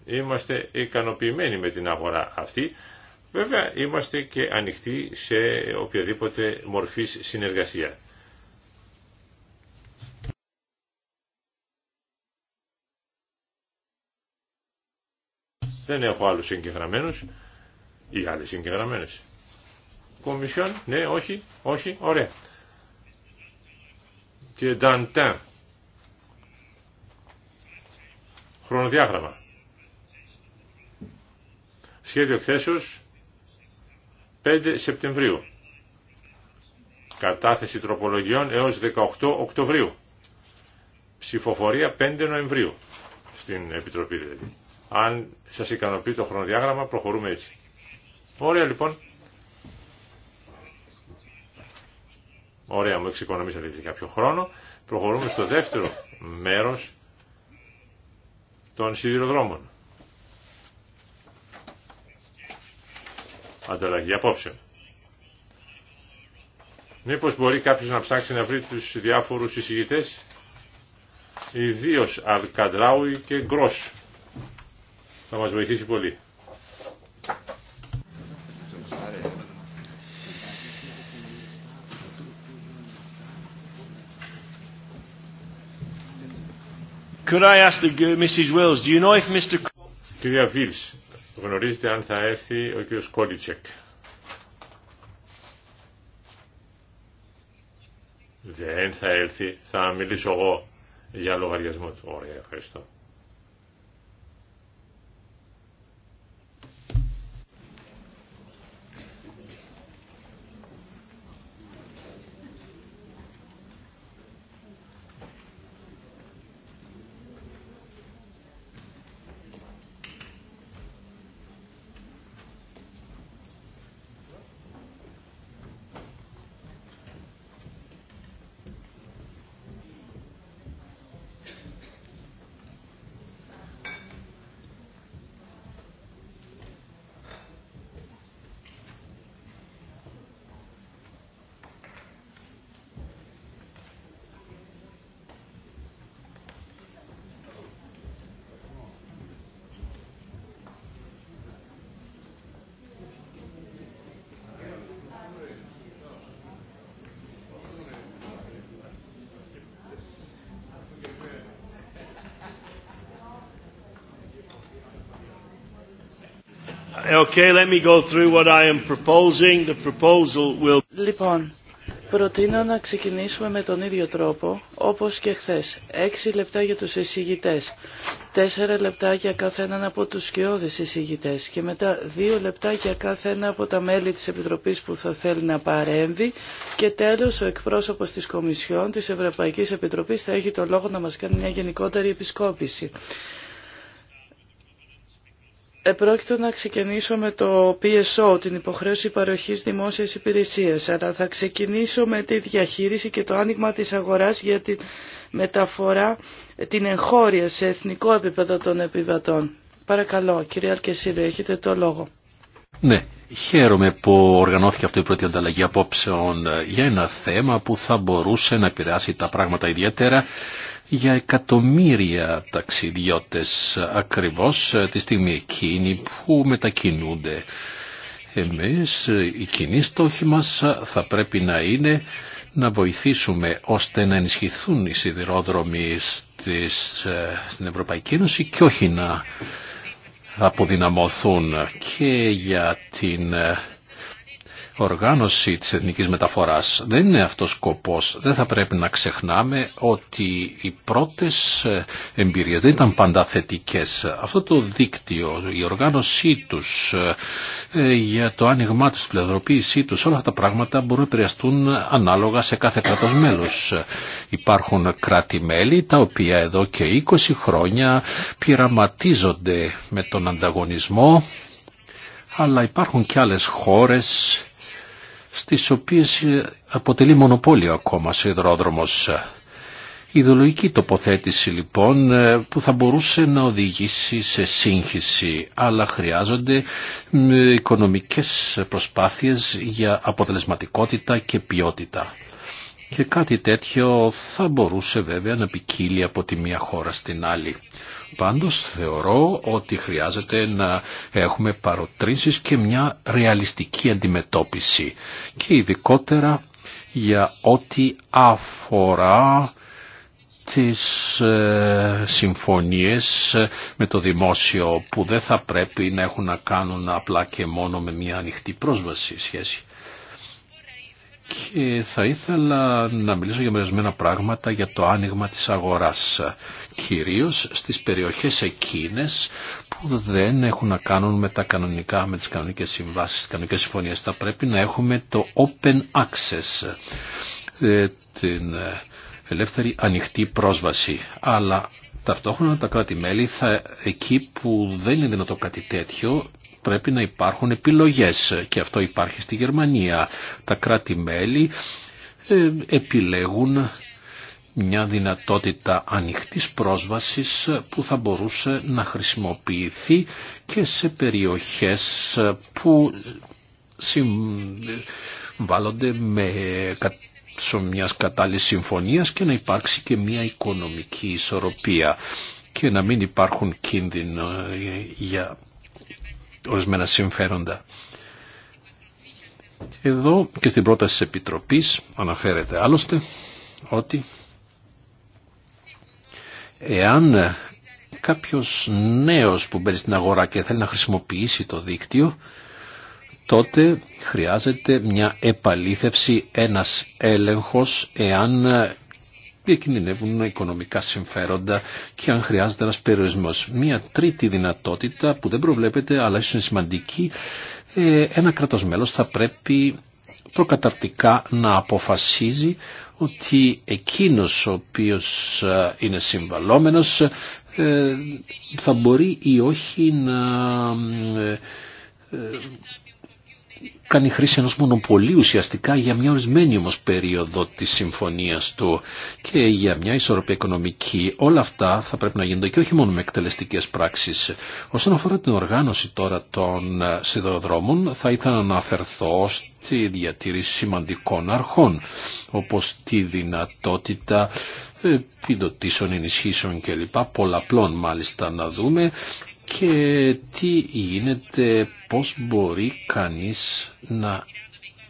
είμαστε ικανοποιημένοι με την αγορά αυτή. Βέβαια είμαστε και ανοιχτοί σε οποιαδήποτε μορφής συνεργασία. Δεν έχω άλλους εγγεγραμμένους ή άλλες εγγεγραμμένες. Κομισιόν, ναι, όχι, όχι, ωραία. Και Νταντά. Χρονοδιάγραμμα. Σχέδιο εκθέσεως 5 Σεπτεμβρίου. Κατάθεση τροπολογιών έως 18 Οκτωβρίου. Ψηφοφορία 5 Νοεμβρίου. Στην Επιτροπή δηλαδή. Αν σας ικανοποιεί το χρονοδιάγραμμα, προχωρούμε έτσι. Ωραία λοιπόν. Ωραία, μου εξοικονομήσατε κάποιο χρόνο. Προχωρούμε στο δεύτερο μέρος των σιδηροδρόμων. Ανταλλαγή απόψεων. Μήπω μπορεί κάποιο να ψάξει να βρει του διάφορους εισηγητές, Ιδίω Αλκαντράουι και Γκρόσου θα μας βοηθήσει πολύ. Could I ask the, Mrs. Wills, do you know if Mr. Κυρία Βίλς, γνωρίζετε αν θα έρθει ο κύριος Κόλιτσεκ. Δεν θα έρθει, θα μιλήσω εγώ για λογαριασμό του. Ωραία, ευχαριστώ. Λοιπόν, προτείνω να ξεκινήσουμε με τον ίδιο τρόπο, όπως και χθες. Έξι λεπτά για τους εισηγητές, τέσσερα λεπτά για κάθε έναν από τους σκιώδες εισηγητές και μετά δύο λεπτά για κάθε ένα από τα μέλη της Επιτροπής που θα θέλει να παρέμβει και τέλος ο εκπρόσωπος της Κομισιόν της Ευρωπαϊκής Επιτροπής θα έχει το λόγο να μας κάνει μια γενικότερη επισκόπηση. Επρόκειτο να ξεκινήσω με το PSO, την υποχρέωση παροχής δημόσιας υπηρεσίας, αλλά θα ξεκινήσω με τη διαχείριση και το άνοιγμα της αγοράς για τη μεταφορά, την εγχώρια σε εθνικό επίπεδο των επιβατών. Παρακαλώ, κύριε Αλκεσίλη, έχετε το λόγο. Ναι, χαίρομαι που οργανώθηκε αυτή η πρώτη ανταλλαγή απόψεων για ένα θέμα που θα μπορούσε να επηρεάσει τα πράγματα ιδιαίτερα για εκατομμύρια ταξιδιώτες ακριβώς τη στιγμή εκείνη που μετακινούνται. Εμείς, η κοινή στόχη μας θα πρέπει να είναι να βοηθήσουμε ώστε να ενισχυθούν οι σιδηρόδρομοι στις, στην Ευρωπαϊκή Ένωση και όχι να αποδυναμωθούν και για την οργάνωση της εθνικής μεταφοράς. Δεν είναι αυτός σκοπός. Δεν θα πρέπει να ξεχνάμε ότι οι πρώτες ε, εμπειρίες δεν ήταν πάντα θετικέ Αυτό το δίκτυο, η οργάνωσή τους, ε, ε, για το άνοιγμά τους, τη φιλαδροποίησή τους, όλα αυτά τα πράγματα μπορούν να επηρεαστούν ανάλογα σε κάθε μέλο. μέλος. Υπάρχουν κράτη-μέλη τα οποία εδώ και 20 χρόνια πειραματίζονται με τον ανταγωνισμό αλλά υπάρχουν και άλλες χώρες στις οποίες αποτελεί μονοπόλιο ακόμα σε υδρόδρομος. Ιδεολογική τοποθέτηση λοιπόν που θα μπορούσε να οδηγήσει σε σύγχυση αλλά χρειάζονται οικονομικές προσπάθειες για αποτελεσματικότητα και ποιότητα. Και κάτι τέτοιο θα μπορούσε βέβαια να ποικίλει από τη μία χώρα στην άλλη. Πάντως θεωρώ ότι χρειάζεται να έχουμε παροτρύνσεις και μια ρεαλιστική αντιμετώπιση και ειδικότερα για ό,τι αφορά τις ε, συμφωνίες με το δημόσιο που δεν θα πρέπει να έχουν να κάνουν απλά και μόνο με μια ανοιχτή πρόσβαση σχέση και θα ήθελα να μιλήσω για μερισμένα πράγματα για το άνοιγμα της αγοράς, κυρίως στις περιοχές εκείνες που δεν έχουν να κάνουν με τα κανονικά, με τις κανονικές συμβάσεις, τις κανονικές συμφωνίες. Θα πρέπει να έχουμε το open access, ε, την ελεύθερη ανοιχτή πρόσβαση, αλλά Ταυτόχρονα τα κράτη-μέλη εκεί που δεν είναι δυνατό κάτι τέτοιο πρέπει να υπάρχουν επιλογές και αυτό υπάρχει στη Γερμανία. Τα κράτη-μέλη ε, επιλέγουν μια δυνατότητα ανοιχτής πρόσβασης που θα μπορούσε να χρησιμοποιηθεί και σε περιοχές που συμβάλλονται με μια κατάλληλη συμφωνία και να υπάρξει και μια οικονομική ισορροπία και να μην υπάρχουν κίνδυνο ε, για ορισμένα συμφέροντα. Εδώ και στην πρόταση της Επιτροπής αναφέρεται άλλωστε ότι εάν κάποιος νέος που μπαίνει στην αγορά και θέλει να χρησιμοποιήσει το δίκτυο, τότε χρειάζεται μια επαλήθευση, ένας έλεγχος εάν κινδυνεύουν οικονομικά συμφέροντα και αν χρειάζεται ένας περιορισμός. Μία τρίτη δυνατότητα που δεν προβλέπεται αλλά είναι σημαντική, ε, ένα κρατος θα πρέπει προκαταρτικά να αποφασίζει ότι εκείνος ο οποίος ε, είναι συμβαλόμενος ε, θα μπορεί ή όχι να κάνει χρήση ενός μονοπολίου ουσιαστικά για μια ορισμένη όμως περίοδο της συμφωνίας του και για μια ισορροπία οικονομική. Όλα αυτά θα πρέπει να γίνονται και όχι μόνο με εκτελεστικές πράξεις. Όσον αφορά την οργάνωση τώρα των σιδηροδρόμων θα ήθελα να αναφερθώ στη διατήρηση σημαντικών αρχών όπως τη δυνατότητα ε, επιδοτήσεων, ενισχύσεων κλπ. Πολλαπλών μάλιστα να δούμε και τι γίνεται, πώς μπορεί κανείς να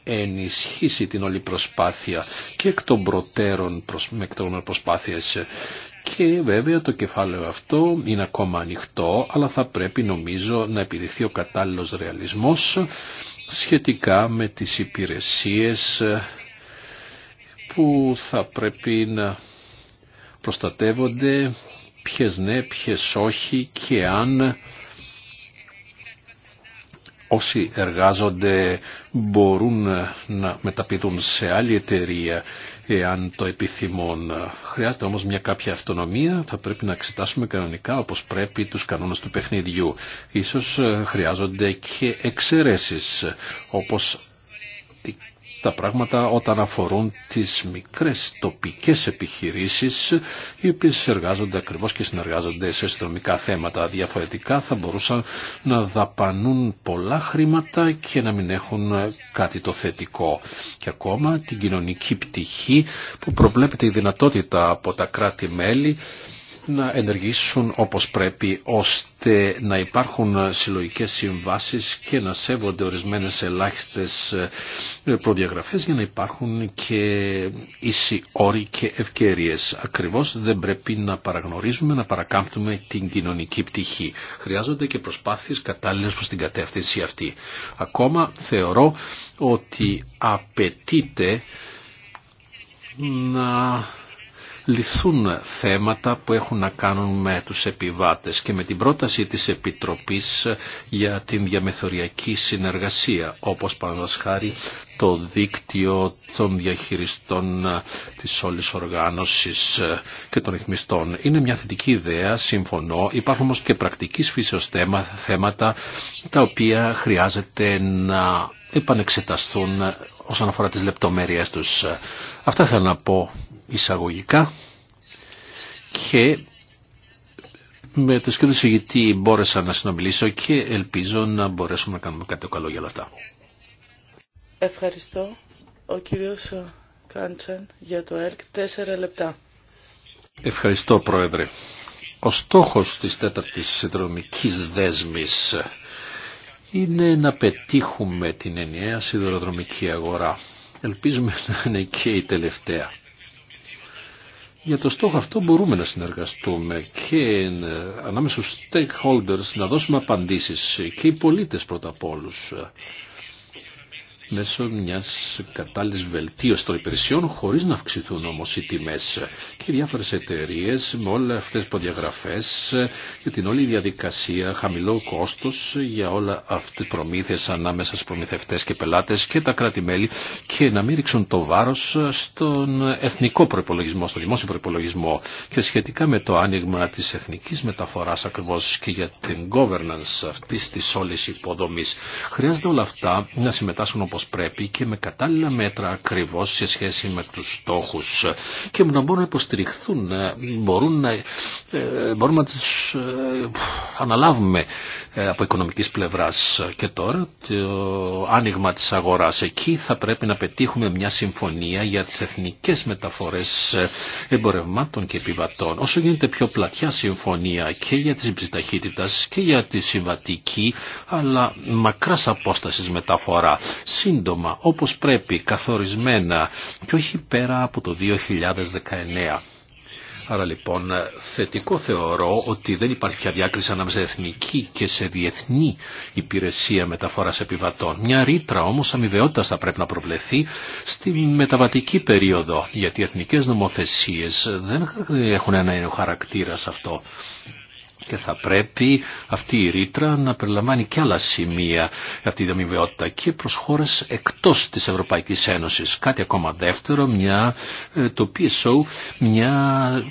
ενισχύσει την όλη προσπάθεια και εκ των προτέρων με εκ των προσπάθειες και βέβαια το κεφάλαιο αυτό είναι ακόμα ανοιχτό αλλά θα πρέπει νομίζω να επιδηθεί ο κατάλληλος ρεαλισμός σχετικά με τις υπηρεσίες που θα πρέπει να προστατεύονται ποιες ναι, ποιες όχι και αν όσοι εργάζονται μπορούν να μεταπηδούν σε άλλη εταιρεία εάν το επιθυμούν. Χρειάζεται όμως μια κάποια αυτονομία, θα πρέπει να εξετάσουμε κανονικά όπως πρέπει τους κανόνες του παιχνιδιού. Ίσως ε, χρειάζονται και εξαιρέσεις όπως τα πράγματα όταν αφορούν τις μικρές τοπικές επιχειρήσεις οι οποίες εργάζονται ακριβώς και συνεργάζονται σε αστυνομικά θέματα. Διαφορετικά θα μπορούσαν να δαπανούν πολλά χρήματα και να μην έχουν κάτι το θετικό. Και ακόμα την κοινωνική πτυχή που προβλέπεται η δυνατότητα από τα κράτη-μέλη να ενεργήσουν όπως πρέπει ώστε να υπάρχουν συλλογικές συμβάσεις και να σέβονται ορισμένες ελάχιστες ε, προδιαγραφές για να υπάρχουν και ίσοι όροι και ευκαιρίες. Ακριβώς δεν πρέπει να παραγνωρίζουμε, να παρακάμπτουμε την κοινωνική πτυχή. Χρειάζονται και προσπάθειες κατάλληλες προς την κατεύθυνση αυτή. Ακόμα θεωρώ ότι απαιτείται να λυθούν θέματα που έχουν να κάνουν με τους επιβάτες και με την πρόταση της Επιτροπής για την διαμεθοριακή συνεργασία, όπως παραδείγματος το δίκτυο των διαχειριστών της όλης οργάνωσης και των ρυθμιστών. Είναι μια θετική ιδέα, συμφωνώ. Υπάρχουν όμως και πρακτικής φύσεως θέματα τα οποία χρειάζεται να επανεξεταστούν όσον αφορά τις λεπτομέρειες τους. Αυτά θέλω να πω εισαγωγικά και με το σκέτο συγητή μπόρεσα να συνομιλήσω και ελπίζω να μπορέσουμε να κάνουμε κάτι καλό για αυτά. Ευχαριστώ. Ο κύριος Κάντσεν για το ΕΡΚ. Τέσσερα λεπτά. Ευχαριστώ Πρόεδρε. Ο στόχος της τέταρτης συνδρομικής δέσμης είναι να πετύχουμε την ενιαία σιδηροδρομική αγορά. Ελπίζουμε να είναι και η τελευταία. Για το στόχο αυτό μπορούμε να συνεργαστούμε και ανάμεσα στους stakeholders να δώσουμε απαντήσεις και οι πολίτες πρώτα απ' όλους μέσω μια κατάλληλη βελτίωσης των υπηρεσιών χωρί να αυξηθούν όμω οι τιμέ και διάφορε εταιρείε με όλε αυτέ τι προδιαγραφέ και την όλη διαδικασία χαμηλό κόστο για όλα αυτές τι προμήθειες ανάμεσα στους προμηθευτές και πελάτε και τα κράτη-μέλη και να μην ρίξουν το βάρο στον εθνικό προπολογισμό, στον δημόσιο προπολογισμό και σχετικά με το άνοιγμα τη εθνική μεταφορά ακριβώ και για την governance αυτή τη όλη υποδομή. Χρειάζεται όλα αυτά να συμμετάσχουν πρέπει και με κατάλληλα μέτρα ακριβώς σε σχέση με τους στόχους και να μπορούν να υποστηριχθούν, μπορούν να, ε, μπορούμε να τους ε, αναλάβουμε ε, από οικονομικής πλευράς. Και τώρα το άνοιγμα της αγοράς. Εκεί θα πρέπει να πετύχουμε μια συμφωνία για τις εθνικές μεταφορές εμπορευμάτων και επιβατών. Όσο γίνεται πιο πλατιά συμφωνία και για τις και για τη συμβατική αλλά μακράς απόστασης μεταφορά σύντομα, όπως πρέπει, καθορισμένα και όχι πέρα από το 2019. Άρα λοιπόν θετικό θεωρώ ότι δεν υπάρχει πια διάκριση ανάμεσα σε εθνική και σε διεθνή υπηρεσία μεταφοράς επιβατών. Μια ρήτρα όμως αμοιβαιότητας θα πρέπει να προβλεφθεί στη μεταβατική περίοδο γιατί οι εθνικές νομοθεσίες δεν έχουν ένα χαρακτήρα σε αυτό και θα πρέπει αυτή η ρήτρα να περιλαμβάνει και άλλα σημεία αυτή η αμοιβαιότητα και προς χώρες εκτός της Ευρωπαϊκής Ένωσης. Κάτι ακόμα δεύτερο, μια, ε, το PSO, μια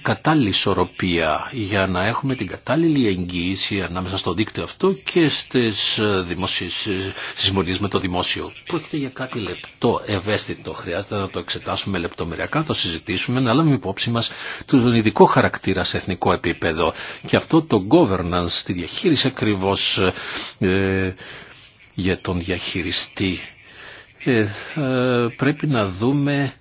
κατάλληλη ισορροπία για να έχουμε την κατάλληλη εγγύηση ανάμεσα στο δίκτυο αυτό και στις ε, δημόσιες ε, με το δημόσιο. Πρόκειται για κάτι λεπτό, ευαίσθητο. Χρειάζεται να το εξετάσουμε λεπτομεριακά, να το συζητήσουμε, να λάβουμε υπόψη μας τον ειδικό χαρακτήρα σε εθνικό επίπεδο. Και αυτό το governance, τη διαχείριση ακριβώς ε, για τον διαχειριστή. Ε, πρέπει να δούμε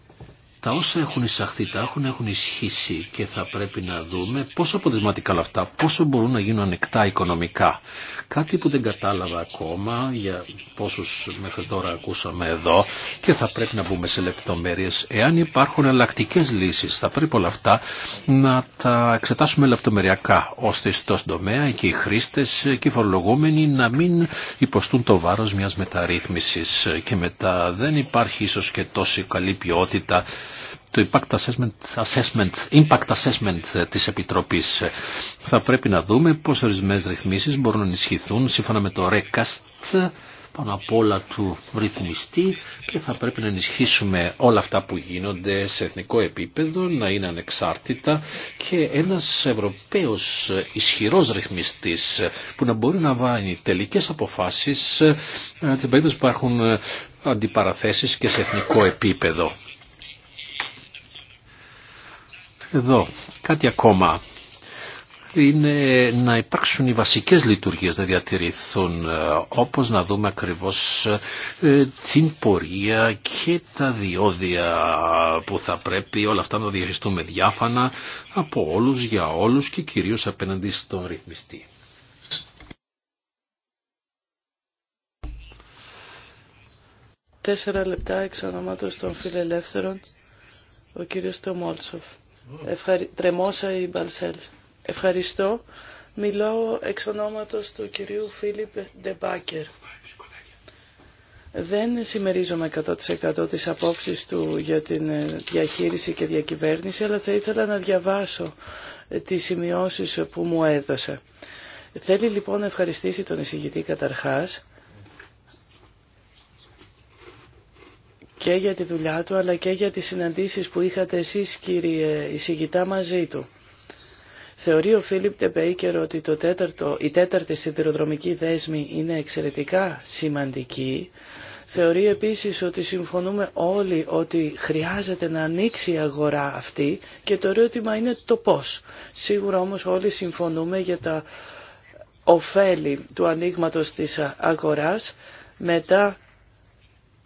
τα όσα έχουν εισαχθεί, τα έχουν, έχουν ισχύσει και θα πρέπει να δούμε πόσο αποδεσματικά όλα αυτά, πόσο μπορούν να γίνουν ανεκτά οικονομικά. Κάτι που δεν κατάλαβα ακόμα για πόσους μέχρι τώρα ακούσαμε εδώ και θα πρέπει να μπούμε σε λεπτομέρειες. Εάν υπάρχουν ελλακτικέ λύσεις θα πρέπει όλα αυτά να τα εξετάσουμε λεπτομεριακά ώστε στο τομέα και οι χρήστες και οι φορολογούμενοι να μην υποστούν το βάρος μιας μεταρρύθμισης και μετά δεν υπάρχει ίσως και τόση καλή ποιότητα το impact assessment, impact assessment ε, της Επιτροπής. Ε, θα πρέπει να δούμε πώς ορισμένες ρυθμίσεις μπορούν να ενισχυθούν σύμφωνα με το RECAST ε, πάνω απ' όλα του ρυθμιστή και θα πρέπει να ενισχύσουμε όλα αυτά που γίνονται σε εθνικό επίπεδο, να είναι ανεξάρτητα και ένας Ευρωπαίος ισχυρός ρυθμιστής που να μπορεί να βάλει τελικές αποφάσεις την περίπτωση που υπάρχουν αντιπαραθέσεις και σε εθνικό επίπεδο. Εδώ κάτι ακόμα είναι να υπάρξουν οι βασικές λειτουργίες να διατηρηθούν ε, όπως να δούμε ακριβώς ε, την πορεία και τα διόδια που θα πρέπει όλα αυτά να διαχειριστούμε διάφανα από όλους, για όλους και κυρίως απέναντι στον ρυθμιστή. Τέσσερα λεπτά εξ ονόματος των φιλελεύθερων, ο κύριος Τομόλσοφ. Τρεμόσα ή Μπαλσέλ. Ευχαριστώ. Μιλώ εξ ονόματος του κυρίου Φίλιπ Ντεμπάκερ. Δεν συμμερίζομαι 100% της απόψεις του για την ε, διαχείριση και διακυβέρνηση, αλλά θα ήθελα να διαβάσω ε, τις σημειώσεις που μου έδωσε. Θέλει λοιπόν να ευχαριστήσει τον εισηγητή καταρχάς και για τη δουλειά του αλλά και για τις συναντήσεις που είχατε εσείς κύριε εισηγητά μαζί του. Θεωρεί ο Φίλιπ Τεμπέικερ ότι το τέταρτο, η τέταρτη σιδηροδρομική δέσμη είναι εξαιρετικά σημαντική. Θεωρεί επίσης ότι συμφωνούμε όλοι ότι χρειάζεται να ανοίξει η αγορά αυτή και το ερώτημα είναι το πώς. Σίγουρα όμως όλοι συμφωνούμε για τα ωφέλη του ανοίγματο της αγοράς μετά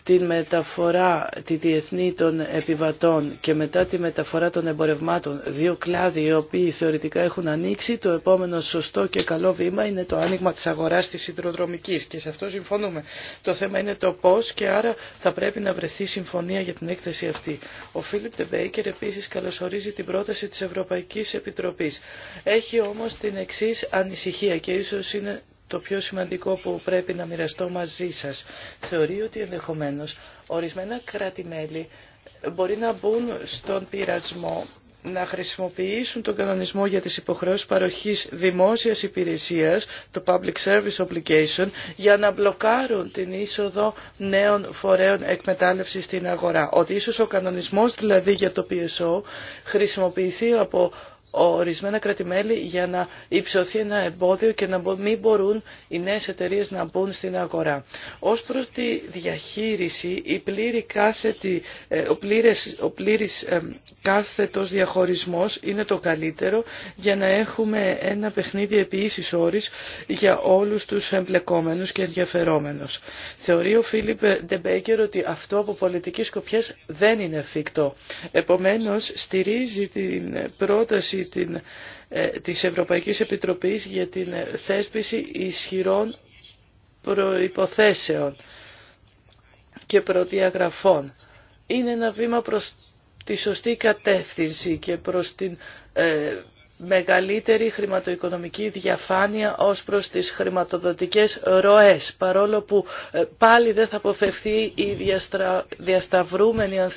τη μεταφορά τη διεθνή των επιβατών και μετά τη μεταφορά των εμπορευμάτων, δύο κλάδοι οι οποίοι θεωρητικά έχουν ανοίξει, το επόμενο σωστό και καλό βήμα είναι το άνοιγμα της αγοράς της υδροδρομικής και σε αυτό συμφωνούμε. Το θέμα είναι το πώς και άρα θα πρέπει να βρεθεί συμφωνία για την έκθεση αυτή. Ο Φίλιπ Τεμπέικερ επίσης καλωσορίζει την πρόταση της Ευρωπαϊκής Επιτροπής. Έχει όμως την εξή ανησυχία και ίσως είναι το πιο σημαντικό που πρέπει να μοιραστώ μαζί σας. Θεωρεί ότι ενδεχομένως ορισμένα κράτη-μέλη μπορεί να μπουν στον πειρασμό να χρησιμοποιήσουν τον κανονισμό για τις υποχρεώσεις παροχής δημόσιας υπηρεσίας, το Public Service Obligation, για να μπλοκάρουν την είσοδο νέων φορέων εκμετάλλευσης στην αγορά. Ότι ίσως ο κανονισμός δηλαδή για το PSO χρησιμοποιηθεί από ορισμένα κρατημέλη για να υψωθεί ένα εμπόδιο και να μην μπορούν οι νέες εταιρείες να μπουν στην αγορά. Ως προς τη διαχείριση, η πλήρη κάθετη, ε, ο πλήρης, ε, κάθετος διαχωρισμός είναι το καλύτερο για να έχουμε ένα παιχνίδι επίσης όρης για όλους τους εμπλεκόμενους και ενδιαφερόμενους. Θεωρεί ο Φίλιπ Ντεμπέκερ ότι αυτό από πολιτική σκοπιά δεν είναι εφικτό. Επομένως, στηρίζει την πρόταση την, ε, της Ευρωπαϊκής Επιτροπής για την ε, θέσπιση ισχυρών προϋποθέσεων και προδιαγραφών. Είναι ένα βήμα προς τη σωστή κατεύθυνση και προς την ε, μεγαλύτερη χρηματοοικονομική διαφάνεια ως προς τις χρηματοδοτικές ροές, παρόλο που πάλι δεν θα αποφευθεί η διασταυρούμενη, αν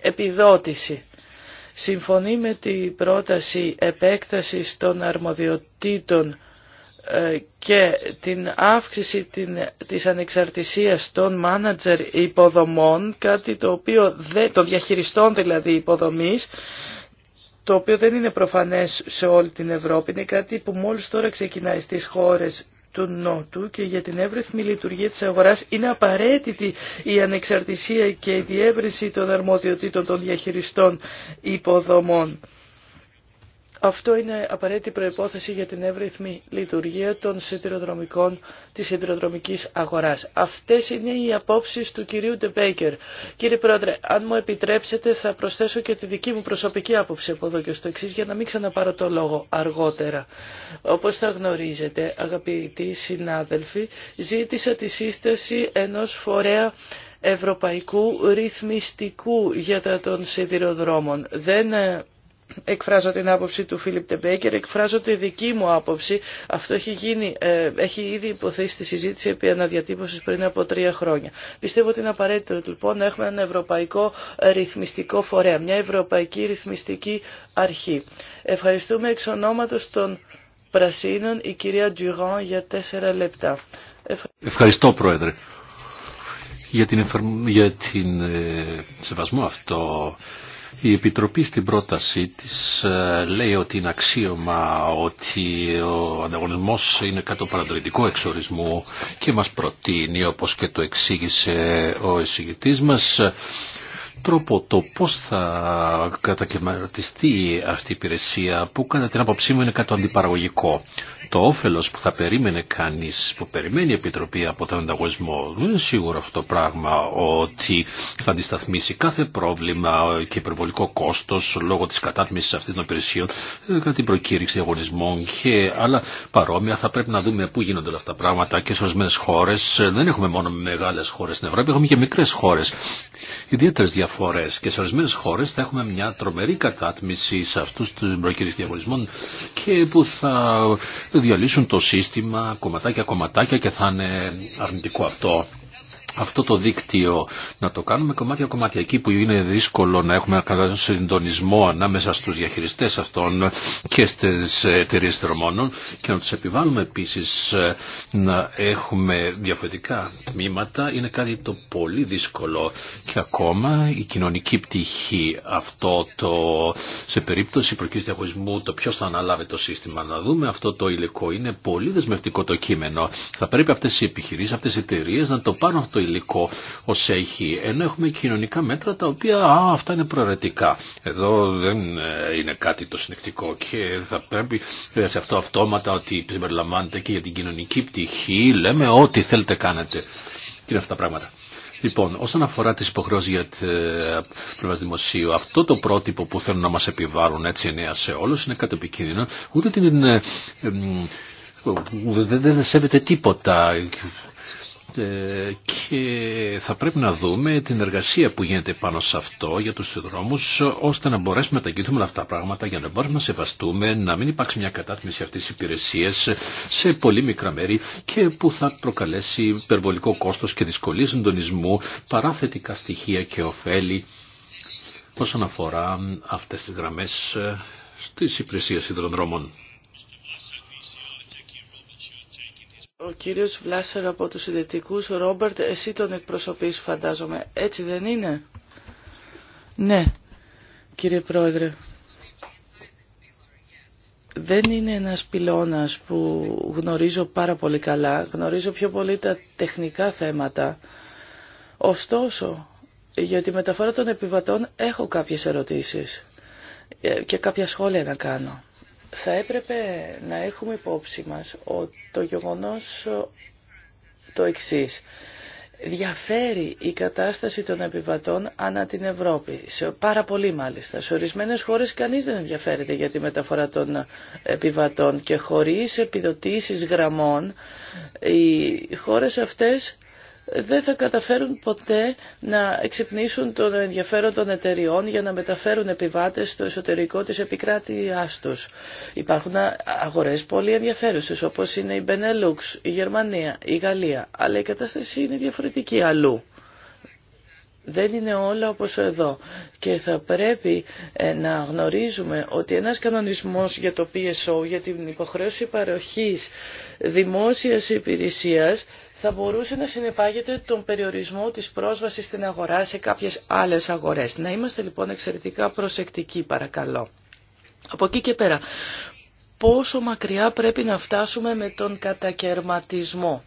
επιδότηση συμφωνεί με την πρόταση επέκτασης των αρμοδιοτήτων ε, και την αύξηση της ανεξαρτησίας των μάνατζερ υποδομών, κάτι το οποίο δεν, των διαχειριστών δηλαδή υποδομής, το οποίο δεν είναι προφανές σε όλη την Ευρώπη, είναι κάτι που μόλις τώρα ξεκινάει στις χώρες του Νότου και για την εύρυθμη λειτουργία της αγοράς είναι απαραίτητη η ανεξαρτησία και η διεύρυνση των αρμοδιοτήτων των διαχειριστών υποδομών. Αυτό είναι απαραίτητη προϋπόθεση για την εύρυθμη λειτουργία των σιδηροδρομικών της σιδηροδρομικής αγοράς. Αυτές είναι οι απόψεις του κυρίου Ντεμπέικερ. Κύριε Πρόεδρε, αν μου επιτρέψετε θα προσθέσω και τη δική μου προσωπική άποψη από εδώ και στο εξή για να μην ξαναπάρω το λόγο αργότερα. Όπως θα γνωρίζετε, αγαπητοί συνάδελφοι, ζήτησα τη σύσταση ενός φορέα ευρωπαϊκού ρυθμιστικού για τα των σιδηροδρόμων. Δεν ε, εκφράζω την άποψη του Φίλιπ Τεμπέκερ, εκφράζω τη δική μου άποψη. Αυτό έχει, γίνει, ε, έχει ήδη υποθέσει στη συζήτηση επί αναδιατύπωση πριν από τρία χρόνια. Πιστεύω ότι είναι απαραίτητο λοιπόν να έχουμε ένα ευρωπαϊκό ε, ρυθμιστικό φορέα, μια ευρωπαϊκή ρυθμιστική αρχή. Ευχαριστούμε εξ ονόματο των Πρασίνων η κυρία Ντουράν για τέσσερα λεπτά. Ευχαριστώ Πρόεδρε για την, ε, σεβασμό αυτό η Επιτροπή στην πρότασή της ε, λέει ότι είναι αξίωμα ότι ο ανταγωνισμός είναι κάτω παραδοητικό εξορισμού και μας προτείνει όπως και το εξήγησε ο εισηγητής μας τρόπο το πώ θα κατακαιρματιστεί αυτή η υπηρεσία που κατά την άποψή μου είναι κάτι αντιπαραγωγικό. Το όφελο που θα περίμενε κανείς, που περιμένει η Επιτροπή από τον ανταγωνισμό, δεν είναι σίγουρο αυτό το πράγμα ότι θα αντισταθμίσει κάθε πρόβλημα και υπερβολικό κόστος λόγω της κατάτμισης αυτή των υπηρεσιών ε, κατά την προκήρυξη διαγωνισμών και άλλα παρόμοια. Θα πρέπει να δούμε πού γίνονται όλα αυτά τα πράγματα και σε ορισμένε χώρες. Ε, δεν έχουμε μόνο μεγάλες χώρες στην Ευρώπη, έχουμε και μικρές χώρες. Ιδιαίτερες διαφορές και σε ορισμένε χώρες θα έχουμε μια τρομερή κατάτμιση σε αυτούς του προκήρυξης διαγωνισμών και που θα διαλύσουν το σύστημα κομματάκια-κομματάκια και θα είναι αρνητικό αυτό αυτό το δίκτυο να το κάνουμε κομμάτια-κομμάτια εκεί που είναι δύσκολο να έχουμε έναν συντονισμό ανάμεσα στους διαχειριστές αυτών και στις εταιρείε δρομόνων και να τους επιβάλλουμε επίσης ε, να έχουμε διαφορετικά τμήματα είναι κάτι το πολύ δύσκολο και ακόμα η κοινωνική πτυχή αυτό σε περίπτωση προκύψη διαχωρισμού το ποιος θα αναλάβει το σύστημα να δούμε αυτό το υλικό είναι πολύ δεσμευτικό το κείμενο θα πρέπει αυτές οι επιχειρήσεις, αυτές οι εταιρείε να το πάρουν αυτό το υλικό ως έχει. Ενώ έχουμε κοινωνικά μέτρα τα οποία α, αυτά είναι προαιρετικά. Εδώ δεν ε, είναι κάτι το συνεκτικό και θα πρέπει ε, σε αυτό αυτόματα ότι συμπεριλαμβάνεται και για την κοινωνική πτυχή. Λέμε ό,τι θέλετε κάνετε. Τι είναι αυτά τα πράγματα. Λοιπόν, όσον αφορά τις υποχρεώσεις για πλευρά δημοσίου, αυτό το πρότυπο που θέλουν να μας επιβάλλουν έτσι εννέα σε όλους είναι κάτι επικίνδυνο, ούτε την, ε, δεν, δεν σέβεται τίποτα ε, και θα πρέπει να δούμε την εργασία που γίνεται πάνω σε αυτό για τους δρόμους ώστε να μπορέσουμε να τα όλα αυτά τα πράγματα για να μπορούμε να σεβαστούμε, να μην υπάρξει μια κατάτμιση αυτής της υπηρεσίας σε πολύ μικρά μέρη και που θα προκαλέσει υπερβολικό κόστος και δυσκολίες συντονισμού παρά θετικά στοιχεία και ωφέλη όσον αφορά αυτές τις γραμμές ε, στις υπηρεσίες υδροδρόμων. Ο κύριος Βλάσσερ από τους Ιδετικούς, ο Ρόμπερτ, εσύ τον εκπροσωπείς φαντάζομαι, έτσι δεν είναι. Ναι, κύριε Πρόεδρε. Δεν είναι ένας πυλώνας που γνωρίζω πάρα πολύ καλά, γνωρίζω πιο πολύ τα τεχνικά θέματα. Ωστόσο, για τη μεταφορά των επιβατών έχω κάποιες ερωτήσεις και κάποια σχόλια να κάνω θα έπρεπε να έχουμε υπόψη μας ότι το γεγονός το εξής. Διαφέρει η κατάσταση των επιβατών ανά την Ευρώπη, σε πάρα πολύ μάλιστα. Σε ορισμένες χώρες κανείς δεν ενδιαφέρεται για τη μεταφορά των επιβατών και χωρίς επιδοτήσεις γραμμών οι χώρες αυτές δεν θα καταφέρουν ποτέ να εξυπνήσουν τον ενδιαφέρον των εταιριών για να μεταφέρουν επιβάτες στο εσωτερικό της επικράτειάς τους. Υπάρχουν αγορές πολύ ενδιαφέρουσες όπως είναι η Benelux, η Γερμανία, η Γαλλία, αλλά η κατάσταση είναι διαφορετική αλλού. Δεν είναι όλα όπως εδώ και θα πρέπει ε, να γνωρίζουμε ότι ένας κανονισμός για το PSO, για την υποχρέωση παροχής δημόσιας υπηρεσίας θα μπορούσε να συνεπάγεται τον περιορισμό της πρόσβασης στην αγορά σε κάποιες άλλες αγορές. Να είμαστε λοιπόν εξαιρετικά προσεκτικοί παρακαλώ. Από εκεί και πέρα, πόσο μακριά πρέπει να φτάσουμε με τον κατακαιρματισμό.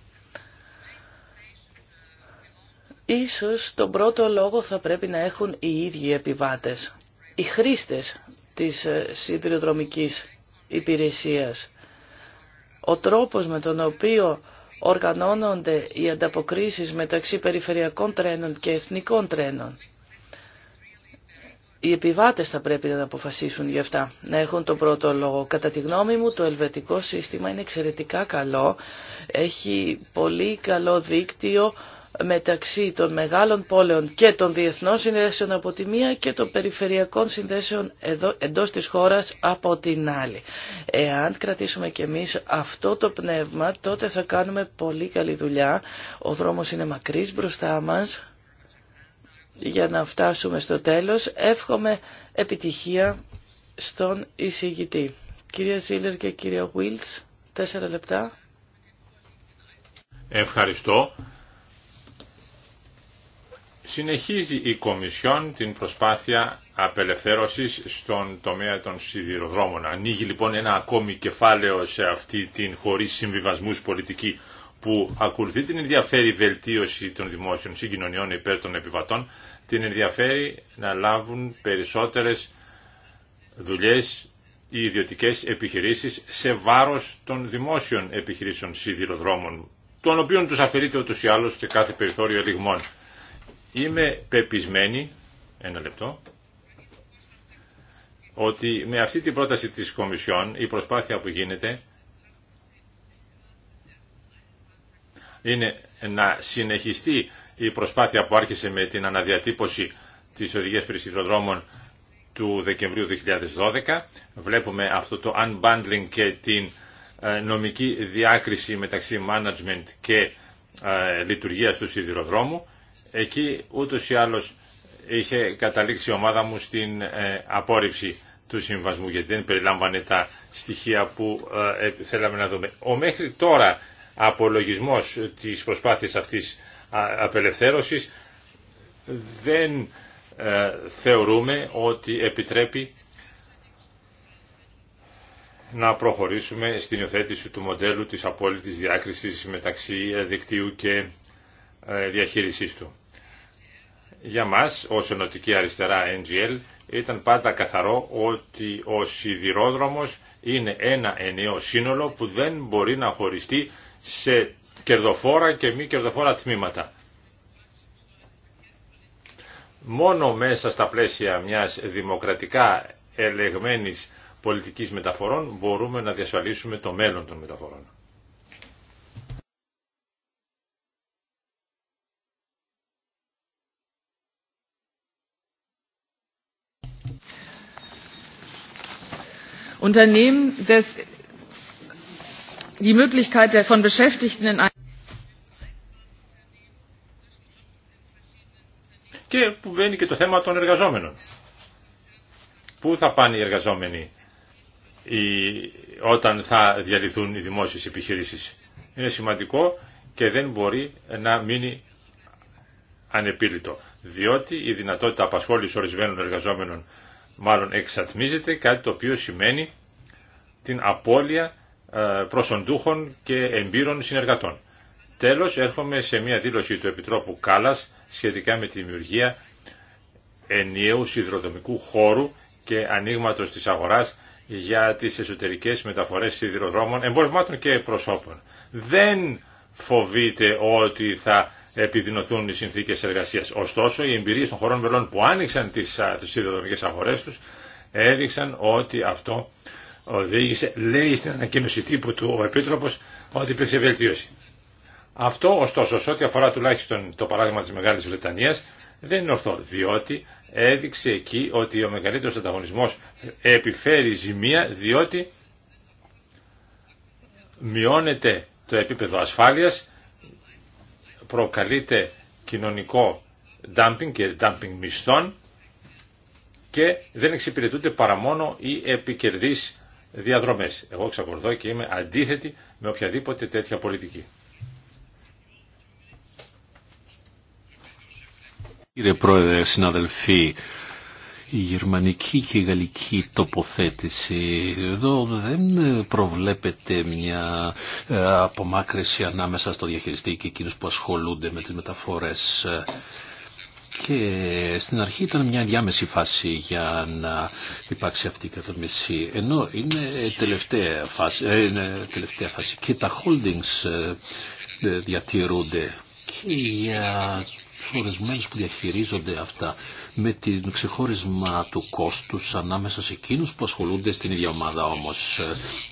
Ίσως τον πρώτο λόγο θα πρέπει να έχουν οι ίδιοι επιβάτες, οι χρήστες της ε, σιδηροδρομικής υπηρεσίας. Ο τρόπος με τον οποίο οργανώνονται οι ανταποκρίσεις μεταξύ περιφερειακών τρένων και εθνικών τρένων. Οι επιβάτες θα πρέπει να αποφασίσουν γι' αυτά, να έχουν τον πρώτο λόγο. Κατά τη γνώμη μου το ελβετικό σύστημα είναι εξαιρετικά καλό, έχει πολύ καλό δίκτυο μεταξύ των μεγάλων πόλεων και των διεθνών συνδέσεων από τη μία και των περιφερειακών συνδέσεων εδώ, εντός της χώρας από την άλλη. Εάν κρατήσουμε κι εμείς αυτό το πνεύμα, τότε θα κάνουμε πολύ καλή δουλειά. Ο δρόμος είναι μακρύς μπροστά μας για να φτάσουμε στο τέλος. Εύχομαι επιτυχία στον εισηγητή. Κυρία Ζήλερ και κυρία Βίλτς, τέσσερα λεπτά. Ευχαριστώ. Συνεχίζει η Κομισιόν την προσπάθεια απελευθέρωσης στον τομέα των σιδηροδρόμων. Ανοίγει λοιπόν ένα ακόμη κεφάλαιο σε αυτή την χωρίς συμβιβασμούς πολιτική που ακολουθεί την ενδιαφέρει βελτίωση των δημόσιων συγκοινωνιών υπέρ των επιβατών, την ενδιαφέρει να λάβουν περισσότερες δουλειές οι ιδιωτικές επιχειρήσεις σε βάρος των δημόσιων επιχειρήσεων σιδηροδρόμων, των οποίων τους αφαιρείται ούτως ή άλλως και κάθε περιθώριο ελιγμών. Είμαι πεπισμένη, ένα λεπτό, ότι με αυτή την πρόταση της Κομισιόν η προσπάθεια που γίνεται είναι να συνεχιστεί η προσπάθεια που άρχισε με την αναδιατύπωση της οδηγίας περισσυδροδρόμων του Δεκεμβρίου 2012. Βλέπουμε αυτό το unbundling και την ε, νομική διάκριση μεταξύ management και ε, λειτουργίας του σιδηροδρόμου. Εκεί ούτως ή άλλως είχε καταλήξει η ομάδα μου στην ε, απόρριψη του συμβασμού γιατί δεν περιλάμβανε τα στοιχεία που ε, θέλαμε να δούμε. Ο μέχρι τώρα απολογισμός της προσπάθειας αυτής απελευθέρωσης δεν ε, θεωρούμε ότι επιτρέπει να προχωρήσουμε στην υιοθέτηση του μοντέλου της απόλυτης διάκρισης μεταξύ δικτύου και διαχείρισής του. Για μας, ως Ενωτική Αριστερά NGL, ήταν πάντα καθαρό ότι ο σιδηρόδρομος είναι ένα ενιαίο σύνολο που δεν μπορεί να χωριστεί σε κερδοφόρα και μη κερδοφόρα τμήματα. Μόνο μέσα στα πλαίσια μιας δημοκρατικά ελεγμένης πολιτικής μεταφορών μπορούμε να διασφαλίσουμε το μέλλον των μεταφορών. Unternehmen die Möglichkeit von και που βαίνει και το θέμα των εργαζόμενων. Πού θα πάνε οι εργαζόμενοι όταν θα διαλυθούν οι δημόσιες επιχειρήσεις. Είναι σημαντικό και δεν μπορεί να μείνει ανεπίλητο, διότι η δυνατότητα απασχόλησης ορισμένων εργαζόμενων μάλλον εξατμίζεται, κάτι το οποίο σημαίνει την απώλεια ε, προσοντούχων και εμπειρών συνεργατών. Τέλος, έρχομαι σε μια δήλωση του Επιτρόπου Κάλας σχετικά με τη δημιουργία ενιαίου σιδηροδομικού χώρου και ανοίγματο της αγοράς για τις εσωτερικές μεταφορές σιδηροδρόμων, εμπορευμάτων και προσώπων. Δεν φοβείται ότι θα επιδεινωθούν οι συνθήκες εργασίας. Ωστόσο, οι εμπειρίες των χωρών μελών που άνοιξαν τις σιδηροδρομικές αγορές τους έδειξαν ότι αυτό οδήγησε, λέει στην ανακοίνωση τύπου του ο Επίτροπος, ότι υπήρξε βελτίωση. Αυτό, ωστόσο, σε ό,τι αφορά τουλάχιστον το παράδειγμα της Μεγάλης Βρετανίας, δεν είναι ορθό, διότι έδειξε εκεί ότι ο μεγαλύτερος ανταγωνισμός επιφέρει ζημία, διότι μειώνεται το επίπεδο ασφάλειας προκαλείται κοινωνικό dumping και dumping μισθών και δεν εξυπηρετούνται παρά μόνο οι επικερδείς διαδρομές. Εγώ εξακολουθώ και είμαι αντίθετη με οποιαδήποτε τέτοια πολιτική. Κύριε Πρόεδρε, συναδελφοί, η γερμανική και η γαλλική τοποθέτηση. Εδώ δεν προβλέπεται μια ε, απομάκρυση ανάμεσα στο διαχειριστή και εκείνους που ασχολούνται με τις μεταφορές. Και στην αρχή ήταν μια διάμεση φάση για να υπάρξει αυτή η κατομμυσή. Ενώ είναι τελευταία φάση, ε, είναι τελευταία φάση. και τα holdings ε, διατηρούνται και για ορισμένους που διαχειρίζονται αυτά με την ξεχώρισμα του κόστους ανάμεσα σε εκείνους που ασχολούνται στην ίδια ομάδα όμως.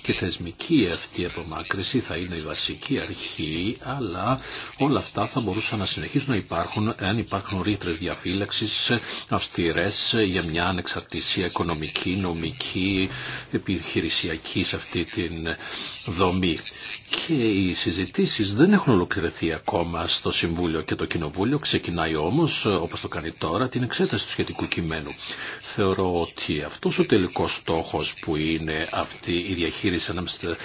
Και θεσμική αυτή απομάκρυση θα είναι η βασική αρχή, αλλά όλα αυτά θα μπορούσαν να συνεχίσουν να υπάρχουν αν υπάρχουν ρήτρες διαφύλαξης αυστηρές για μια ανεξαρτησία οικονομική, νομική, επιχειρησιακή σε αυτή την δομή. Και οι συζητήσεις δεν έχουν ολοκληρωθεί ακόμα στο Συμβούλιο και το Κοινοβούλιο. Ξεκινάει όμως, όπως το κάνει τώρα, την εξέταση στο του σχετικού κειμένου. Θεωρώ ότι αυτός ο τελικός στόχος που είναι αυτή η διαχείριση ανάμεσα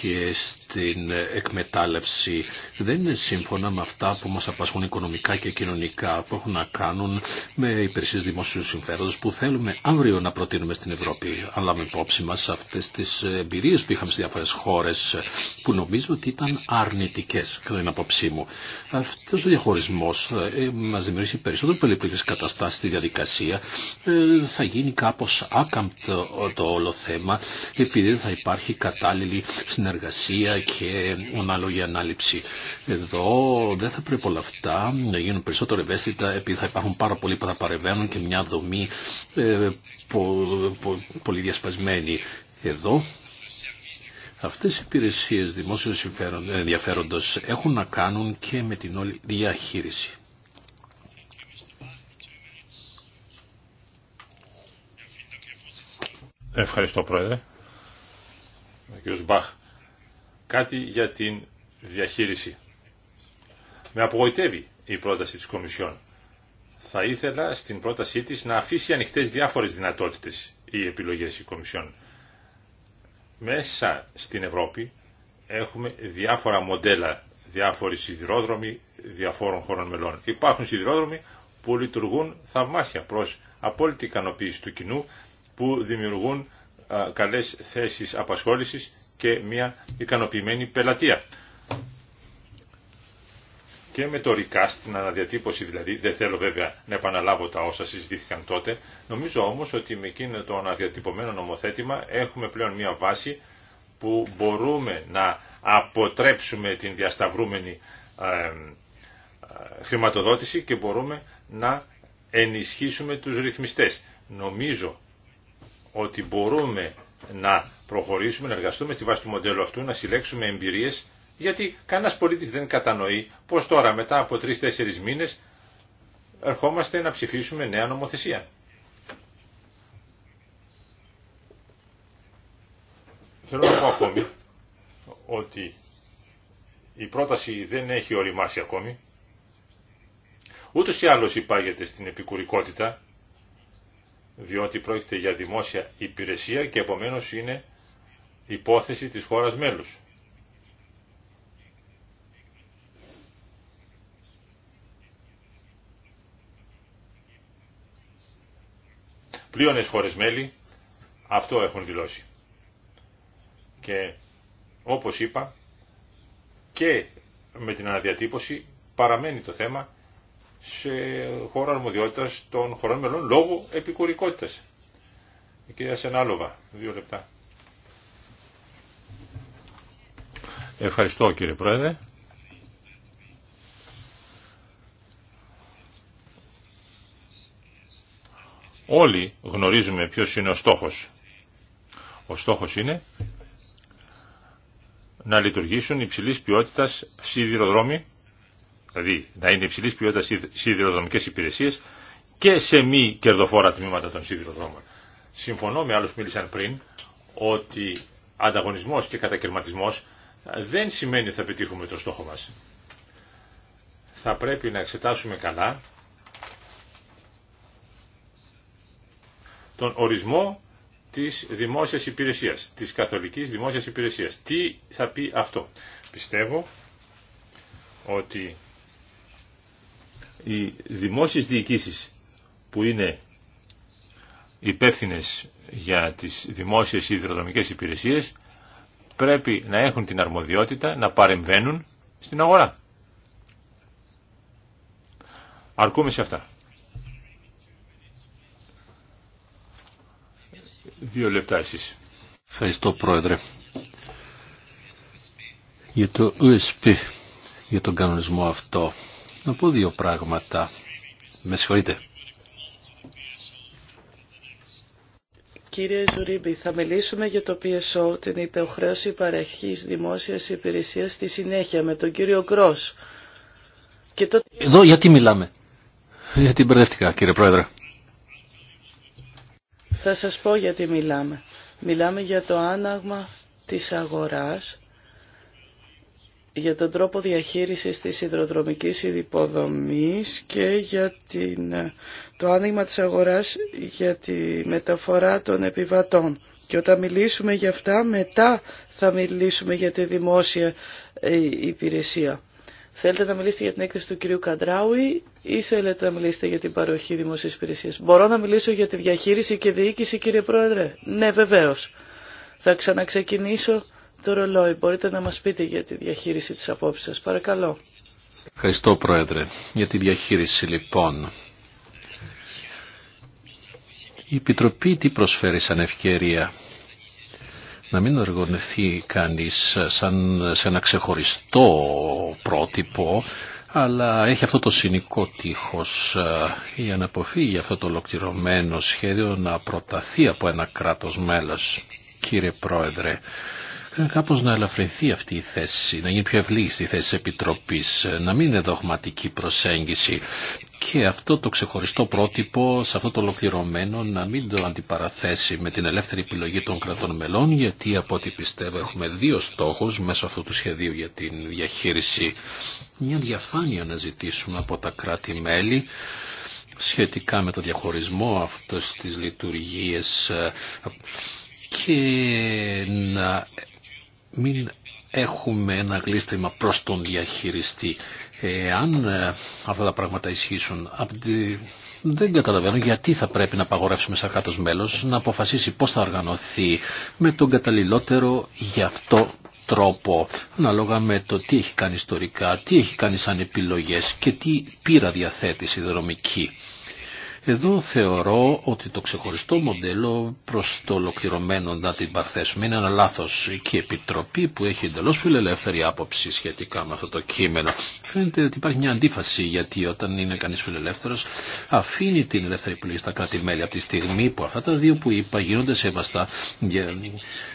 και την εκμετάλλευση δεν είναι σύμφωνα με αυτά που μας απασχολούν οικονομικά και κοινωνικά που έχουν να κάνουν με υπηρεσίες δημοσίου συμφέροντος που θέλουμε αύριο να προτείνουμε στην Ευρώπη. αλλά με υπόψη μας αυτές τις εμπειρίες που είχαμε σε διάφορες χώρες που νομίζω ότι ήταν αρνητικές κατά την απόψή μου. Αυτός ο διαχωρισμός ε, ε μας δημιουργήσει περισσότερο πολύπληκες καταστάσεις στη διαδικασία. Ε, θα γίνει κάπως άκαμπτο το όλο θέμα επειδή θα υπάρχει κατάλληλη συνεργασία και ανάλογη ανάληψη. Εδώ δεν θα πρέπει όλα αυτά να γίνουν περισσότερο ευαίσθητα επειδή θα υπάρχουν πάρα πολλοί που θα παρεβαίνουν και μια δομή ε, πολύ διασπασμένη. Εδώ αυτές οι υπηρεσίες δημόσιου ε, ενδιαφέροντος έχουν να κάνουν και με την όλη διαχείριση. Ευχαριστώ Πρόεδρε. Ο κ. Μπαχ. Κάτι για την διαχείριση. Με απογοητεύει η πρόταση της Κομισιόν. Θα ήθελα στην πρότασή της να αφήσει ανοιχτές διάφορες δυνατότητες οι επιλογές η Κομισιόν. Μέσα στην Ευρώπη έχουμε διάφορα μοντέλα, διάφοροι σιδηρόδρομοι διαφόρων χωρών μελών. Υπάρχουν σιδηρόδρομοι που λειτουργούν θαυμάσια προς απόλυτη ικανοποίηση του κοινού, που δημιουργούν καλές θέσεις απασχόλησης και μια ικανοποιημένη πελατεία. Και με το ρικά στην αναδιατύπωση δηλαδή, δεν θέλω βέβαια να επαναλάβω τα όσα συζητήθηκαν τότε, νομίζω όμως ότι με εκείνο το αναδιατυπωμένο νομοθέτημα έχουμε πλέον μια βάση που μπορούμε να αποτρέψουμε την διασταυρούμενη χρηματοδότηση και μπορούμε να ενισχύσουμε τους ρυθμιστές. Νομίζω ότι μπορούμε να προχωρήσουμε, να εργαστούμε στη βάση του μοντέλου αυτού, να συλλέξουμε εμπειρίες, γιατί κανένα πολίτη δεν κατανοεί πως τώρα μετά από τρει-τέσσερι μήνες ερχόμαστε να ψηφίσουμε νέα νομοθεσία. Θέλω να πω ακόμη ότι η πρόταση δεν έχει οριμάσει ακόμη. Ούτως ή άλλως υπάγεται στην επικουρικότητα διότι πρόκειται για δημόσια υπηρεσία και επομένως είναι υπόθεση της χώρας μέλους. Πλείονες χώρες μέλη αυτό έχουν δηλώσει. Και όπως είπα και με την αναδιατύπωση παραμένει το θέμα σε χώρο αρμοδιότητα των χωρών μελών λόγω επικουρικότητα. Η κυρία Σενάλοβα, δύο λεπτά. Ευχαριστώ κύριε Πρόεδρε. Όλοι γνωρίζουμε ποιος είναι ο στόχος. Ο στόχος είναι να λειτουργήσουν υψηλής ποιότητας σιδηροδρόμοι δηλαδή να είναι υψηλής ποιότητας σιδηροδρομικές υπηρεσίες και σε μη κερδοφόρα τμήματα των σιδηροδρόμων. Συμφωνώ με άλλους που μίλησαν πριν ότι ανταγωνισμός και κατακαιρματισμός δεν σημαίνει ότι θα πετύχουμε το στόχο μας. Θα πρέπει να εξετάσουμε καλά τον ορισμό της δημόσιας υπηρεσίας, της καθολικής δημόσιας υπηρεσίας. Τι θα πει αυτό. Πιστεύω ότι οι δημόσιες διοικήσεις που είναι υπεύθυνε για τις δημόσιες υδροδρομικές υπηρεσίες πρέπει να έχουν την αρμοδιότητα να παρεμβαίνουν στην αγορά. Αρκούμε σε αυτά. Δύο λεπτά εσείς. Ευχαριστώ Πρόεδρε. Για το USP, για τον κανονισμό αυτό να πω δύο πράγματα. Με συγχωρείτε. Κύριε Ζουρίμπη, θα μιλήσουμε για το PSO, την υποχρέωση παραχής δημόσιας υπηρεσίας στη συνέχεια με τον κύριο Γκρός. Και Εδώ γιατί μιλάμε. Γιατί μπερδεύτηκα κύριε Πρόεδρε. Θα σας πω γιατί μιλάμε. Μιλάμε για το άναγμα της αγοράς για τον τρόπο διαχείρισης της υδροδρομικής υποδομής και για την, το άνοιγμα της αγοράς για τη μεταφορά των επιβατών. Και όταν μιλήσουμε για αυτά, μετά θα μιλήσουμε για τη δημόσια ε, υπηρεσία. Θέλετε να μιλήσετε για την έκθεση του κυρίου Καντράουι ή θέλετε να μιλήσετε για την παροχή δημόσιας υπηρεσίας. Μπορώ να μιλήσω για τη διαχείριση και διοίκηση κύριε Πρόεδρε. Ναι βεβαίως. Θα ξαναξεκινήσω το ρολόι. Μπορείτε να μας πείτε για τη διαχείριση της απόψης σας. Παρακαλώ. Ευχαριστώ Πρόεδρε. Για τη διαχείριση λοιπόν. Η Επιτροπή τι προσφέρει σαν ευκαιρία. Να μην οργανωθεί κανείς σαν, σε ένα ξεχωριστό πρότυπο, αλλά έχει αυτό το συνικό τείχος ε, για να αποφύγει αυτό το ολοκληρωμένο σχέδιο να προταθεί από ένα κράτος μέλος. Κύριε Πρόεδρε, κάπως να ελαφρυνθεί αυτή η θέση, να γίνει πιο ευλή στη θέση της Επιτροπής, να μην είναι δογματική προσέγγιση και αυτό το ξεχωριστό πρότυπο σε αυτό το ολοκληρωμένο να μην το αντιπαραθέσει με την ελεύθερη επιλογή των κρατών μελών γιατί από ό,τι πιστεύω έχουμε δύο στόχους μέσω αυτού του σχεδίου για την διαχείριση μια διαφάνεια να ζητήσουμε από τα κράτη-μέλη σχετικά με το διαχωρισμό αυτές της λειτουργίες ε, και να μην έχουμε ένα γλίστριμα προς τον διαχειριστή. Ε, αν ε, αυτά τα πράγματα ισχύσουν, δεν καταλαβαίνω γιατί θα πρέπει να απαγορεύσουμε σαν κράτος μέλος να αποφασίσει πώς θα οργανωθεί με τον καταλληλότερο γι' αυτό τρόπο, ανάλογα με το τι έχει κάνει ιστορικά, τι έχει κάνει σαν επιλογές και τι πήρα διαθέτει εδώ θεωρώ ότι το ξεχωριστό μοντέλο προς το ολοκληρωμένο να την παρθέσουμε είναι ένα λάθος και η Επιτροπή που έχει εντελώ φιλελεύθερη άποψη σχετικά με αυτό το κείμενο. Φαίνεται ότι υπάρχει μια αντίφαση γιατί όταν είναι κανείς φιλελεύθερος αφήνει την ελεύθερη επιλογή στα κράτη-μέλη από τη στιγμή που αυτά τα δύο που είπα γίνονται σεβαστά για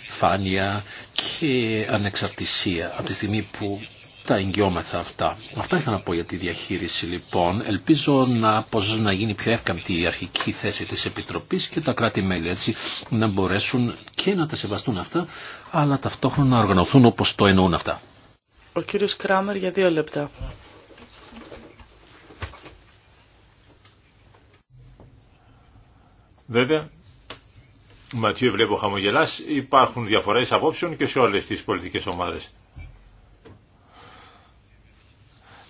φάνεια και ανεξαρτησία από τη στιγμή που τα εγγυόμεθα αυτά. Αυτά ήθελα να πω για τη διαχείριση λοιπόν. Ελπίζω να, πως, να γίνει πιο εύκαμπτη η αρχική θέση της Επιτροπής και τα κράτη-μέλη έτσι να μπορέσουν και να τα σεβαστούν αυτά αλλά ταυτόχρονα να οργανωθούν όπως το εννοούν αυτά. Ο κύριος Κράμερ για δύο λεπτά. Βέβαια, Ματιού βλέπω χαμογελάς, υπάρχουν διαφορές απόψεων και σε όλες τις πολιτικές ομάδες.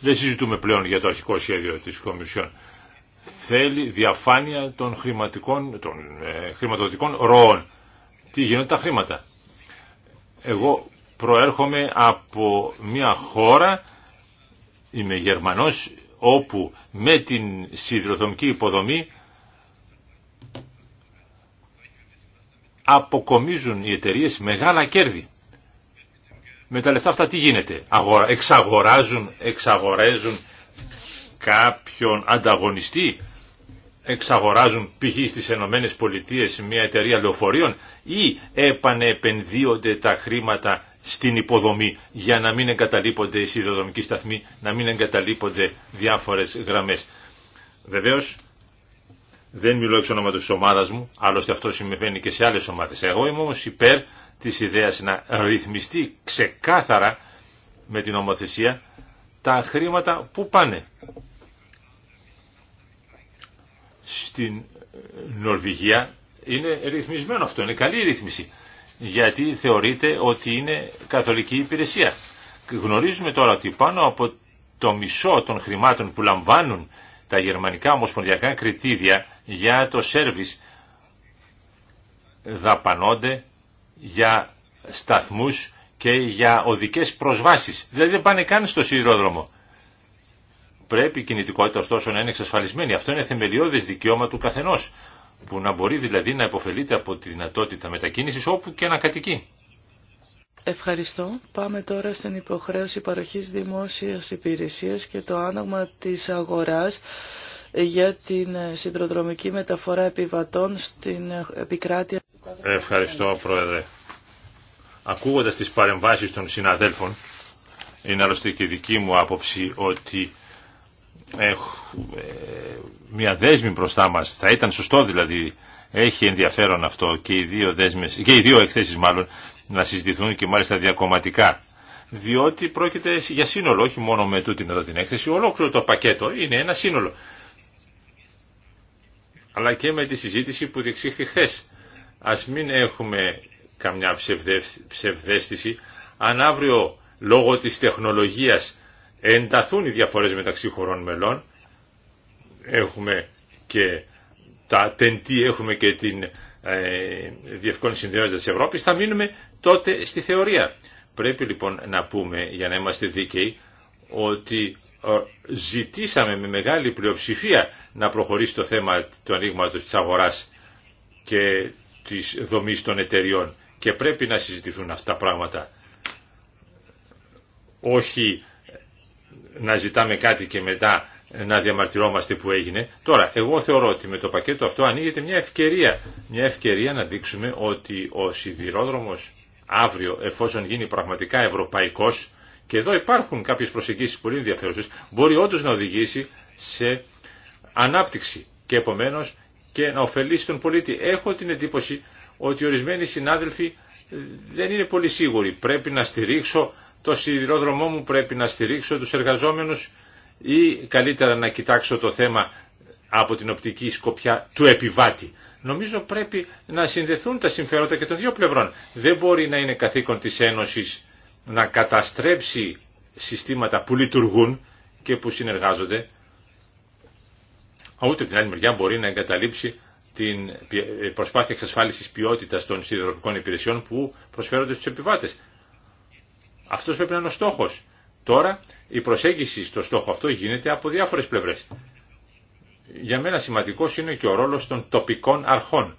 Δεν συζητούμε πλέον για το αρχικό σχέδιο της Κομισιόν. Θέλει διαφάνεια των, χρηματικών, των ε, χρηματοδοτικών ροών. Τι γίνονται τα χρήματα. Εγώ προέρχομαι από μια χώρα, είμαι Γερμανός, όπου με την σιδηροδομική υποδομή αποκομίζουν οι εταιρείε μεγάλα κέρδη με τα λεφτά αυτά τι γίνεται. Εξαγοράζουν, κάποιον ανταγωνιστή. Εξαγοράζουν π.χ. στις Ενωμένες Πολιτείες μια εταιρεία λεωφορείων ή επανεπενδύονται τα χρήματα στην υποδομή για να μην εγκαταλείπονται οι σιδηροδρομικοί σταθμοί, να μην εγκαταλείπονται διάφορες γραμμές. Βεβαίως δεν μιλώ εξ ονόματος της ομάδας μου, άλλωστε αυτό συμβαίνει και σε άλλες ομάδες. Εγώ είμαι όμως υπέρ της ιδέας να ρυθμιστεί ξεκάθαρα με την ομοθεσία τα χρήματα που πάνε. Στην Νορβηγία είναι ρυθμισμένο αυτό, είναι καλή ρύθμιση γιατί θεωρείται ότι είναι καθολική υπηρεσία. Γνωρίζουμε τώρα ότι πάνω από το μισό των χρημάτων που λαμβάνουν τα γερμανικά ομοσπονδιακά κριτήδια για το σέρβις δαπανώνται για σταθμούς και για οδικές προσβάσεις. Δηλαδή δεν πάνε καν στο σιδηρόδρομο. Πρέπει η κινητικότητα ωστόσο να είναι εξασφαλισμένη. Αυτό είναι θεμελιώδες δικαίωμα του καθενός, που να μπορεί δηλαδή να υποφελείται από τη δυνατότητα μετακίνησης όπου και να κατοικεί. Ευχαριστώ. Πάμε τώρα στην υποχρέωση παροχής δημόσιας υπηρεσίας και το άνοιγμα της αγοράς για την συνδροδρομική μεταφορά επιβατών στην επικράτεια Ευχαριστώ Πρόεδρε. Ακούγοντας τις παρεμβάσεις των συναδέλφων, είναι άλλωστε και δική μου άποψη ότι έχουμε μια δέσμη μπροστά μας, θα ήταν σωστό δηλαδή, έχει ενδιαφέρον αυτό και οι δύο, δέσμες, και οι δύο εκθέσεις μάλλον να συζητηθούν και μάλιστα διακομματικά. Διότι πρόκειται για σύνολο, όχι μόνο με τούτην εδώ την έκθεση, ολόκληρο το πακέτο είναι ένα σύνολο. Αλλά και με τη συζήτηση που διεξήχθη χθες Ας μην έχουμε καμιά ψευδέστηση. Αν αύριο λόγω της τεχνολογίας ενταθούν οι διαφορές μεταξύ χωρών μελών, έχουμε και τα τεντή, έχουμε και την ε, διευκόνηση συνδέοντα της Ευρώπης, θα μείνουμε τότε στη θεωρία. Πρέπει λοιπόν να πούμε, για να είμαστε δίκαιοι, ότι ε, ζητήσαμε με μεγάλη πλειοψηφία να προχωρήσει το θέμα του ανοίγματο της αγοράς και της δομής των εταιριών και πρέπει να συζητηθούν αυτά τα πράγματα. Όχι να ζητάμε κάτι και μετά να διαμαρτυρόμαστε που έγινε. Τώρα, εγώ θεωρώ ότι με το πακέτο αυτό ανοίγεται μια ευκαιρία. Μια ευκαιρία να δείξουμε ότι ο σιδηρόδρομος αύριο, εφόσον γίνει πραγματικά ευρωπαϊκός, και εδώ υπάρχουν κάποιες προσεγγίσεις πολύ ενδιαφέρουσες, μπορεί όντως να οδηγήσει σε ανάπτυξη και επομένως και να ωφελήσει τον πολίτη. Έχω την εντύπωση ότι ορισμένοι συνάδελφοι δεν είναι πολύ σίγουροι. Πρέπει να στηρίξω το σιδηρόδρομό μου, πρέπει να στηρίξω τους εργαζόμενους ή καλύτερα να κοιτάξω το θέμα από την οπτική σκοπιά του επιβάτη. Νομίζω πρέπει να συνδεθούν τα συμφέροντα και των δύο πλευρών. Δεν μπορεί να είναι καθήκον της Ένωσης να καταστρέψει συστήματα που λειτουργούν και που συνεργάζονται ούτε την άλλη μεριά μπορεί να εγκαταλείψει την ε, προσπάθεια εξασφάλισης ποιότητας των σιδηροδρομικών υπηρεσιών που προσφέρονται στους επιβάτες. Αυτός πρέπει να είναι ο στόχος. Τώρα η προσέγγιση στο στόχο αυτό γίνεται από διάφορες πλευρές. Για μένα σημαντικός είναι και ο ρόλος των τοπικών αρχών.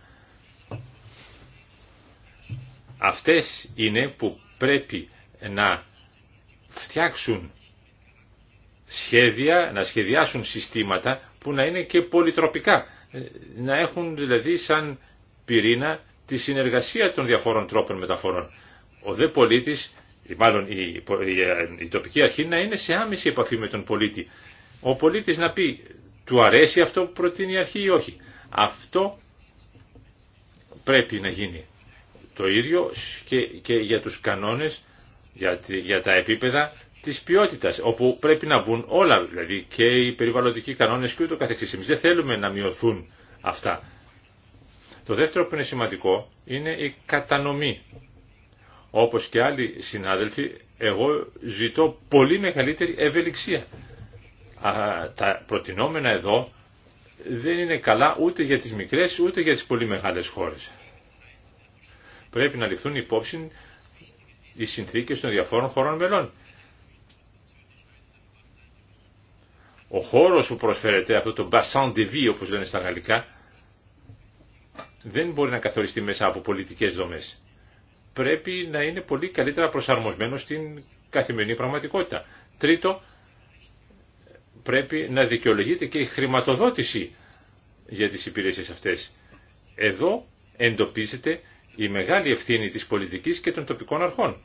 Αυτές είναι που πρέπει να φτιάξουν σχέδια, να σχεδιάσουν συστήματα που να είναι και πολυτροπικά. Ε, να έχουν δηλαδή σαν πυρήνα τη συνεργασία των διαφόρων τρόπων μεταφορών. Ο δε πολίτης, ή μάλλον η, ε, η, τοπική αρχή να είναι σε άμεση επαφή με τον πολίτη. Ο πολίτης να πει του αρέσει αυτό που προτείνει η αρχή ή όχι. Αυτό πρέπει να γίνει. Το ίδιο και, και για τους κανόνες, για, για τα επίπεδα Τη ποιότητα, όπου πρέπει να μπουν όλα, δηλαδή και οι περιβαλλοντικοί κανόνες και ούτω καθεξής. Εμεί δεν θέλουμε να μειωθούν αυτά. Το δεύτερο που είναι σημαντικό είναι η κατανομή. Όπως και άλλοι συνάδελφοι, εγώ ζητώ πολύ μεγαλύτερη ευελιξία. τα προτινόμενα εδώ δεν είναι καλά ούτε για τις μικρές ούτε για τις πολύ μεγάλες χώρες. Πρέπει να ληφθούν υπόψη οι συνθήκες των διαφόρων χωρών μελών. ο χώρος που προσφέρεται, αυτό το bassin de vie όπως λένε στα γαλλικά, δεν μπορεί να καθοριστεί μέσα από πολιτικές δομές. Πρέπει να είναι πολύ καλύτερα προσαρμοσμένο στην καθημερινή πραγματικότητα. Τρίτο, πρέπει να δικαιολογείται και η χρηματοδότηση για τις υπηρεσίες αυτές. Εδώ εντοπίζεται η μεγάλη ευθύνη της πολιτικής και των τοπικών αρχών.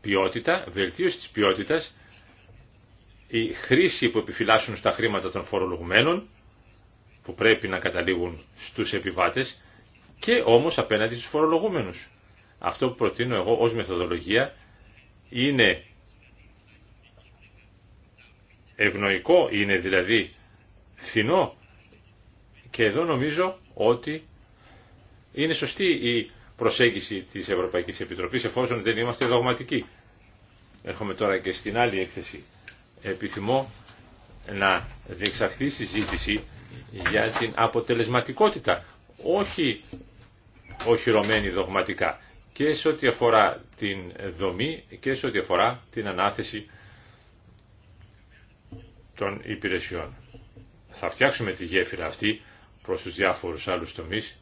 Ποιότητα, βελτίωση της ποιότητας η χρήση που επιφυλάσσουν στα χρήματα των φορολογουμένων, που πρέπει να καταλήγουν στους επιβάτες, και όμως απέναντι στους φορολογούμενους. Αυτό που προτείνω εγώ ως μεθοδολογία είναι ευνοϊκό, είναι δηλαδή φθηνό και εδώ νομίζω ότι είναι σωστή η προσέγγιση της Ευρωπαϊκής Επιτροπής εφόσον δεν είμαστε δογματικοί. Έρχομαι τώρα και στην άλλη έκθεση επιθυμώ να διεξαχθεί συζήτηση για την αποτελεσματικότητα, όχι οχυρωμένη δογματικά, και σε ό,τι αφορά την δομή και σε ό,τι αφορά την ανάθεση των υπηρεσιών. Θα φτιάξουμε τη γέφυρα αυτή προς τους διάφορους άλλους τομείς.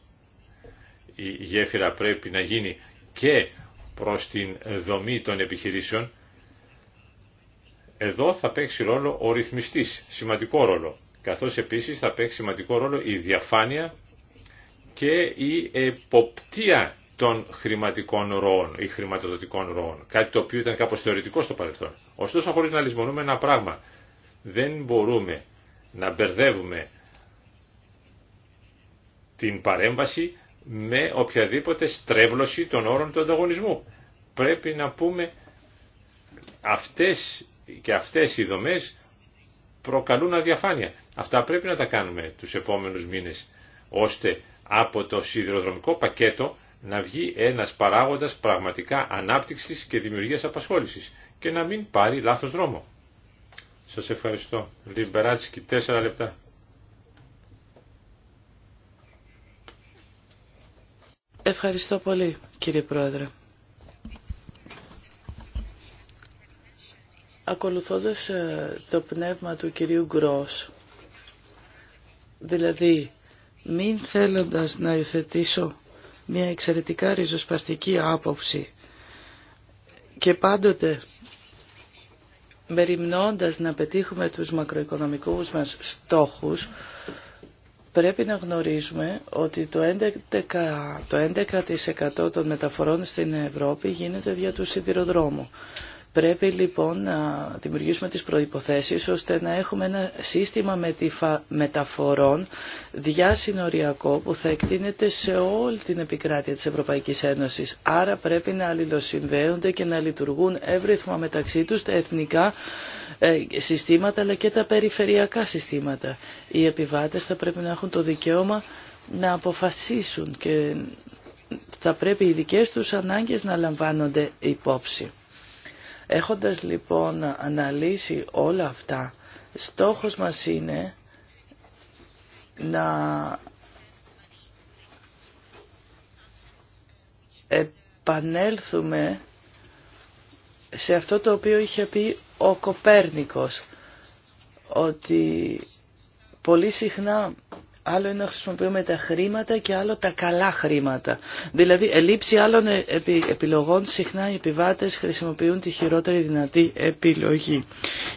Η γέφυρα πρέπει να γίνει και προς την δομή των επιχειρήσεων εδώ θα παίξει ρόλο ο ρυθμιστής, σημαντικό ρόλο, καθώς επίσης θα παίξει σημαντικό ρόλο η διαφάνεια και η εποπτεία των χρηματικών ροών ή χρηματοδοτικών ροών, κάτι το οποίο ήταν κάπως θεωρητικό στο παρελθόν. Ωστόσο, χωρίς να λησμονούμε ένα πράγμα, δεν μπορούμε να μπερδεύουμε την παρέμβαση με οποιαδήποτε στρέβλωση των όρων του ανταγωνισμού. Πρέπει να πούμε αυτές και αυτές οι δομές προκαλούν αδιαφάνεια. Αυτά πρέπει να τα κάνουμε τους επόμενους μήνες, ώστε από το σιδηροδρομικό πακέτο να βγει ένας παράγοντας πραγματικά ανάπτυξης και δημιουργίας απασχόλησης και να μην πάρει λάθος δρόμο. Σας ευχαριστώ. Λιμπεράτσκι, τέσσερα λεπτά. Ευχαριστώ πολύ κύριε Πρόεδρε. ακολουθώντας ε, το πνεύμα του κυρίου Γκρός, δηλαδή μην θέλοντας να υιοθετήσω μια εξαιρετικά ριζοσπαστική άποψη και πάντοτε μεριμνώντας να πετύχουμε τους μακροοικονομικούς μας στόχους, πρέπει να γνωρίζουμε ότι το 11%, το 11 των μεταφορών στην Ευρώπη γίνεται δια του σιδηροδρόμου. Πρέπει λοιπόν να δημιουργήσουμε τις προϋποθέσεις ώστε να έχουμε ένα σύστημα μεταφορών διασυνοριακό που θα εκτείνεται σε όλη την επικράτεια της Ευρωπαϊκής Ένωσης. Άρα πρέπει να αλληλοσυνδέονται και να λειτουργούν εύρυθμα μεταξύ τους τα εθνικά ε, συστήματα αλλά και τα περιφερειακά συστήματα. Οι επιβάτες θα πρέπει να έχουν το δικαίωμα να αποφασίσουν και θα πρέπει οι δικές τους ανάγκες να λαμβάνονται υπόψη. Έχοντας λοιπόν αναλύσει όλα αυτά, στόχος μας είναι να επανέλθουμε σε αυτό το οποίο είχε πει ο Κοπέρνικος, ότι πολύ συχνά Άλλο είναι να χρησιμοποιούμε τα χρήματα και άλλο τα καλά χρήματα. Δηλαδή, ελήψη άλλων ε, επιλογών, συχνά οι επιβάτες χρησιμοποιούν τη χειρότερη δυνατή επιλογή.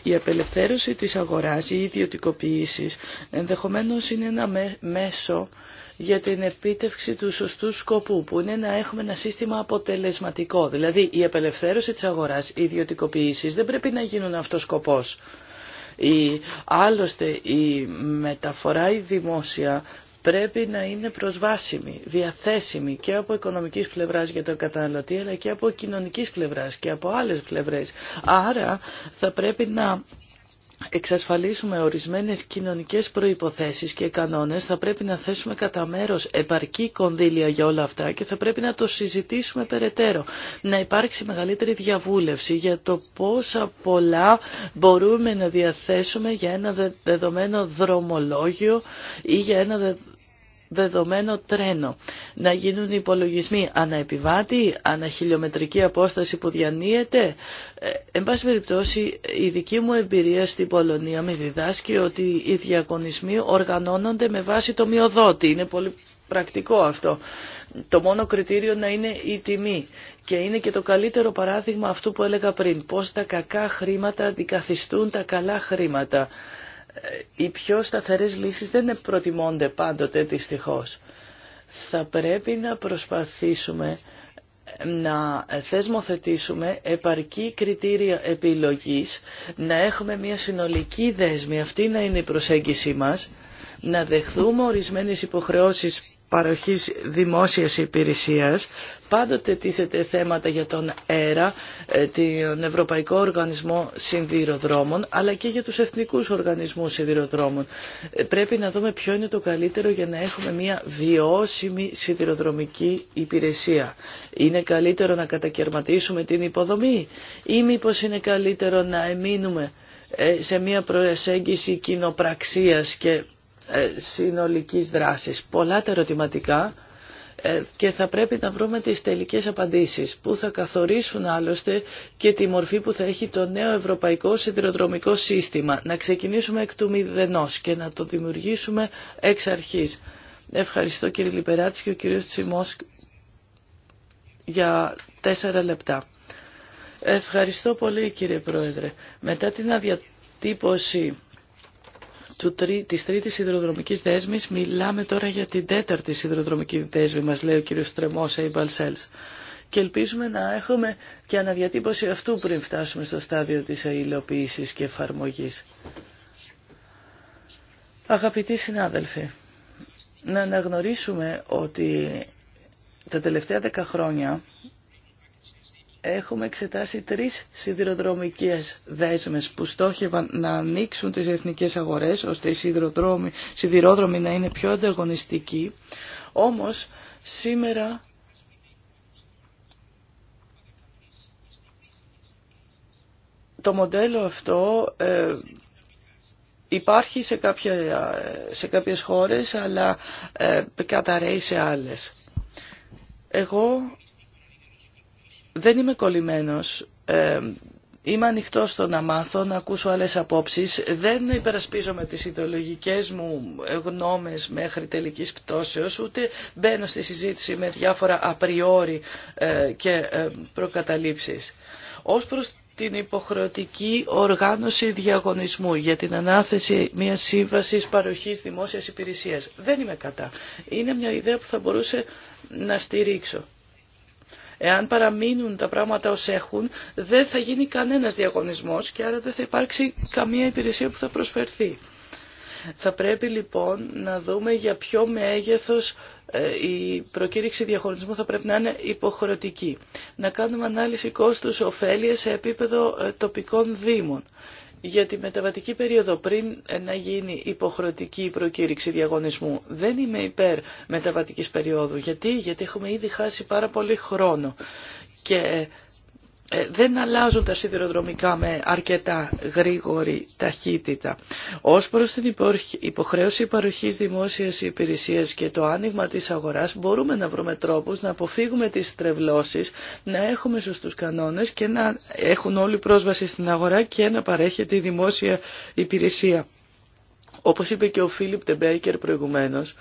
Η απελευθέρωση της αγοράς, η ιδιωτικοποίηση, ενδεχομένως είναι ένα μέσο για την επίτευξη του σωστού σκοπού, που είναι να έχουμε ένα σύστημα αποτελεσματικό. Δηλαδή, η απελευθέρωση της αγοράς, οι ιδιωτικοποιήσεις δεν πρέπει να γίνουν αυτός σκοπός. Η, άλλωστε η μεταφορά η δημόσια πρέπει να είναι προσβάσιμη, διαθέσιμη και από οικονομικής πλευράς για τον καταναλωτή αλλά και από κοινωνικής πλευράς και από άλλες πλευρές. Άρα θα πρέπει να εξασφαλίσουμε ορισμένες κοινωνικές προϋποθέσεις και κανόνες θα πρέπει να θέσουμε κατά μέρος επαρκή κονδύλια για όλα αυτά και θα πρέπει να το συζητήσουμε περαιτέρω. Να υπάρξει μεγαλύτερη διαβούλευση για το πόσα πολλά μπορούμε να διαθέσουμε για ένα δεδομένο δρομολόγιο ή για ένα δεδομένο τρένο. Να γίνουν υπολογισμοί αναεπιβάτη, αναχιλιομετρική απόσταση που διανύεται. Ε, εν πάση περιπτώσει, η δική μου εμπειρία στην Πολωνία με διδάσκει ότι οι διακονισμοί οργανώνονται με βάση το μειοδότη. Είναι πολύ πρακτικό αυτό. Το μόνο κριτήριο να είναι η τιμή. Και είναι και το καλύτερο παράδειγμα αυτού που έλεγα πριν. Πώς τα κακά χρήματα αντικαθιστούν τα καλά χρήματα. Ε, οι πιο σταθερές λύσεις δεν προτιμώνται πάντοτε δυστυχώς. Θα πρέπει να προσπαθήσουμε να θεσμοθετήσουμε επαρκή κριτήρια επιλογής, να έχουμε μια συνολική δέσμη, αυτή να είναι η προσέγγιση μας, να δεχθούμε ορισμένες υποχρεώσεις παροχής δημόσιας υπηρεσίας. Πάντοτε τίθεται θέματα για τον ΕΡΑ, ε, τον Ευρωπαϊκό Οργανισμό Συνδυροδρόμων, αλλά και για τους εθνικούς οργανισμούς σιδηροδρόμων. Ε, πρέπει να δούμε ποιο είναι το καλύτερο για να έχουμε μια βιώσιμη σιδηροδρομική υπηρεσία. Είναι καλύτερο να κατακαιρματίσουμε την υποδομή ή μήπως είναι καλύτερο να εμείνουμε ε, σε μια προσέγγιση κοινοπραξίας και ε, συνολικής δράσης. Πολλά τα ερωτηματικά ε, και θα πρέπει να βρούμε τις τελικές απαντήσεις που θα καθορίσουν άλλωστε και τη μορφή που θα έχει το νέο ευρωπαϊκό σιδηροδρομικό σύστημα. Να ξεκινήσουμε εκ του μηδενός και να το δημιουργήσουμε εξ αρχής. Ευχαριστώ κύριε Λιπεράτης και ο κύριος Τσιμός για τέσσερα λεπτά. Ευχαριστώ πολύ κύριε Πρόεδρε. Μετά την αδιατύπωση της τρίτης σιδηροδρομικής δέσμης. Μιλάμε τώρα για την τέταρτη σιδηροδρομική δέσμη, μας λέει ο κύριος Τρεμός, ή Cells. Και ελπίζουμε να έχουμε και αναδιατύπωση αυτού πριν φτάσουμε στο στάδιο της υλοποίησης και εφαρμογής. Αγαπητοί συνάδελφοι, να αναγνωρίσουμε ότι τα τελευταία δέκα χρόνια έχουμε εξετάσει τρεις σιδηροδρομικές δέσμες που στόχευαν να ανοίξουν τις εθνικές αγορές ώστε οι σιδηροδρόμοι, σιδηρόδρομοι να είναι πιο ανταγωνιστικοί. Όμως σήμερα το μοντέλο αυτό ε, υπάρχει σε, κάποια, σε κάποιες χώρες αλλά ε, καταραίει σε άλλες. Εγώ δεν είμαι κολλημένος. Ε, είμαι ανοιχτό στο να μάθω, να ακούσω άλλες απόψεις. Δεν υπερασπίζομαι τις ιδεολογικές μου γνώμες μέχρι τελικής πτώσεως, ούτε μπαίνω στη συζήτηση με διάφορα απριόρι ε, και ε, προκαταλήψεις. Ως προς την υποχρεωτική οργάνωση διαγωνισμού για την ανάθεση μιας σύμβασης παροχής δημόσιας υπηρεσίας. Δεν είμαι κατά. Είναι μια ιδέα που θα μπορούσε να στηρίξω. Εάν παραμείνουν τα πράγματα ως έχουν, δεν θα γίνει κανένας διαγωνισμός και άρα δεν θα υπάρξει καμία υπηρεσία που θα προσφερθεί. Θα πρέπει λοιπόν να δούμε για ποιο μέγεθος ε, η προκήρυξη διαγωνισμού θα πρέπει να είναι υποχρεωτική. Να κάνουμε ανάλυση κόστους ωφέλεια σε επίπεδο ε, τοπικών δήμων για τη μεταβατική περίοδο πριν να γίνει υποχρεωτική η προκήρυξη διαγωνισμού. Δεν είμαι υπέρ μεταβατικής περίοδου. Γιατί, Γιατί έχουμε ήδη χάσει πάρα πολύ χρόνο. Και ε, δεν αλλάζουν τα σιδηροδρομικά με αρκετά γρήγορη ταχύτητα. Ως προς την υποχρέωση παροχής δημόσιας υπηρεσίας και το άνοιγμα της αγοράς μπορούμε να βρούμε τρόπους να αποφύγουμε τις τρευλώσεις, να έχουμε σωστούς κανόνες και να έχουν όλοι πρόσβαση στην αγορά και να παρέχεται η δημόσια υπηρεσία. Όπως είπε και ο Φίλιπ Τεμπέικερ προηγουμένως,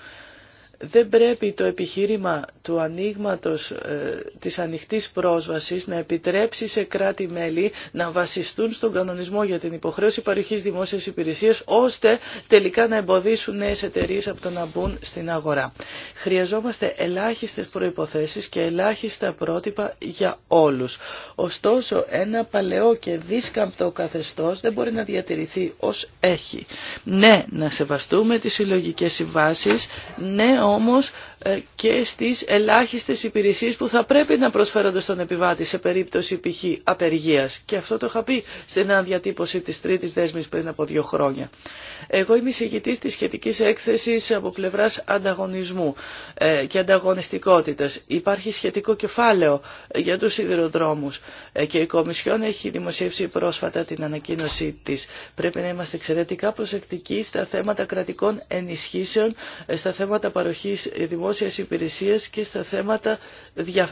δεν πρέπει το επιχείρημα του ανοίγματο ε, της ανοιχτής πρόσβασης να επιτρέψει σε κράτη-μέλη να βασιστούν στον κανονισμό για την υποχρέωση παροχής δημόσιας υπηρεσίας ώστε τελικά να εμποδίσουν νέες εταιρείε από το να μπουν στην αγορά. Χρειαζόμαστε ελάχιστες προϋποθέσεις και ελάχιστα πρότυπα για όλους. Ωστόσο, ένα παλαιό και δίσκαμπτο καθεστώς δεν μπορεί να διατηρηθεί ως έχει. Ναι, να σεβαστούμε τις συλλογικές συμβάσεις, ναι όμως ε, και στις ελάχιστες υπηρεσίες που θα πρέπει να προσφέρονται στον επιβάτη σε περίπτωση π.χ. απεργίας. Και αυτό το είχα πει στην διατύπωση της τρίτης δέσμης πριν από δύο χρόνια. Εγώ είμαι εισηγητής της σχετικής έκθεσης από πλευράς ανταγωνισμού ε, και ανταγωνιστικότητας. Υπάρχει σχετικό κεφάλαιο ε, για τους σιδηροδρόμους και η Κομισιόν έχει δημοσιεύσει πρόσφατα την ανακοίνωσή της. Πρέπει να είμαστε εξαιρετικά προσεκτικοί στα θέματα κρατικών ενισχύσεων, στα θέματα παροχής παροχής ε, δημόσιας υπηρεσίας και στα θέματα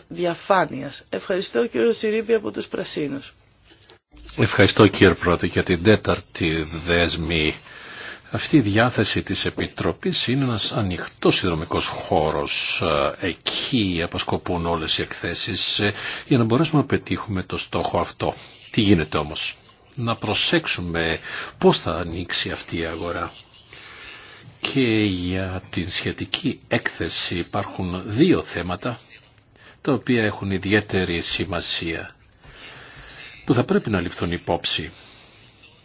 διαφάνειας. Ευχαριστώ κύριο Συρίπη από τους Πρασίνους. Ευχαριστώ κύριε Πρόεδρε για την τέταρτη δέσμη. Αυτή η διάθεση της Επιτροπής είναι ένας ανοιχτός συνδρομικός χώρος. Εκεί απασκοπούν όλες οι εκθέσεις ε, για να μπορέσουμε να πετύχουμε το στόχο αυτό. Τι γίνεται όμως. Να προσέξουμε πώς θα ανοίξει αυτή η αγορά και για την σχετική έκθεση υπάρχουν δύο θέματα τα οποία έχουν ιδιαίτερη σημασία που θα πρέπει να ληφθούν υπόψη.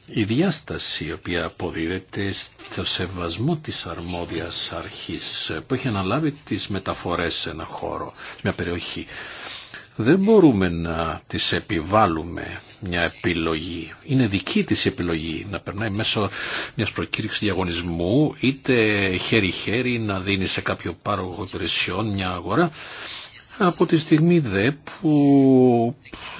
Η διάσταση η οποία αποδίδεται στο σεβασμό της αρμόδιας αρχής που έχει αναλάβει τις μεταφορές σε ένα χώρο, σε μια περιοχή. Δεν μπορούμε να τις επιβάλλουμε μια επιλογή. Είναι δική της επιλογή να περνάει μέσω μιας προκήρυξης διαγωνισμού είτε χέρι-χέρι να δίνει σε κάποιο πάροχο υπηρεσιών μια αγορά από τη στιγμή δε που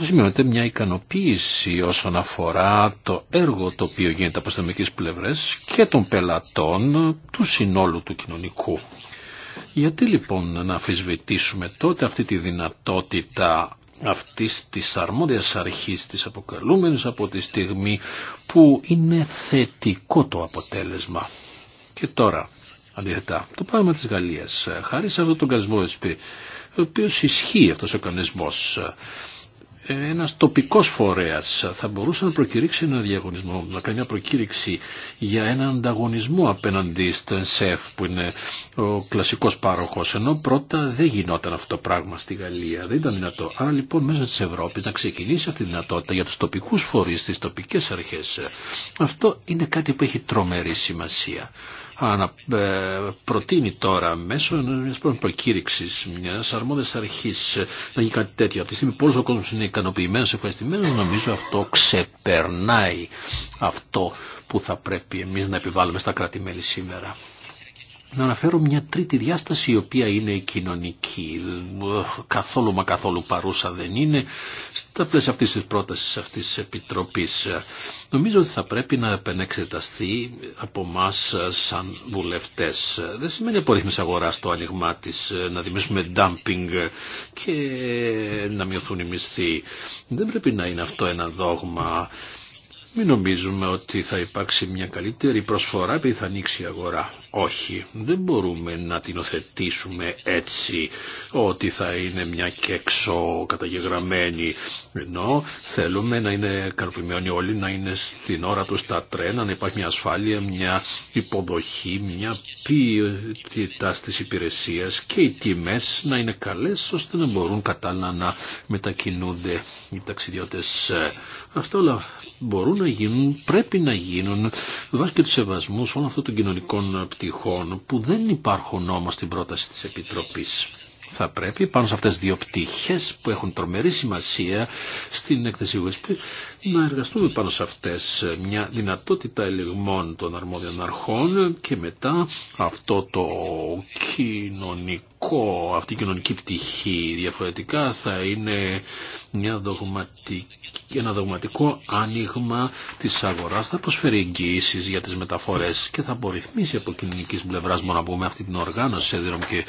σημειώνεται μια ικανοποίηση όσον αφορά το έργο το οποίο γίνεται από αστυνομικές πλευρές και των πελατών του συνόλου του κοινωνικού. Γιατί λοιπόν να αφισβητήσουμε τότε αυτή τη δυνατότητα αυτής της αρμόδιας αρχής της αποκαλούμενης από τη στιγμή που είναι θετικό το αποτέλεσμα. Και τώρα, αντίθετα, το πράγμα της Γαλλίας, χάρη σε αυτόν τον κανονισμό ο οποίος ισχύει αυτός ο κανισμός, ένας τοπικός φορέας θα μπορούσε να προκηρύξει ένα διαγωνισμό, να κάνει μια προκήρυξη για έναν ανταγωνισμό απέναντι στον ΣΕΦ που είναι ο κλασικός πάροχος, ενώ πρώτα δεν γινόταν αυτό το πράγμα στη Γαλλία, δεν ήταν δυνατό. Άρα λοιπόν μέσα της Ευρώπης να ξεκινήσει αυτή η δυνατότητα για τους τοπικούς φορείς, τις τοπικές αρχές, αυτό είναι κάτι που έχει τρομερή σημασία ανα, ε, προτείνει τώρα μέσω μια πρώτη προκήρυξη μια αρμόδια αρχή να γίνει κάτι τέτοιο. Από τη στιγμή που όλο ο κόσμο είναι ικανοποιημένο, ευχαριστημένο, νομίζω αυτό ξεπερνάει αυτό που θα πρέπει εμεί να επιβάλλουμε στα κράτη-μέλη σήμερα να αναφέρω μια τρίτη διάσταση η οποία είναι η κοινωνική. Καθόλου μα καθόλου παρούσα δεν είναι στα πλαίσια αυτής της πρότασης αυτής της Επιτροπής. Νομίζω ότι θα πρέπει να επενεξεταστεί από εμά σαν βουλευτές. Δεν σημαίνει απορρίθμιση αγορά στο άνοιγμά τη, να δημιουργήσουμε dumping και να μειωθούν οι μισθοί. Δεν πρέπει να είναι αυτό ένα δόγμα. Μην νομίζουμε ότι θα υπάρξει μια καλύτερη προσφορά επειδή θα ανοίξει η αγορά. Όχι, δεν μπορούμε να την οθετήσουμε έτσι ότι θα είναι μια και έξω καταγεγραμμένη. Ενώ θέλουμε να είναι καρπημένοι όλοι, να είναι στην ώρα του τα τρένα, να υπάρχει μια ασφάλεια, μια υποδοχή, μια ποιότητα στις υπηρεσίες και οι τιμές να είναι καλές ώστε να μπορούν κατάλληλα να μετακινούνται οι ταξιδιώτες. Αυτό όλα μπορούν να γίνουν, πρέπει να γίνουν βάσει και του σεβασμού όλων αυτών των κοινωνικών Τυχών, που δεν υπάρχουν όμως στην πρόταση της Επιτροπής θα πρέπει πάνω σε αυτές τις δύο πτυχές που έχουν τρομερή σημασία στην έκθεση USP να εργαστούμε πάνω σε αυτές μια δυνατότητα ελεγμών των αρμόδιων αρχών και μετά αυτό το κοινωνικό, αυτή η κοινωνική πτυχή διαφορετικά θα είναι μια δογματική, ένα δογματικό άνοιγμα της αγοράς θα προσφέρει εγγυήσεις για τις μεταφορές και θα απορριθμίσει από κοινωνικής πλευράς μόνο να πούμε αυτή την οργάνωση σε και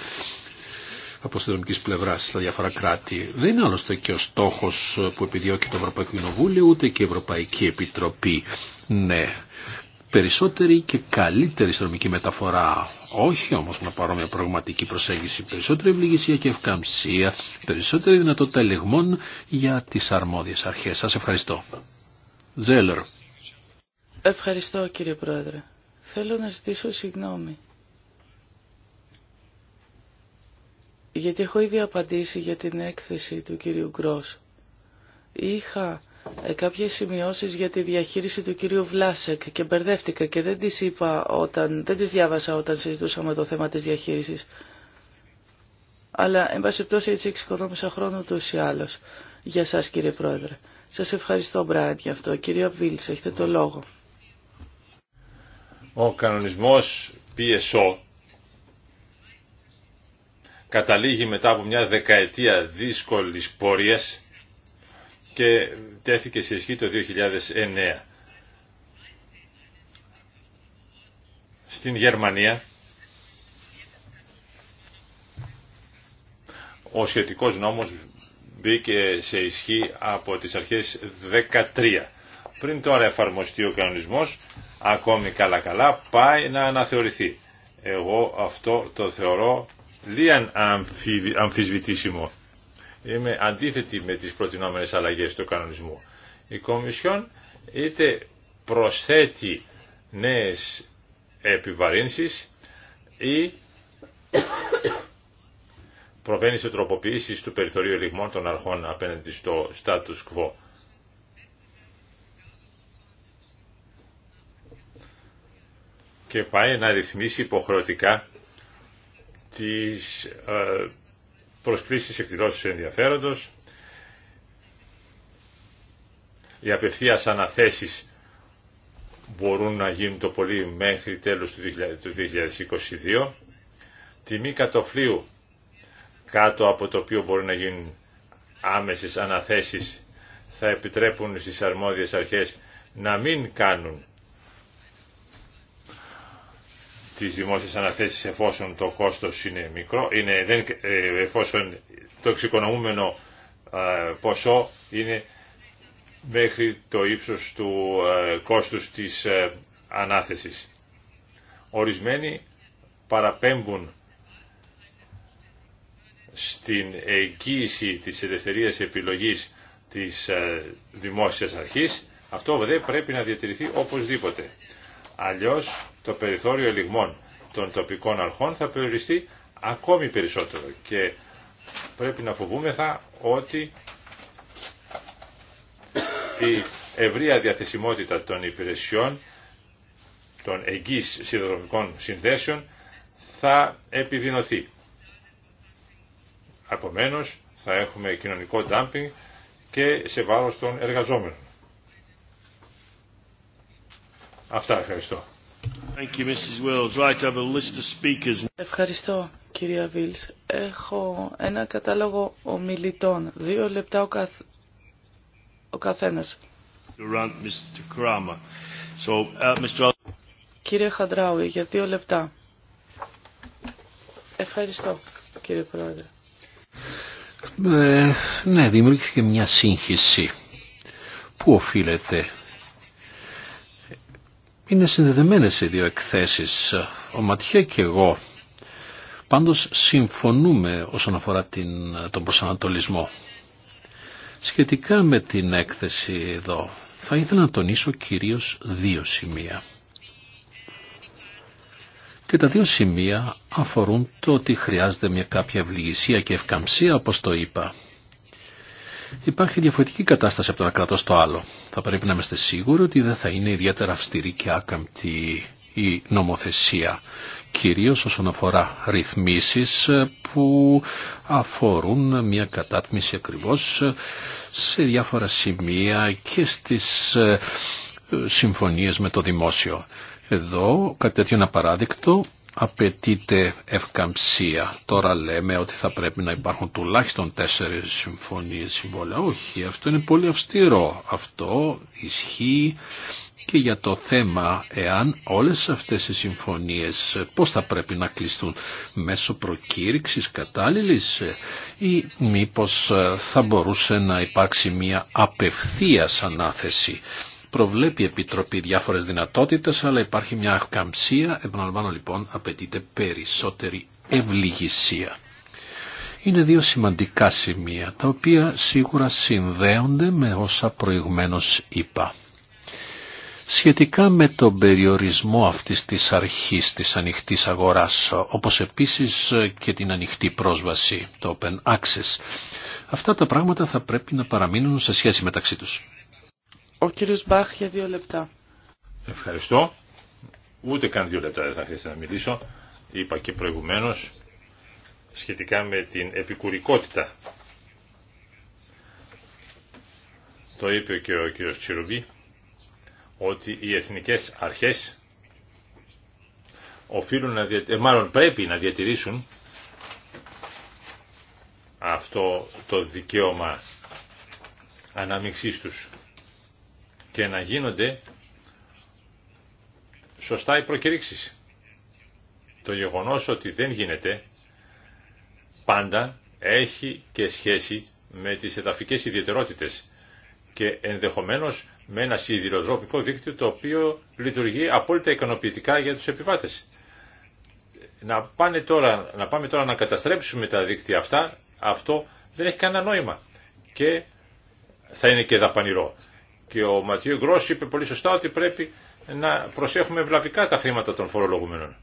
από αστυνομική πλευρά στα διάφορα κράτη. Δεν είναι άλλωστε και ο στόχο που επιδιώκει το Ευρωπαϊκό Κοινοβούλιο ούτε και η Ευρωπαϊκή Επιτροπή. Ναι, περισσότερη και καλύτερη αστυνομική μεταφορά. Όχι όμως με παρόμοια πραγματική προσέγγιση. Περισσότερη ευληγησία και ευκαμψία, περισσότερη δυνατότητα ελεγμών για τις αρμόδιες αρχές. Σας ευχαριστώ. Ζέλερ. Ευχαριστώ κύριε Πρόεδρε. Θέλω να ζητήσω συγγνώμη γιατί έχω ήδη απαντήσει για την έκθεση του κυρίου Γκρός. Είχα ε, κάποιες σημειώσεις για τη διαχείριση του κυρίου Βλάσεκ και μπερδεύτηκα και δεν τις, είπα όταν, δεν τις διάβασα όταν συζητούσαμε το θέμα της διαχείρισης. Αλλά, εν πάση πτώση, έτσι εξοικονόμησα χρόνο του ή άλλως. Για σας κύριε Πρόεδρε. Σας ευχαριστώ, Μπράιν, για αυτό. Κύριε Βίλς, έχετε το λόγο. Ο κανονισμός PSO καταλήγει μετά από μια δεκαετία δύσκολης πορείας και τέθηκε σε ισχύ το 2009. Στην Γερμανία ο σχετικός νόμος μπήκε σε ισχύ από τις αρχές 13. Πριν τώρα εφαρμοστεί ο κανονισμός, ακόμη καλά καλά πάει να αναθεωρηθεί. Εγώ αυτό το θεωρώ λίαν αμφισβητήσιμο. Είμαι αντίθετη με τις προτινόμενες αλλαγές του κανονισμού. Η Κομισιόν είτε προσθέτει νέες επιβαρύνσεις ή προβαίνει σε τροποποιήσεις του περιθωρίου ελιγμών των αρχών απέναντι στο status quo. Και πάει να ρυθμίσει υποχρεωτικά τις ε, προσκλήσεις εκδηλώσεις ενδιαφέροντος, οι απευθείας αναθέσεις μπορούν να γίνουν το πολύ μέχρι τέλος του 2022, τιμή κατοφλίου κάτω από το οποίο μπορεί να γίνουν άμεσες αναθέσεις θα επιτρέπουν στις αρμόδιες αρχές να μην κάνουν τις δημόσιες αναθέσεις εφόσον το κόστος είναι μικρό, είναι, δεν, ε, εφόσον το εξοικονομούμενο ε, ποσό είναι μέχρι το ύψος του ε, κόστους της ανάθεσης. Ορισμένοι παραπέμπουν στην εγγύηση της ελευθερίας επιλογής της δημόσιας αρχής. Αυτό δεν πρέπει να διατηρηθεί οπωσδήποτε. Αλλιώς το περιθώριο ελιγμών των τοπικών αρχών θα περιοριστεί ακόμη περισσότερο και πρέπει να φοβούμεθα ότι η ευρεία διαθεσιμότητα των υπηρεσιών των εγγύς σιδηροδρομικών συνδέσεων θα επιδεινωθεί. Απομένως θα έχουμε κοινωνικό ντάμπινγκ και σε βάρος των εργαζόμενων. Αυτά ευχαριστώ. Thank you, Mrs. Wills. Right, have a list of speakers. Ευχαριστώ κυρία Βίλς. Έχω ένα κατάλογο ομιλητών. Δύο λεπτά ο, καθ... ο καθένας. Mr. So, uh, Mr. Κύριε Χαντράουι, για δύο λεπτά. Ευχαριστώ κύριε Πρόεδρε. Ε, ναι, δημιουργήθηκε μια σύγχυση που οφείλεται είναι συνδεδεμένες οι δύο εκθέσεις, ο Ματιέ και εγώ. Πάντως συμφωνούμε όσον αφορά την, τον προσανατολισμό. Σχετικά με την έκθεση εδώ, θα ήθελα να τονίσω κυρίως δύο σημεία. Και τα δύο σημεία αφορούν το ότι χρειάζεται μια κάποια ευληγησία και ευκαμψία, όπως το είπα, υπάρχει διαφορετική κατάσταση από το ένα κράτο στο άλλο. Θα πρέπει να είμαστε σίγουροι ότι δεν θα είναι ιδιαίτερα αυστηρή και άκαμπτη η νομοθεσία κυρίως όσον αφορά ρυθμίσεις που αφορούν μια κατάτμιση ακριβώς σε διάφορα σημεία και στις ε, συμφωνίες με το δημόσιο. Εδώ κάτι τέτοιο είναι απαράδεικτο απαιτείται ευκαμψία. Τώρα λέμε ότι θα πρέπει να υπάρχουν τουλάχιστον τέσσερις συμφωνίες συμβόλαια. Όχι, αυτό είναι πολύ αυστηρό. Αυτό ισχύει και για το θέμα εάν όλες αυτές οι συμφωνίες πώς θα πρέπει να κλειστούν μέσω προκήρυξης κατάλληλης ή μήπως θα μπορούσε να υπάρξει μια απευθείας ανάθεση προβλέπει η Επιτροπή διάφορες δυνατότητες, αλλά υπάρχει μια αυκαμψία, επαναλαμβάνω λοιπόν, απαιτείται περισσότερη ευληγησία. Είναι δύο σημαντικά σημεία, τα οποία σίγουρα συνδέονται με όσα προηγουμένως είπα. Σχετικά με τον περιορισμό αυτής της αρχής της ανοιχτής αγοράς, όπως επίσης και την ανοιχτή πρόσβαση, το Open Access, αυτά τα πράγματα θα πρέπει να παραμείνουν σε σχέση μεταξύ τους. Ο κύριος Μπαχ για δύο λεπτά. Ευχαριστώ. Ούτε καν δύο λεπτά δεν θα χρειάζεται να μιλήσω. Είπα και προηγουμένως σχετικά με την επικουρικότητα. Το είπε και ο κύριος Τσιρουμπή ότι οι εθνικές αρχές οφείλουν να ε, μάλλον πρέπει να διατηρήσουν αυτό το δικαίωμα ανάμειξής τους και να γίνονται σωστά οι προκηρύξεις. Το γεγονός ότι δεν γίνεται πάντα έχει και σχέση με τις εδαφικές ιδιαιτερότητες και ενδεχομένως με ένα σιδηροδρομικό δίκτυο το οποίο λειτουργεί απόλυτα ικανοποιητικά για τους επιβάτες. Να, τώρα, να πάμε τώρα να καταστρέψουμε τα δίκτυα αυτά, αυτό δεν έχει κανένα νόημα και θα είναι και δαπανηρό και ο Ματιού Γκρός είπε πολύ σωστά ότι πρέπει να προσέχουμε ευλαβικά τα χρήματα των φορολογουμένων.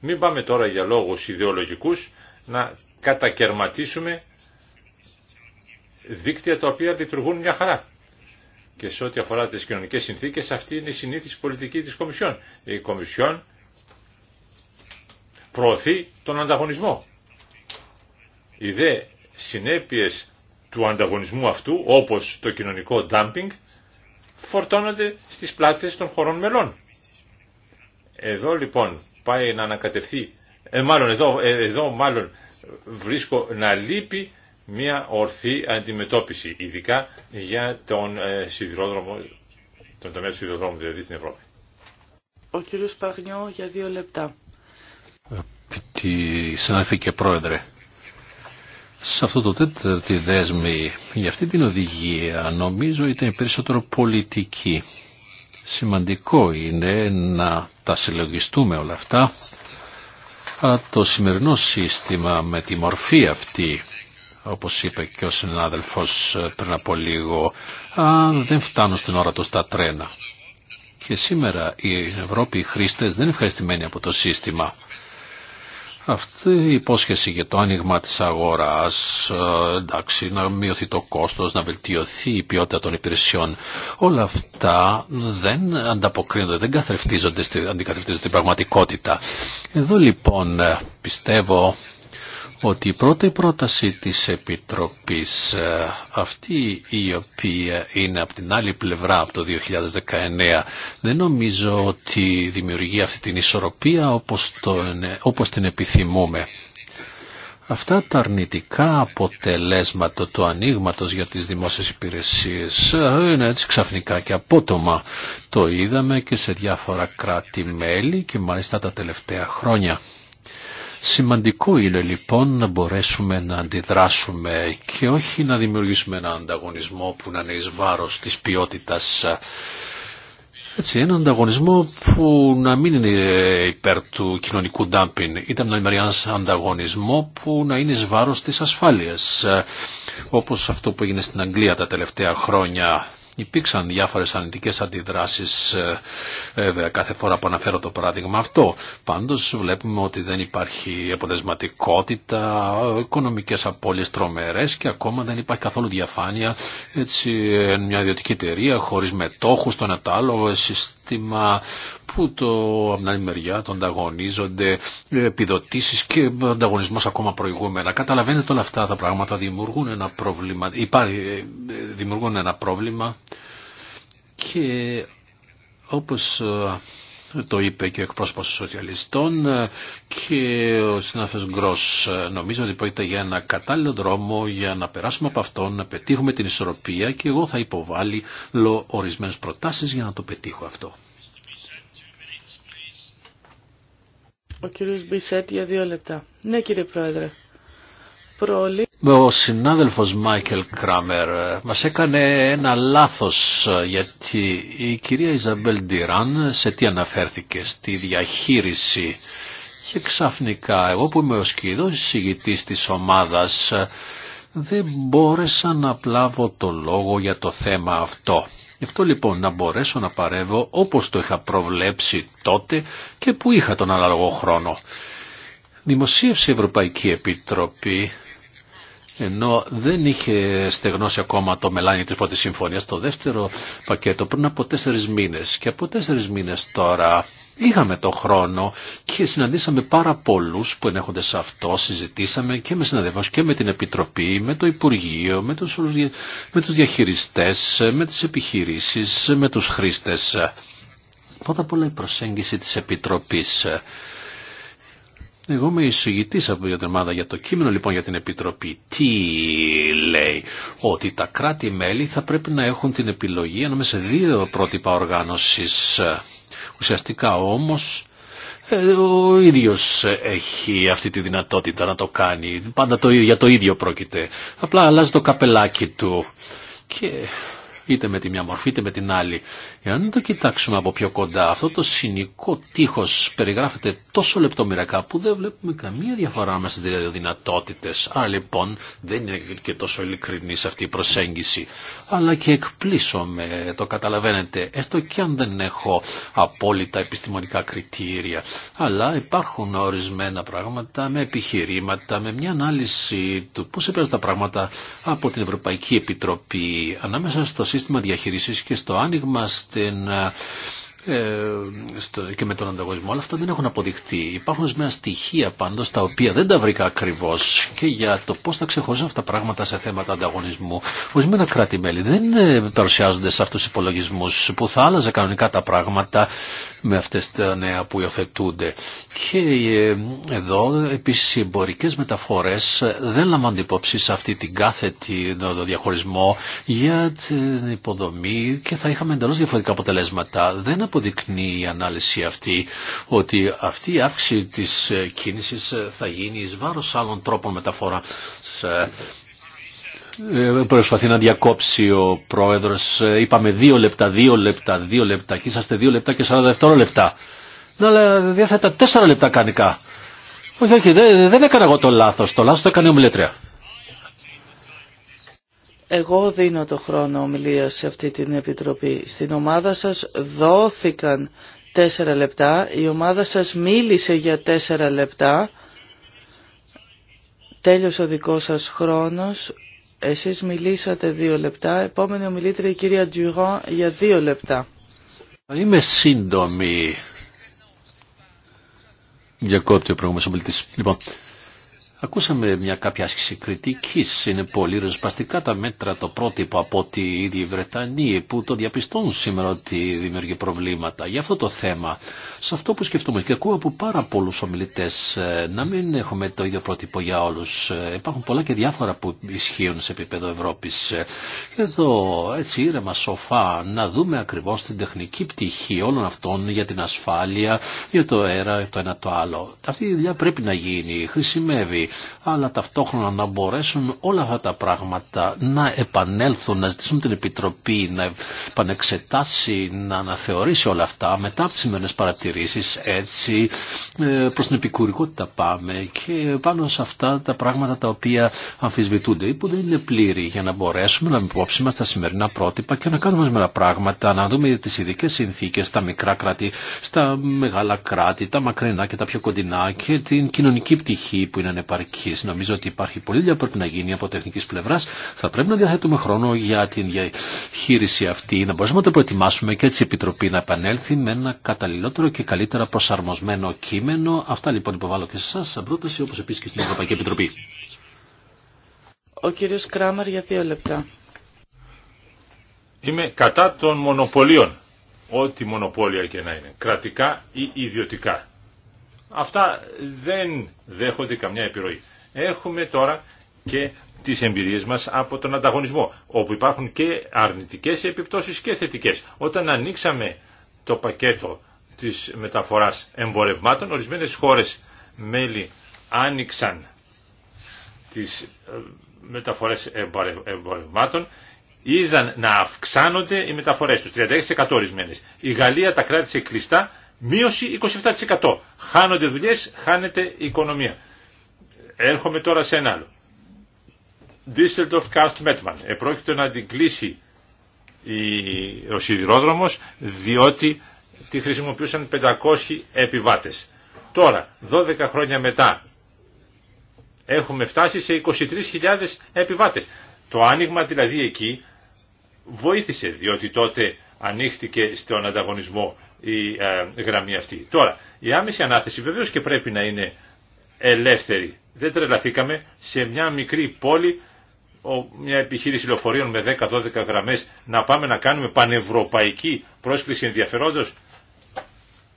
Μην πάμε τώρα για λόγους ιδεολογικούς να κατακαιρματίσουμε δίκτυα τα οποία λειτουργούν μια χαρά. Και σε ό,τι αφορά τις κοινωνικές συνθήκες αυτή είναι η συνήθιση πολιτική της Κομισιόν. Η Κομισιόν προωθεί τον ανταγωνισμό. Οι δε συνέπειες του ανταγωνισμού αυτού, όπως το κοινωνικό dumping, φορτώνονται στις πλάτες των χωρών μελών. Εδώ λοιπόν πάει να ανακατευθεί, ε, μάλλον εδώ, ε, εδώ μάλλον βρίσκω να λείπει μια ορθή αντιμετώπιση, ειδικά για τον ε, σιδηρόδρομο, τον τομέα του σιδηροδρόμου δηλαδή στην Ευρώπη. Ο κύριος Παγνιό για δύο λεπτά. και πρόεδρε, σε αυτό το τέταρτη δέσμη, για αυτή την οδηγία, νομίζω ήταν περισσότερο πολιτική. Σημαντικό είναι να τα συλλογιστούμε όλα αυτά, αλλά το σημερινό σύστημα με τη μορφή αυτή, όπως είπε και ο συνάδελφος πριν από λίγο, δεν φτάνουν στην ώρα του στα τρένα. Και σήμερα οι Ευρώπη οι χρήστες δεν είναι ευχαριστημένοι από το σύστημα. Αυτή η υπόσχεση για το άνοιγμα της αγοράς, ε, εντάξει, να μειωθεί το κόστος, να βελτιωθεί η ποιότητα των υπηρεσιών, όλα αυτά δεν ανταποκρίνονται, δεν καθρεφτίζονται, στην στην πραγματικότητα. Εδώ λοιπόν ε, πιστεύω ότι η πρώτη πρόταση της Επιτροπής, ε, αυτή η οποία είναι από την άλλη πλευρά από το 2019, δεν νομίζω ότι δημιουργεί αυτή την ισορροπία όπως, ε, όπως την επιθυμούμε. Αυτά τα αρνητικά αποτελέσματα του ανοίγματο για τις δημόσιες υπηρεσίες ε, είναι έτσι ξαφνικά και απότομα. Το είδαμε και σε διάφορα κράτη-μέλη και μάλιστα τα τελευταία χρόνια. Σημαντικό είναι λοιπόν να μπορέσουμε να αντιδράσουμε και όχι να δημιουργήσουμε ένα ανταγωνισμό που να είναι εις βάρος της ποιότητας. Έτσι, ένα ανταγωνισμό που να μην είναι υπέρ του κοινωνικού ντάμπιν. Ήταν ένα ανταγωνισμό που να είναι εις βάρος της ασφάλειας. Όπως αυτό που έγινε στην Αγγλία τα τελευταία χρόνια Υπήρξαν διάφορες αρνητικές αντιδράσεις ε, κάθε φορά που αναφέρω το παράδειγμα αυτό. Πάντως βλέπουμε ότι δεν υπάρχει αποδεσματικότητα, οικονομικές απώλειες τρομερές και ακόμα δεν υπάρχει καθόλου διαφάνεια. Έτσι μια ιδιωτική εταιρεία χωρίς μετόχους, στον ατάλογο σύστημα που το, από την άλλη μεριά το ανταγωνίζονται ε, επιδοτήσεις και ανταγωνισμός ακόμα προηγούμενα. Καταλαβαίνετε όλα αυτά τα πράγματα δημιουργούν ένα πρόβλημα, υπάρχει, δημιουργούν ένα πρόβλημα και όπως ε, το είπε και ο εκπρόσωπος των σοσιαλιστών και ο συνάδελφος Γκρός. Νομίζω ότι πρόκειται για ένα κατάλληλο δρόμο για να περάσουμε από αυτόν, να πετύχουμε την ισορροπία και εγώ θα υποβάλει ορισμένες προτάσεις για να το πετύχω αυτό. Ο κύριος Μπισέτ για δύο λεπτά. Ναι κύριε Πρόεδρε προλή... Ο συνάδελφος Μάικελ Κράμερ ε, μας έκανε ένα λάθος ε, γιατί η κυρία Ιζαμπέλ Ντιράν σε τι αναφέρθηκε, στη διαχείριση και ξαφνικά εγώ που είμαι ο σκηδός συγητής της ομάδας ε, δεν μπόρεσα να πλάβω το λόγο για το θέμα αυτό. Γι' αυτό λοιπόν να μπορέσω να παρεύω όπως το είχα προβλέψει τότε και που είχα τον αλλαγό χρόνο. Δημοσίευσε η Ευρωπαϊκή Επιτροπή ενώ δεν είχε στεγνώσει ακόμα το μελάνι της πρώτης συμφωνίας, το δεύτερο πακέτο πριν από τέσσερις μήνες. Και από τέσσερις μήνες τώρα είχαμε το χρόνο και συναντήσαμε πάρα πολλούς που ενέχονται σε αυτό, συζητήσαμε και με συναδεύους και με την Επιτροπή, με το Υπουργείο, με τους, με τους διαχειριστές, με τις επιχειρήσεις, με τους χρήστες. Πρώτα απ' όλα η προσέγγιση της Επιτροπής. Εγώ είμαι εισηγητή από την ομάδα για το κείμενο λοιπόν για την Επιτροπή. Τι λέει, ότι τα κράτη-μέλη θα πρέπει να έχουν την επιλογή ανάμεσα σε δύο πρότυπα οργάνωση. Ουσιαστικά όμως ε, ο ίδιος έχει αυτή τη δυνατότητα να το κάνει. Πάντα το, για το ίδιο πρόκειται. Απλά αλλάζει το καπελάκι του. Και είτε με τη μια μορφή είτε με την άλλη. Εάν το κοιτάξουμε από πιο κοντά, αυτό το συνικό τείχος περιγράφεται τόσο λεπτομερακά που δεν βλέπουμε καμία διαφορά μέσα στις δυνατότητες. Α, λοιπόν δεν είναι και τόσο ειλικρινής αυτή η προσέγγιση. Αλλά και εκπλήσωμαι, το καταλαβαίνετε, έστω και αν δεν έχω απόλυτα επιστημονικά κριτήρια. Αλλά υπάρχουν ορισμένα πράγματα με επιχειρήματα, με μια ανάλυση του πώς επηρεάζουν τα πράγματα από την Ευρωπαϊκή Επιτροπή ανάμεσα στο σύστημα διαχείρισης και στο άνοιγμα στην ε, ε, και με τον ανταγωνισμό, αλλά αυτά δεν έχουν αποδειχθεί. Υπάρχουν μια στοιχεία πάντω τα οποία δεν τα βρήκα ακριβώ και για το πώ θα ξεχωρίζουν αυτά τα πράγματα σε θέματα ανταγωνισμού. Ορισμένα κράτη-μέλη δεν ε, παρουσιάζονται σε αυτού του υπολογισμού που θα άλλαζε κανονικά τα πράγματα με αυτέ τα νέα που υιοθετούνται. Και ε, εδώ επίση οι εμπορικέ μεταφορέ δεν λαμβάνονται υπόψη σε αυτή την κάθετη διαχωρισμό για την υποδομή και θα είχαμε εντελώ διαφορετικά αποτελέσματα. Δεν αποδεικνύει η ανάλυση αυτή ότι αυτή η αύξηση της ε, κίνησης ε, θα γίνει εις βάρος άλλων τρόπων μεταφορά. Ε, προσπαθεί να διακόψει ο πρόεδρος. Είπαμε δύο λεπτά, δύο λεπτά, δύο λεπτά και είσαστε δύο λεπτά και δευτερό λεπτά. Να αλλά διαθέτα τέσσερα λεπτά κανικά. Όχι, όχι, δεν, έκανα εγώ το λάθος. Το λάθος το έκανε η ομιλήτρια. Εγώ δίνω το χρόνο ομιλίας σε αυτή την επιτροπή. Στην ομάδα σας δόθηκαν τέσσερα λεπτά, η ομάδα σας μίλησε για τέσσερα λεπτά, τέλειωσε ο δικός σας χρόνος, εσείς μιλήσατε δύο λεπτά, επόμενη ομιλήτρια η κυρία Τζουγό για δύο λεπτά. Είμαι σύντομη. Διακόπτει ο προηγούμενος ομιλητής. Λοιπόν, Ακούσαμε μια κάποια άσκηση κριτική. είναι πολύ ρεσπαστικά τα μέτρα, το πρότυπο από ότι οι ίδιοι Βρετανοί που το διαπιστώνουν σήμερα ότι δημιουργεί προβλήματα για αυτό το θέμα. Σε αυτό που σκεφτούμε και ακούω από πάρα πολλού ομιλητέ ε, να μην έχουμε το ίδιο πρότυπο για όλου. Ε, υπάρχουν πολλά και διάφορα που ισχύουν σε επίπεδο Ευρώπη. Ε, εδώ έτσι ήρεμα σοφά να δούμε ακριβώ την τεχνική πτυχή όλων αυτών για την ασφάλεια, για το αέρα, το ένα το άλλο. Αυτή η δουλειά πρέπει να γίνει, χρησιμεύει αλλά ταυτόχρονα να μπορέσουν όλα αυτά τα πράγματα να επανέλθουν, να ζητήσουν την Επιτροπή, να επανεξετάσει, να αναθεωρήσει όλα αυτά μετά από τις σημερινές παρατηρήσεις έτσι ε, προς την επικουρικότητα πάμε και πάνω σε αυτά τα πράγματα τα οποία αμφισβητούνται ή που δεν είναι πλήρη για να μπορέσουμε να υπόψη μας τα σημερινά πρότυπα και να κάνουμε σήμερα πράγματα, να δούμε τις ειδικές συνθήκες στα μικρά κράτη, στα μεγάλα κράτη, τα μακρινά και τα πιο κοντινά και την κοινωνική πτυχή που είναι ανεπαρκή Νομίζω ότι υπάρχει πολύ δουλειά που πρέπει να γίνει από τεχνική πλευρά, Θα πρέπει να διαθέτουμε χρόνο για την διαχείριση αυτή, να μπορέσουμε να το προετοιμάσουμε και έτσι η Επιτροπή να επανέλθει με ένα καταλληλότερο και καλύτερα προσαρμοσμένο κείμενο. Αυτά λοιπόν υποβάλλω και σε εσά σαν πρόταση, όπω επίσης και στην Ευρωπαϊκή Επιτροπή. Ο κύριος Κράμαρ για δύο λεπτά. Είμαι κατά των μονοπωλίων, ό,τι μονοπόλια και να είναι, κρατικά ή ιδιωτικά. Αυτά δεν δέχονται καμιά επιρροή. Έχουμε τώρα και τις εμπειρίες μας από τον ανταγωνισμό, όπου υπάρχουν και αρνητικές επιπτώσεις και θετικές. Όταν ανοίξαμε το πακέτο της μεταφοράς εμπορευμάτων, ορισμένες χώρες μέλη άνοιξαν τις ε, μεταφορές εμπορευμάτων, είδαν να αυξάνονται οι μεταφορές τους, 36% ορισμένες. Η Γαλλία τα κράτησε κλειστά Μείωση 27%. Χάνονται δουλειές, χάνεται η οικονομία. Έρχομαι τώρα σε ένα άλλο. Düsseldorf Cast Μέτμαν. Επρόκειτο να την κλείσει ο σιδηρόδρομος διότι τη χρησιμοποιούσαν 500 επιβάτες. Τώρα, 12 χρόνια μετά, έχουμε φτάσει σε 23.000 επιβάτες. Το άνοιγμα δηλαδή εκεί βοήθησε, διότι τότε ανοίχτηκε στον ανταγωνισμό η ε, γραμμή αυτή. Τώρα, η άμεση ανάθεση βεβαίως και πρέπει να είναι ελεύθερη. Δεν τρελαθήκαμε σε μια μικρή πόλη, μια επιχείρηση λεωφορείων με 10-12 γραμμές, να πάμε να κάνουμε πανευρωπαϊκή πρόσκληση ενδιαφερόντος.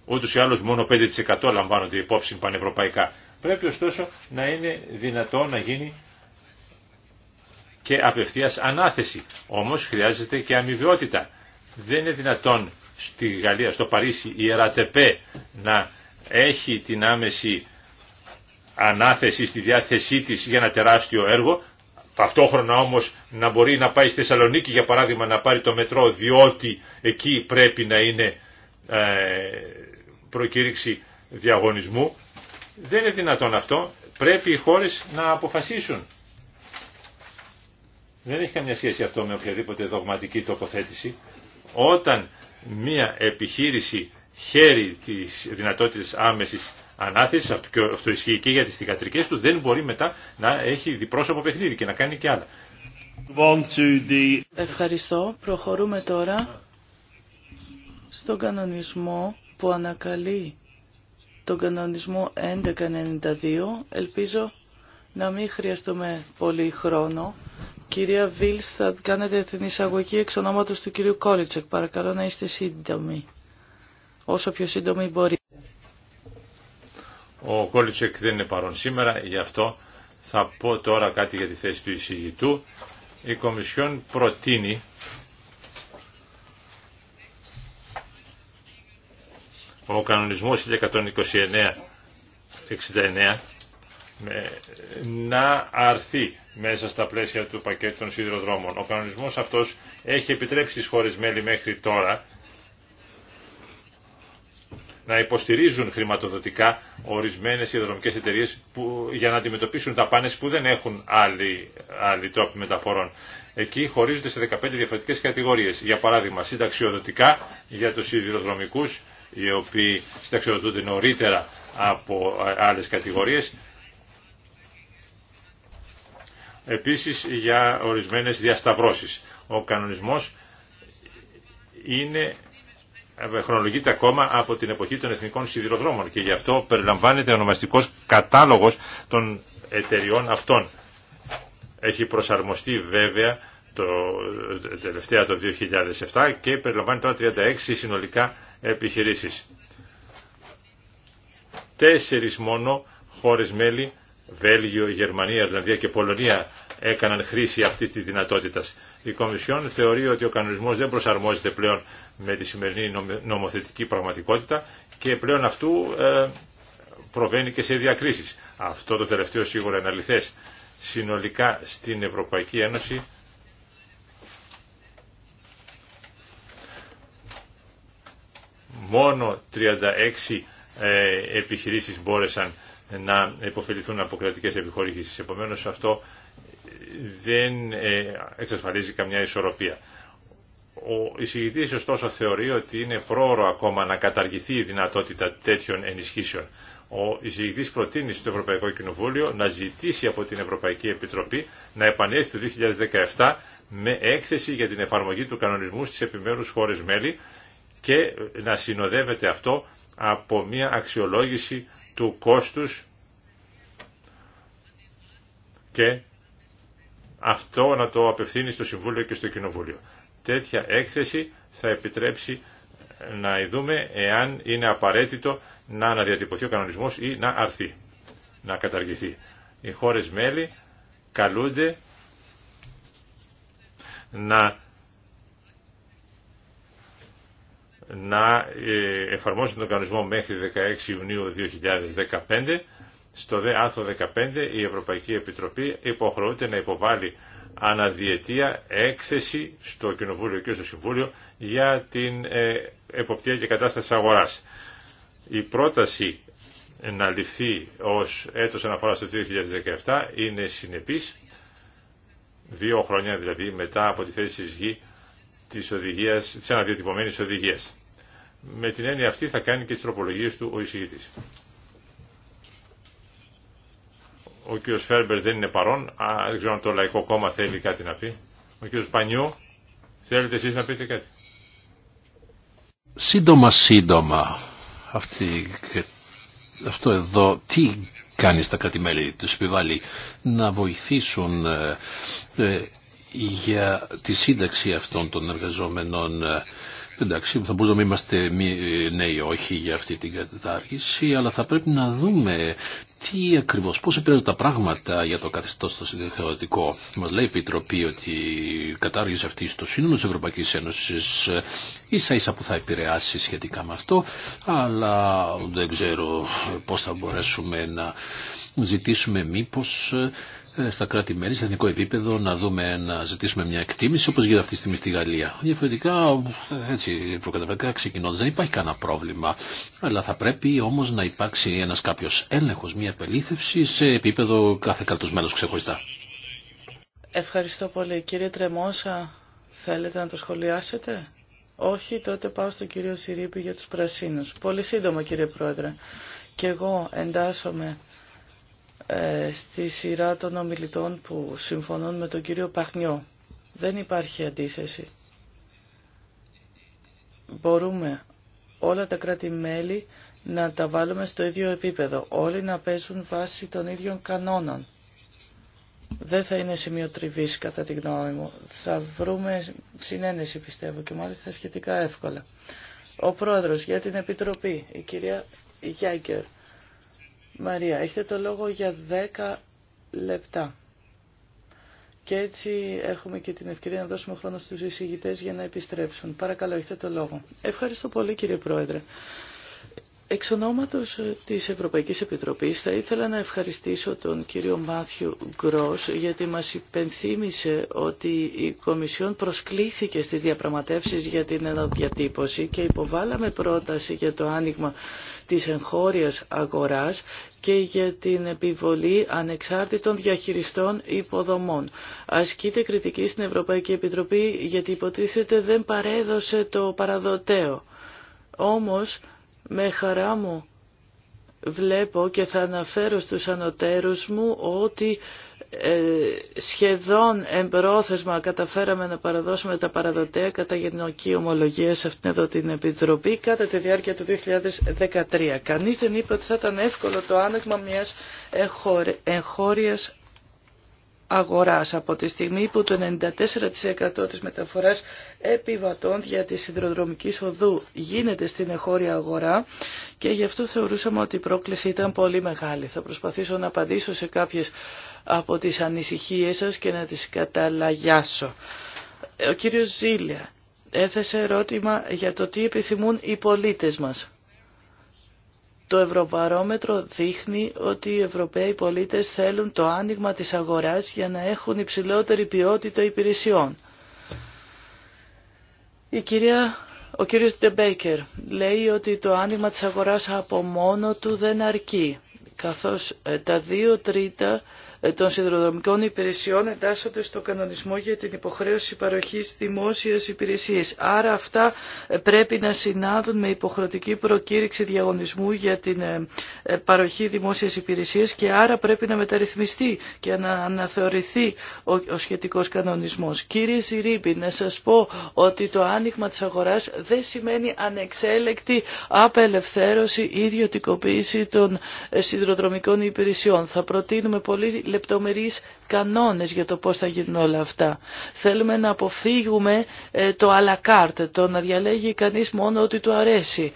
Ούτως ή άλλως μόνο 5% λαμβάνονται υπόψη πανευρωπαϊκά. Πρέπει ωστόσο να είναι δυνατό να γίνει και απευθείας ανάθεση. Όμως χρειάζεται και αμοιβαιότητα. Δεν είναι δυνατόν στη Γαλλία, στο Παρίσι, η ΕΡΑΤΕΠΕ να έχει την άμεση ανάθεση στη διάθεσή της για ένα τεράστιο έργο, ταυτόχρονα όμως να μπορεί να πάει στη Θεσσαλονίκη για παράδειγμα να πάρει το μετρό διότι εκεί πρέπει να είναι ε, προκήρυξη διαγωνισμού. Δεν είναι δυνατόν αυτό. Πρέπει οι χώρες να αποφασίσουν. Δεν έχει καμιά σχέση αυτό με οποιαδήποτε δογματική τοποθέτηση. Όταν μια επιχείρηση χέρι της δυνατότητες άμεσης ανάθεσης, αυτό ισχύει και για τις θηγατρικές του, δεν μπορεί μετά να έχει διπρόσωπο παιχνίδι και να κάνει και άλλα. Ευχαριστώ. Προχωρούμε τώρα στον κανονισμό που ανακαλεί τον κανονισμό 1192. Ελπίζω να μην χρειαστούμε πολύ χρόνο Κυρία Βίλς, θα κάνετε την εισαγωγή εξ ονόματος του κυρίου Κόλιτσεκ. Παρακαλώ να είστε σύντομοι, όσο πιο σύντομοι μπορείτε. Ο Κόλιτσεκ δεν είναι παρόν σήμερα, γι' αυτό θα πω τώρα κάτι για τη θέση του εισηγητού. Η Κομισιόν προτείνει ο κανονισμός 1129-69 ε, να αρθεί μέσα στα πλαίσια του πακέτου των σιδηροδρόμων. Ο κανονισμός αυτός έχει επιτρέψει στις χώρες μέλη μέχρι τώρα να υποστηρίζουν χρηματοδοτικά ορισμένες σιδηροδρομικές εταιρείες που, για να αντιμετωπίσουν πάνες που δεν έχουν άλλοι, άλλοι τρόποι μεταφορών. Εκεί χωρίζονται σε 15 διαφορετικές κατηγορίες. Για παράδειγμα, συνταξιοδοτικά για τους σιδηροδρομικούς, οι οποίοι συνταξιοδοτούνται νωρίτερα από ε, άλλες κατηγορίες, Επίσης για ορισμένες διασταυρώσεις. Ο κανονισμός είναι ε, χρονολογείται ακόμα από την εποχή των εθνικών σιδηροδρόμων και γι' αυτό περιλαμβάνεται ονομαστικός κατάλογος των εταιριών αυτών. Έχει προσαρμοστεί βέβαια το ε, τελευταία το 2007 και περιλαμβάνει τώρα 36 συνολικά επιχειρήσεις. Τέσσερις μόνο χώρες μέλη Βέλγιο, Γερμανία, Ιρλανδία και Πολωνία έκαναν χρήση αυτή τη δυνατότητα. Η Κομισιόν θεωρεί ότι ο κανονισμό δεν προσαρμόζεται πλέον με τη σημερινή νομοθετική πραγματικότητα και πλέον αυτού ε, προβαίνει και σε διακρίσει. Αυτό το τελευταίο σίγουρα είναι αληθέ. Συνολικά στην Ευρωπαϊκή Ένωση μόνο 36 ε, επιχειρήσεις μπόρεσαν να υποφεληθούν από κρατικέ επιχορηγήσεις. Επομένως αυτό δεν ε, εξασφαλίζει καμιά ισορροπία. Ο εισηγητής ωστόσο θεωρεί ότι είναι πρόωρο ακόμα να καταργηθεί η δυνατότητα τέτοιων ενισχύσεων. Ο εισηγητής προτείνει στο Ευρωπαϊκό Κοινοβούλιο να ζητήσει από την Ευρωπαϊκή Επιτροπή να επανέλθει το 2017 με έκθεση για την εφαρμογή του κανονισμού στις επιμέρους χώρες μέλη και να συνοδεύεται αυτό από μια αξιολόγηση του κόστους και αυτό να το απευθύνει στο Συμβούλιο και στο Κοινοβούλιο. Τέτοια έκθεση θα επιτρέψει να δούμε εάν είναι απαραίτητο να αναδιατυπωθεί ο κανονισμός ή να αρθεί, να καταργηθεί. Οι χώρες μέλη καλούνται να να ε, εφαρμόσουν τον κανονισμό μέχρι 16 Ιουνίου 2015. Στο δε άρθρο 15 η Ευρωπαϊκή Επιτροπή υποχρεούται να υποβάλει αναδιετία έκθεση στο Κοινοβούλιο και στο Συμβούλιο για την ε, εποπτεία και κατάσταση αγοράς. Η πρόταση να ληφθεί ως έτος αναφορά το 2017 είναι συνεπής, δύο χρόνια δηλαδή μετά από τη θέση της γη της, οδηγίας, της αναδιατυπωμένης οδηγίας. Με την έννοια αυτή θα κάνει και τις τροπολογίες του ο εισηγητής. Ο κ. Φέρμπερ δεν είναι παρόν. Α, δεν ξέρω αν το Λαϊκό Κόμμα θέλει κάτι να πει. Ο κ. Πανιού, θέλετε εσείς να πείτε κάτι. Σύντομα, σύντομα. Αυτή, αυτό εδώ, τι κάνει στα κρατημέλη, του επιβάλλει να βοηθήσουν ε, ε, για τη σύνταξη αυτών των εργαζόμενων ε, Εντάξει, θα μπορούσαμε να είμαστε ε, νέοι όχι για αυτή την κατάργηση, αλλά θα πρέπει να δούμε τι ακριβώς, πώς επηρεάζουν τα πράγματα για το καθεστώς στο συνδεθεωτικό. Μας λέει η Επιτροπή ότι η κατάργηση αυτή στο σύνολο της Ευρωπαϊκής Ένωσης ε, ίσα ίσα που θα επηρεάσει σχετικά με αυτό, αλλά δεν ξέρω πώς θα μπορέσουμε να ζητήσουμε μήπως ε, στα κράτη-μέλη, σε εθνικό επίπεδο, να δούμε, να ζητήσουμε μια εκτίμηση όπως γίνεται αυτή τη στιγμή στη Γαλλία. Διαφορετικά, έτσι, προκαταβατικά ξεκινώντας, δεν υπάρχει κανένα πρόβλημα. Αλλά θα πρέπει όμως να υπάρξει ένας κάποιος έλεγχος, μια επελήθευση σε επίπεδο κάθε κράτος μέλος ξεχωριστά. Ευχαριστώ πολύ. Κύριε Τρεμόσα, θέλετε να το σχολιάσετε? Όχι, τότε πάω στον κύριο Σιρήπη για τους πρασίνους. Πολύ σύντομα κύριε Πρόεδρε. Και εγώ εντάσσομαι ε, στη σειρά των ομιλητών που συμφωνούν με τον κύριο Παχνιό. Δεν υπάρχει αντίθεση. Μπορούμε όλα τα κράτη-μέλη να τα βάλουμε στο ίδιο επίπεδο. Όλοι να παίζουν βάση των ίδιων κανόνων. Δεν θα είναι σημείο τριβής κατά τη γνώμη μου. Θα βρούμε συνένεση πιστεύω και μάλιστα σχετικά εύκολα. Ο πρόεδρος για την Επιτροπή, η κυρία Γιάγκερ. Μαρία, έχετε το λόγο για 10 λεπτά. Και έτσι έχουμε και την ευκαιρία να δώσουμε χρόνο στους εισηγητές για να επιστρέψουν. Παρακαλώ, έχετε το λόγο. Ευχαριστώ πολύ κύριε Πρόεδρε. Εξ ονόματος ε, της Ευρωπαϊκής Επιτροπής θα ήθελα να ευχαριστήσω τον κύριο Μάθιου Γκρός γιατί μας υπενθύμησε ότι η Κομισιόν προσκλήθηκε στις διαπραγματεύσεις για την αναδιατύπωση και υποβάλαμε πρόταση για το άνοιγμα της εγχώριας αγοράς και για την επιβολή ανεξάρτητων διαχειριστών υποδομών. Ασκείται κριτική στην Ευρωπαϊκή Επιτροπή γιατί υποτίθεται δεν παρέδωσε το παραδοτέο. Όμως με χαρά μου βλέπω και θα αναφέρω στους ανωτέρους μου ότι ε, σχεδόν εμπρόθεσμα καταφέραμε να παραδώσουμε τα παραδοτέα κατά γενική ομολογία σε αυτήν εδώ την Επιτροπή κατά τη διάρκεια του 2013. Κανείς δεν είπε ότι θα ήταν εύκολο το άνοιγμα μιας εγχώριας αγοράς από τη στιγμή που το 94% της μεταφοράς επιβατών για τη συνδροδρομική οδού γίνεται στην εχώρια αγορά και γι' αυτό θεωρούσαμε ότι η πρόκληση ήταν πολύ μεγάλη. Θα προσπαθήσω να απαντήσω σε κάποιες από τις ανησυχίες σας και να τις καταλαγιάσω. Ο κύριος Ζήλια έθεσε ερώτημα για το τι επιθυμούν οι πολίτες μας. Το Ευρωβαρόμετρο δείχνει ότι οι Ευρωπαίοι πολίτες θέλουν το άνοιγμα της αγοράς για να έχουν υψηλότερη ποιότητα υπηρεσιών. Η κυρία, ο κύριος Ντεμπέκερ λέει ότι το άνοιγμα της αγοράς από μόνο του δεν αρκεί, καθώς ε, τα δύο τρίτα των σιδηροδρομικών υπηρεσιών εντάσσονται στο κανονισμό για την υποχρέωση παροχής δημόσιας υπηρεσίας. Άρα αυτά ε, πρέπει να συνάδουν με υποχρεωτική προκήρυξη διαγωνισμού για την ε, ε, παροχή δημόσιας υπηρεσίας και άρα πρέπει να μεταρρυθμιστεί και να αναθεωρηθεί ο σχετικός κανονισμός. Κύριε Ζηρήπη, να σας πω ότι το άνοιγμα της αγοράς δεν σημαίνει ανεξέλεκτη απελευθέρωση ή ιδιωτικοποίηση των σιδηροδρομικών υπηρεσιών. Θα προτείνουμε πολύ λεπτομερείς κανόνες για το πώς θα γίνουν όλα αυτά. Θέλουμε να αποφύγουμε ε, το à la carte, το να διαλέγει κανείς μόνο ό,τι του αρέσει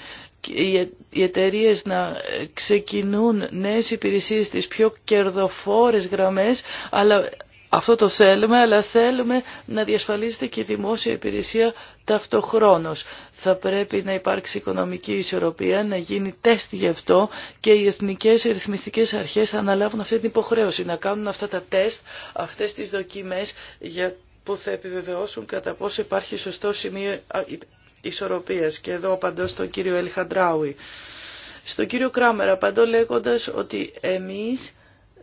οι εταιρείε να ε, ξεκινούν νέες υπηρεσίες στις πιο κερδοφόρες γραμμές, αλλά αυτό το θέλουμε, αλλά θέλουμε να διασφαλίζεται και η δημόσια υπηρεσία ταυτοχρόνως. Θα πρέπει να υπάρξει οικονομική ισορροπία, να γίνει τεστ γι' αυτό και οι εθνικές ρυθμιστικές αρχές θα αναλάβουν αυτή την υποχρέωση, να κάνουν αυτά τα τεστ, αυτές τις δοκιμές για που θα επιβεβαιώσουν κατά πόσο υπάρχει σωστό σημείο ισορροπίας. Και εδώ απαντώ στον κύριο Ελχαντράουι. Στον κύριο Κράμερα απαντώ λέγοντας ότι εμείς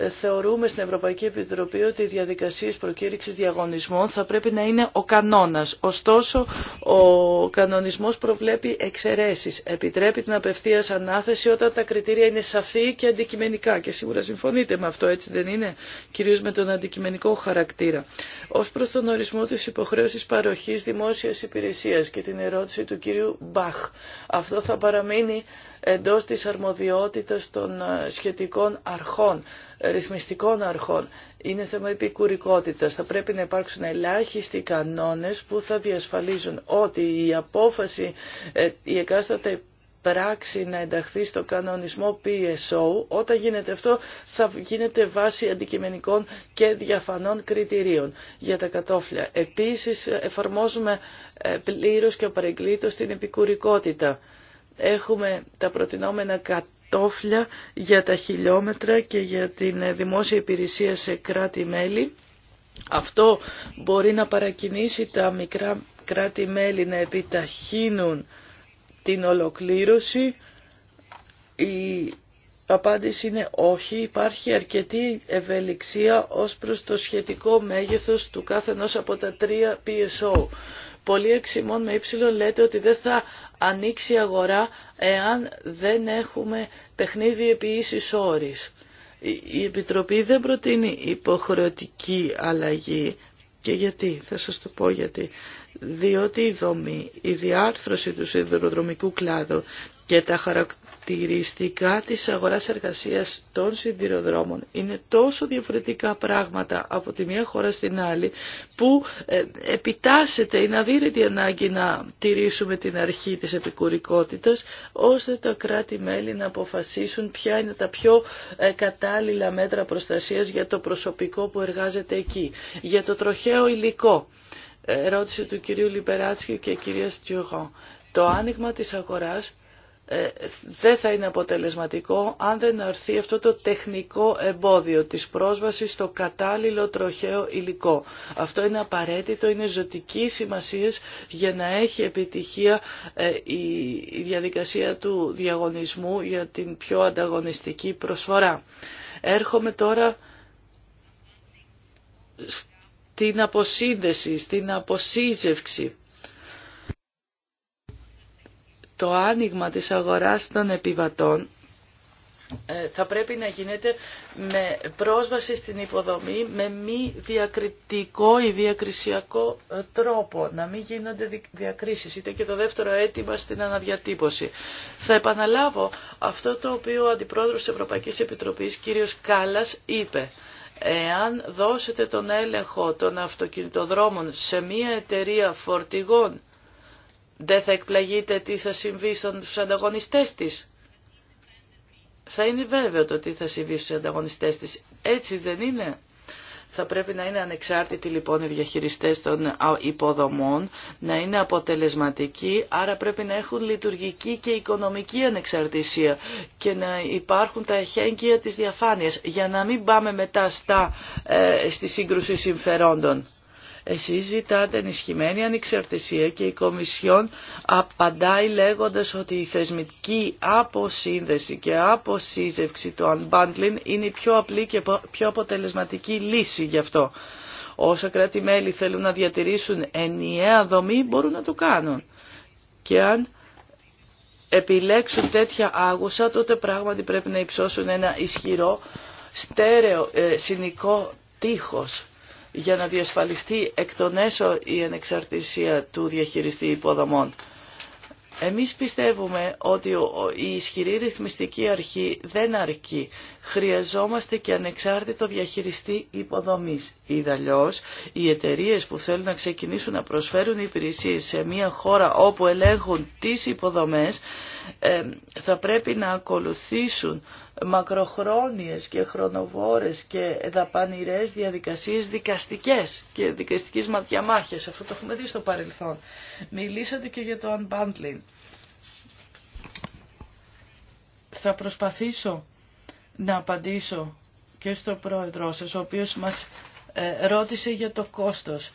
θεωρούμε στην Ευρωπαϊκή Επιτροπή ότι οι διαδικασίες προκήρυξης διαγωνισμών θα πρέπει να είναι ο κανόνας. Ωστόσο, ο κανονισμός προβλέπει εξαιρέσεις. Επιτρέπει την απευθείας ανάθεση όταν τα κριτήρια είναι σαφή και αντικειμενικά. Και σίγουρα συμφωνείτε με αυτό, έτσι δεν είναι, κυρίως με τον αντικειμενικό χαρακτήρα. Ως προς τον ορισμό της υποχρέωσης παροχής δημόσιας υπηρεσίας και την ερώτηση του κύριου Μπαχ. Αυτό θα παραμείνει εντός της αρμοδιότητας των ε, σχετικών αρχών, ε, ρυθμιστικών αρχών. Είναι θέμα επικουρικότητας. Θα πρέπει να υπάρξουν ελάχιστοι κανόνες που θα διασφαλίζουν ότι η απόφαση, ε, η εκάστοτε πράξη να ενταχθεί στο κανονισμό PSO. Όταν γίνεται αυτό θα γίνεται βάση αντικειμενικών και διαφανών κριτηρίων για τα κατόφλια. Επίσης εφαρμόζουμε πλήρως και απαρεγκλήτως την επικουρικότητα Έχουμε τα προτινόμενα κατόφλια για τα χιλιόμετρα και για την δημόσια υπηρεσία σε κράτη-μέλη. Αυτό μπορεί να παρακινήσει τα μικρά κράτη-μέλη να επιταχύνουν την ολοκλήρωση. Η απάντηση είναι όχι. Υπάρχει αρκετή ευελιξία ως προς το σχετικό μέγεθος του κάθε ενός από τα τρία PSO. Πολλοί εξημών με ύψιλο λέτε ότι δεν θα ανοίξει η αγορά εάν δεν έχουμε παιχνίδι επί ίσης όρης. Η Επιτροπή δεν προτείνει υποχρεωτική αλλαγή. Και γιατί, θα σας το πω γιατί. Διότι η δομή, η διάρθρωση του σιδηροδρομικού κλάδου και τα χαρακτηριστικά της αγοράς εργασίας των σιδηροδρόμων είναι τόσο διαφορετικά πράγματα από τη μία χώρα στην άλλη που ε, επιτάσσεται, είναι η ανάγκη να τηρήσουμε την αρχή της επικουρικότητας ώστε τα κράτη-μέλη να αποφασίσουν ποια είναι τα πιο ε, κατάλληλα μέτρα προστασίας για το προσωπικό που εργάζεται εκεί, για το τροχαίο υλικό. Ε, ερώτηση του κυρίου Λιμπεράτσκι και κυρίας Τιουγό. Το άνοιγμα της αγοράς ε, δεν θα είναι αποτελεσματικό αν δεν αρθεί αυτό το τεχνικό εμπόδιο της πρόσβασης στο κατάλληλο τροχαίο υλικό. Αυτό είναι απαραίτητο, είναι ζωτική σημασία για να έχει επιτυχία ε, η διαδικασία του διαγωνισμού για την πιο ανταγωνιστική προσφορά. Έρχομαι τώρα στην αποσύνδεση, στην αποσύζευξη το άνοιγμα της αγοράς των επιβατών ε, θα πρέπει να γίνεται με πρόσβαση στην υποδομή με μη διακριτικό ή διακρισιακό ε, τρόπο, να μην γίνονται διακρίσεις. είτε και το δεύτερο αίτημα στην αναδιατύπωση. Θα επαναλάβω αυτό το οποίο ο Αντιπρόεδρος της Ευρωπαϊκής Επιτροπής, κύριος Κάλλας, είπε. Εάν δώσετε τον έλεγχο των αυτοκινητοδρόμων σε μια εταιρεία φορτηγών δεν θα εκπλαγείτε τι θα συμβεί στους ανταγωνιστές της. Θα είναι βέβαιο το τι θα συμβεί στους ανταγωνιστές της. Έτσι δεν είναι. Θα πρέπει να είναι ανεξάρτητοι λοιπόν οι διαχειριστές των υποδομών, να είναι αποτελεσματικοί, άρα πρέπει να έχουν λειτουργική και οικονομική ανεξαρτησία και να υπάρχουν τα εχέγγυα της διαφάνειας για να μην πάμε μετά στα, ε, στη σύγκρουση συμφερόντων. Εσείς ζητάτε ενισχυμένη ανεξαρτησία και η Κομισιόν απαντάει λέγοντας ότι η θεσμική αποσύνδεση και αποσύζευξη του unbundling είναι η πιο απλή και πιο αποτελεσματική λύση γι' αυτό. Όσα κράτη-μέλη θέλουν να διατηρήσουν ενιαία δομή μπορούν να το κάνουν. Και αν επιλέξουν τέτοια άγουσα τότε πράγματι πρέπει να υψώσουν ένα ισχυρό στέρεο ε, συνικό τείχος για να διασφαλιστεί εκ των έσω η ανεξαρτησία του διαχειριστή υποδομών. Εμείς πιστεύουμε ότι η ισχυρή ρυθμιστική αρχή δεν αρκεί. Χρειαζόμαστε και ανεξάρτητο διαχειριστή υποδομής. Ιδαλλιώς, οι εταιρείες που θέλουν να ξεκινήσουν να προσφέρουν υπηρεσίες σε μια χώρα όπου ελέγχουν τις υποδομές ε, θα πρέπει να ακολουθήσουν μακροχρόνιες και χρονοβόρες και δαπανηρές διαδικασίες δικαστικές και δικαστικής ματιαμάχες. Αυτό το έχουμε δει στο παρελθόν. Μιλήσατε και για το unbundling. Θα προσπαθήσω να απαντήσω και στο πρόεδρό σας, ο οποίος μας ε, ρώτησε για το κόστος.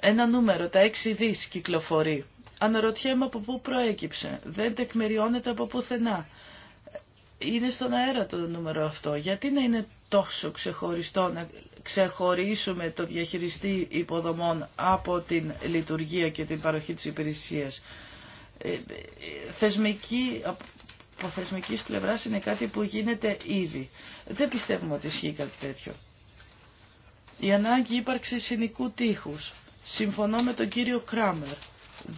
Ένα νούμερο, τα 6 δις κυκλοφορεί. Αναρωτιέμαι από πού προέκυψε. Δεν τεκμεριώνεται από πουθενά είναι στον αέρα το νούμερο αυτό. Γιατί να είναι τόσο ξεχωριστό να ξεχωρίσουμε το διαχειριστή υποδομών από την λειτουργία και την παροχή της υπηρεσίας. Ε, ε, θεσμική, από θεσμικής πλευράς είναι κάτι που γίνεται ήδη. Δεν πιστεύουμε ότι ισχύει κάτι τέτοιο. Η ανάγκη ύπαρξη συνικού τείχους. Συμφωνώ με τον κύριο Κράμερ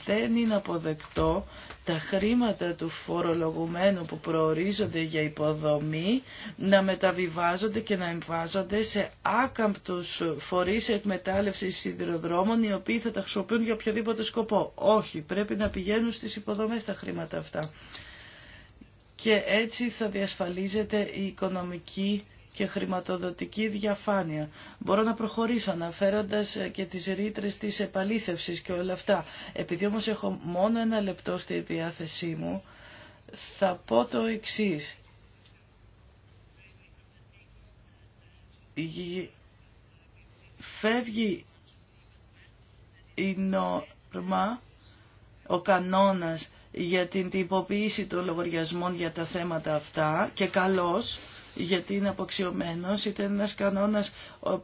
δεν είναι αποδεκτό τα χρήματα του φορολογουμένου που προορίζονται για υποδομή να μεταβιβάζονται και να εμβάζονται σε άκαμπτους φορείς εκμετάλλευσης σιδηροδρόμων οι οποίοι θα τα χρησιμοποιούν για οποιοδήποτε σκοπό. Όχι, πρέπει να πηγαίνουν στις υποδομές τα χρήματα αυτά. Και έτσι θα διασφαλίζεται η οικονομική και χρηματοδοτική διαφάνεια. Μπορώ να προχωρήσω αναφέροντας ε, και τις ρήτρες της επαλήθευσης και όλα αυτά. Επειδή όμως έχω μόνο ένα λεπτό στη διάθεσή μου, θα πω το εξής. Φεύγει η νόρμα, ο κανόνας για την τυποποίηση των λογαριασμών για τα θέματα αυτά και καλώς γιατί είναι αποξιωμένο. Ήταν ένας κανόνας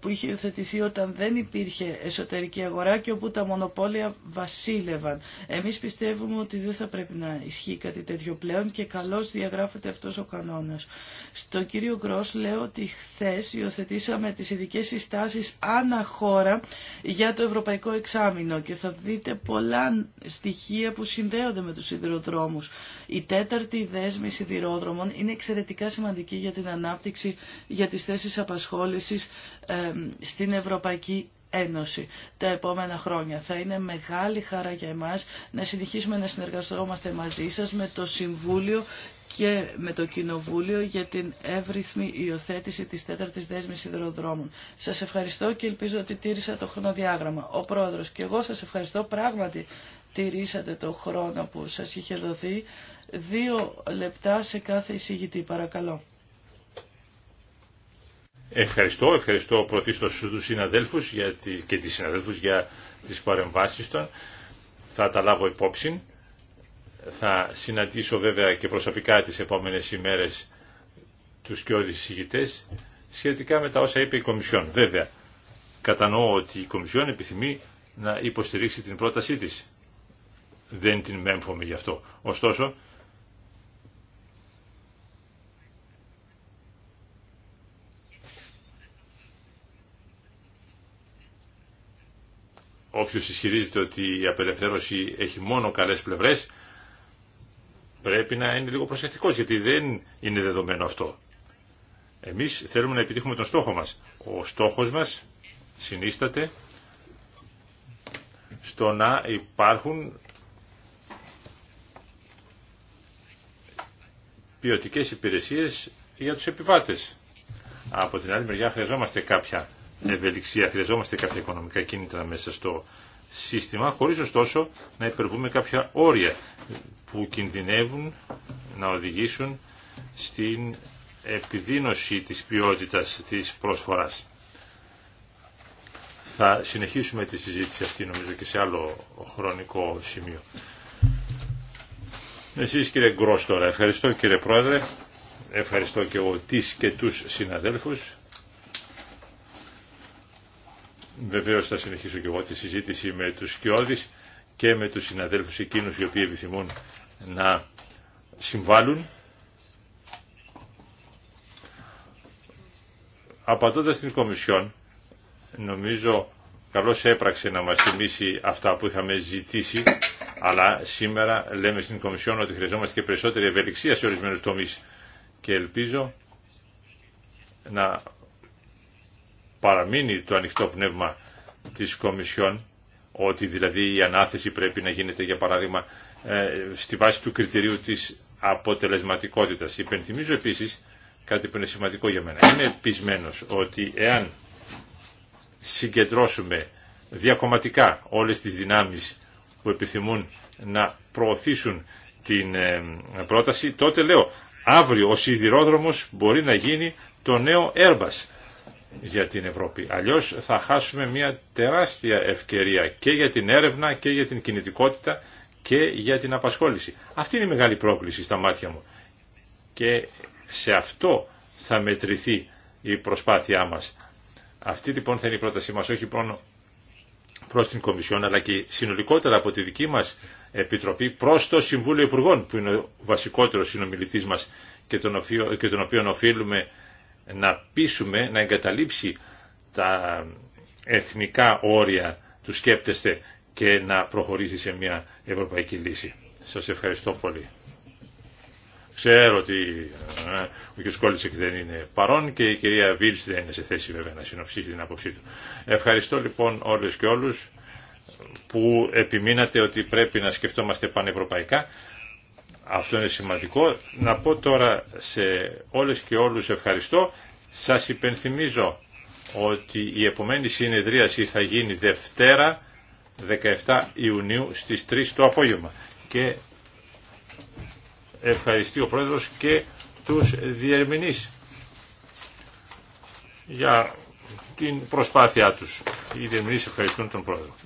που είχε υιοθετηθεί όταν δεν υπήρχε εσωτερική αγορά και όπου τα μονοπόλια βασίλευαν. Εμείς πιστεύουμε ότι δεν θα πρέπει να ισχύει κάτι τέτοιο πλέον και καλώς διαγράφεται αυτός ο κανόνας. Στο κύριο Γκρός λέω ότι χθε υιοθετήσαμε τις ειδικέ συστάσεις ανά χώρα για το Ευρωπαϊκό Εξάμεινο και θα δείτε πολλά στοιχεία που συνδέονται με τους σιδηροδρόμους. Η τέταρτη δέσμη σιδηρόδρομων είναι εξαιρετικά σημαντική για την ανάπτυξη ανάπτυξη για τις θέσεις απασχόλησης στην Ευρωπαϊκή Ένωση τα επόμενα χρόνια. Θα είναι μεγάλη χαρά για εμάς να συνεχίσουμε να συνεργαζόμαστε μαζί σας με το Συμβούλιο και με το Κοινοβούλιο για την εύρυθμη υιοθέτηση της τέταρτης δέσμης σιδηροδρόμων. Σας ευχαριστώ και ελπίζω ότι τήρησα το χρονοδιάγραμμα. Ο Πρόεδρος και εγώ σας ευχαριστώ πράγματι τηρήσατε το χρόνο που σας είχε δοθεί. Δύο λεπτά σε κάθε εισηγητή, παρακαλώ. Ευχαριστώ, ευχαριστώ πρωτίστως τους συναδέλφους και τις συναδέλφους για τις παρεμβάσεις των. Θα τα λάβω υπόψη. Θα συναντήσω βέβαια και προσωπικά τις επόμενες ημέρες τους και συγητές σχετικά με τα όσα είπε η Κομισιόν. Βέβαια, κατανοώ ότι η Κομισιόν επιθυμεί να υποστηρίξει την πρότασή της. Δεν την μέμφωμαι γι' αυτό. Ωστόσο, όποιος ισχυρίζεται ότι η απελευθέρωση έχει μόνο καλές πλευρές πρέπει να είναι λίγο προσεκτικός γιατί δεν είναι δεδομένο αυτό. Εμείς θέλουμε να επιτύχουμε τον στόχο μας. Ο στόχος μας συνίσταται στο να υπάρχουν ποιοτικές υπηρεσίες για τους επιβάτες. Από την άλλη μεριά χρειαζόμαστε κάποια ευελιξία. Χρειαζόμαστε κάποια οικονομικά κίνητρα μέσα στο σύστημα, χωρίς ωστόσο να υπερβούμε κάποια όρια που κινδυνεύουν να οδηγήσουν στην επιδίνωση της ποιότητας της προσφοράς. Θα συνεχίσουμε τη συζήτηση αυτή νομίζω και σε άλλο χρονικό σημείο. Εσείς κύριε Γκρός τώρα. Ευχαριστώ κύριε Πρόεδρε. Ευχαριστώ και εγώ τις και τους συναδέλφους. Βεβαίω θα συνεχίσω και εγώ τη συζήτηση με τους Σκιώδης και με τους συναδέλφους εκείνους οι οποίοι επιθυμούν να συμβάλλουν. Απατώντας την Κομισιόν, νομίζω καλώς έπραξε να μας θυμίσει αυτά που είχαμε ζητήσει, αλλά σήμερα λέμε στην Κομισιόν ότι χρειαζόμαστε και περισσότερη ευελιξία σε ορισμένους τομείς και ελπίζω να παραμείνει το ανοιχτό πνεύμα της Κομισιόν, ότι δηλαδή η ανάθεση πρέπει να γίνεται για παράδειγμα ε, στη βάση του κριτηρίου της αποτελεσματικότητας. Υπενθυμίζω επίσης κάτι που είναι σημαντικό για μένα. Είμαι πεισμένος ότι εάν συγκεντρώσουμε διακομματικά όλες τις δυνάμεις που επιθυμούν να προωθήσουν την ε, πρόταση, τότε λέω αύριο ο σιδηρόδρομος μπορεί να γίνει το νέο Airbus για την Ευρώπη. Αλλιώς θα χάσουμε μια τεράστια ευκαιρία και για την έρευνα και για την κινητικότητα και για την απασχόληση. Αυτή είναι η μεγάλη πρόκληση στα μάτια μου. Και σε αυτό θα μετρηθεί η προσπάθειά μας. Αυτή λοιπόν θα είναι η πρότασή μας, όχι μόνο προς την Κομισιόν, αλλά και συνολικότερα από τη δική μας Επιτροπή προς το Συμβούλιο Υπουργών, που είναι ο βασικότερος συνομιλητής μας και τον οποίο, και τον οποίο οφείλουμε να πείσουμε να εγκαταλείψει τα εθνικά όρια του σκέπτεστε και να προχωρήσει σε μια ευρωπαϊκή λύση. Σας ευχαριστώ πολύ. Ξέρω ότι ε, ο κ. Κόλτσεκ δεν είναι παρόν και η κυρία Βίλς δεν είναι σε θέση βέβαια να συνοψίσει την άποψή του. Ευχαριστώ λοιπόν όλες και όλους που επιμείνατε ότι πρέπει να σκεφτόμαστε πανευρωπαϊκά. Αυτό είναι σημαντικό. Να πω τώρα σε όλες και όλους ευχαριστώ. Σας υπενθυμίζω ότι η επομένη συνεδρίαση θα γίνει Δευτέρα 17 Ιουνίου στις 3 το απόγευμα. Και ευχαριστεί ο Πρόεδρος και τους διερμηνείς για την προσπάθειά τους. Οι διερμηνείς ευχαριστούν τον Πρόεδρο.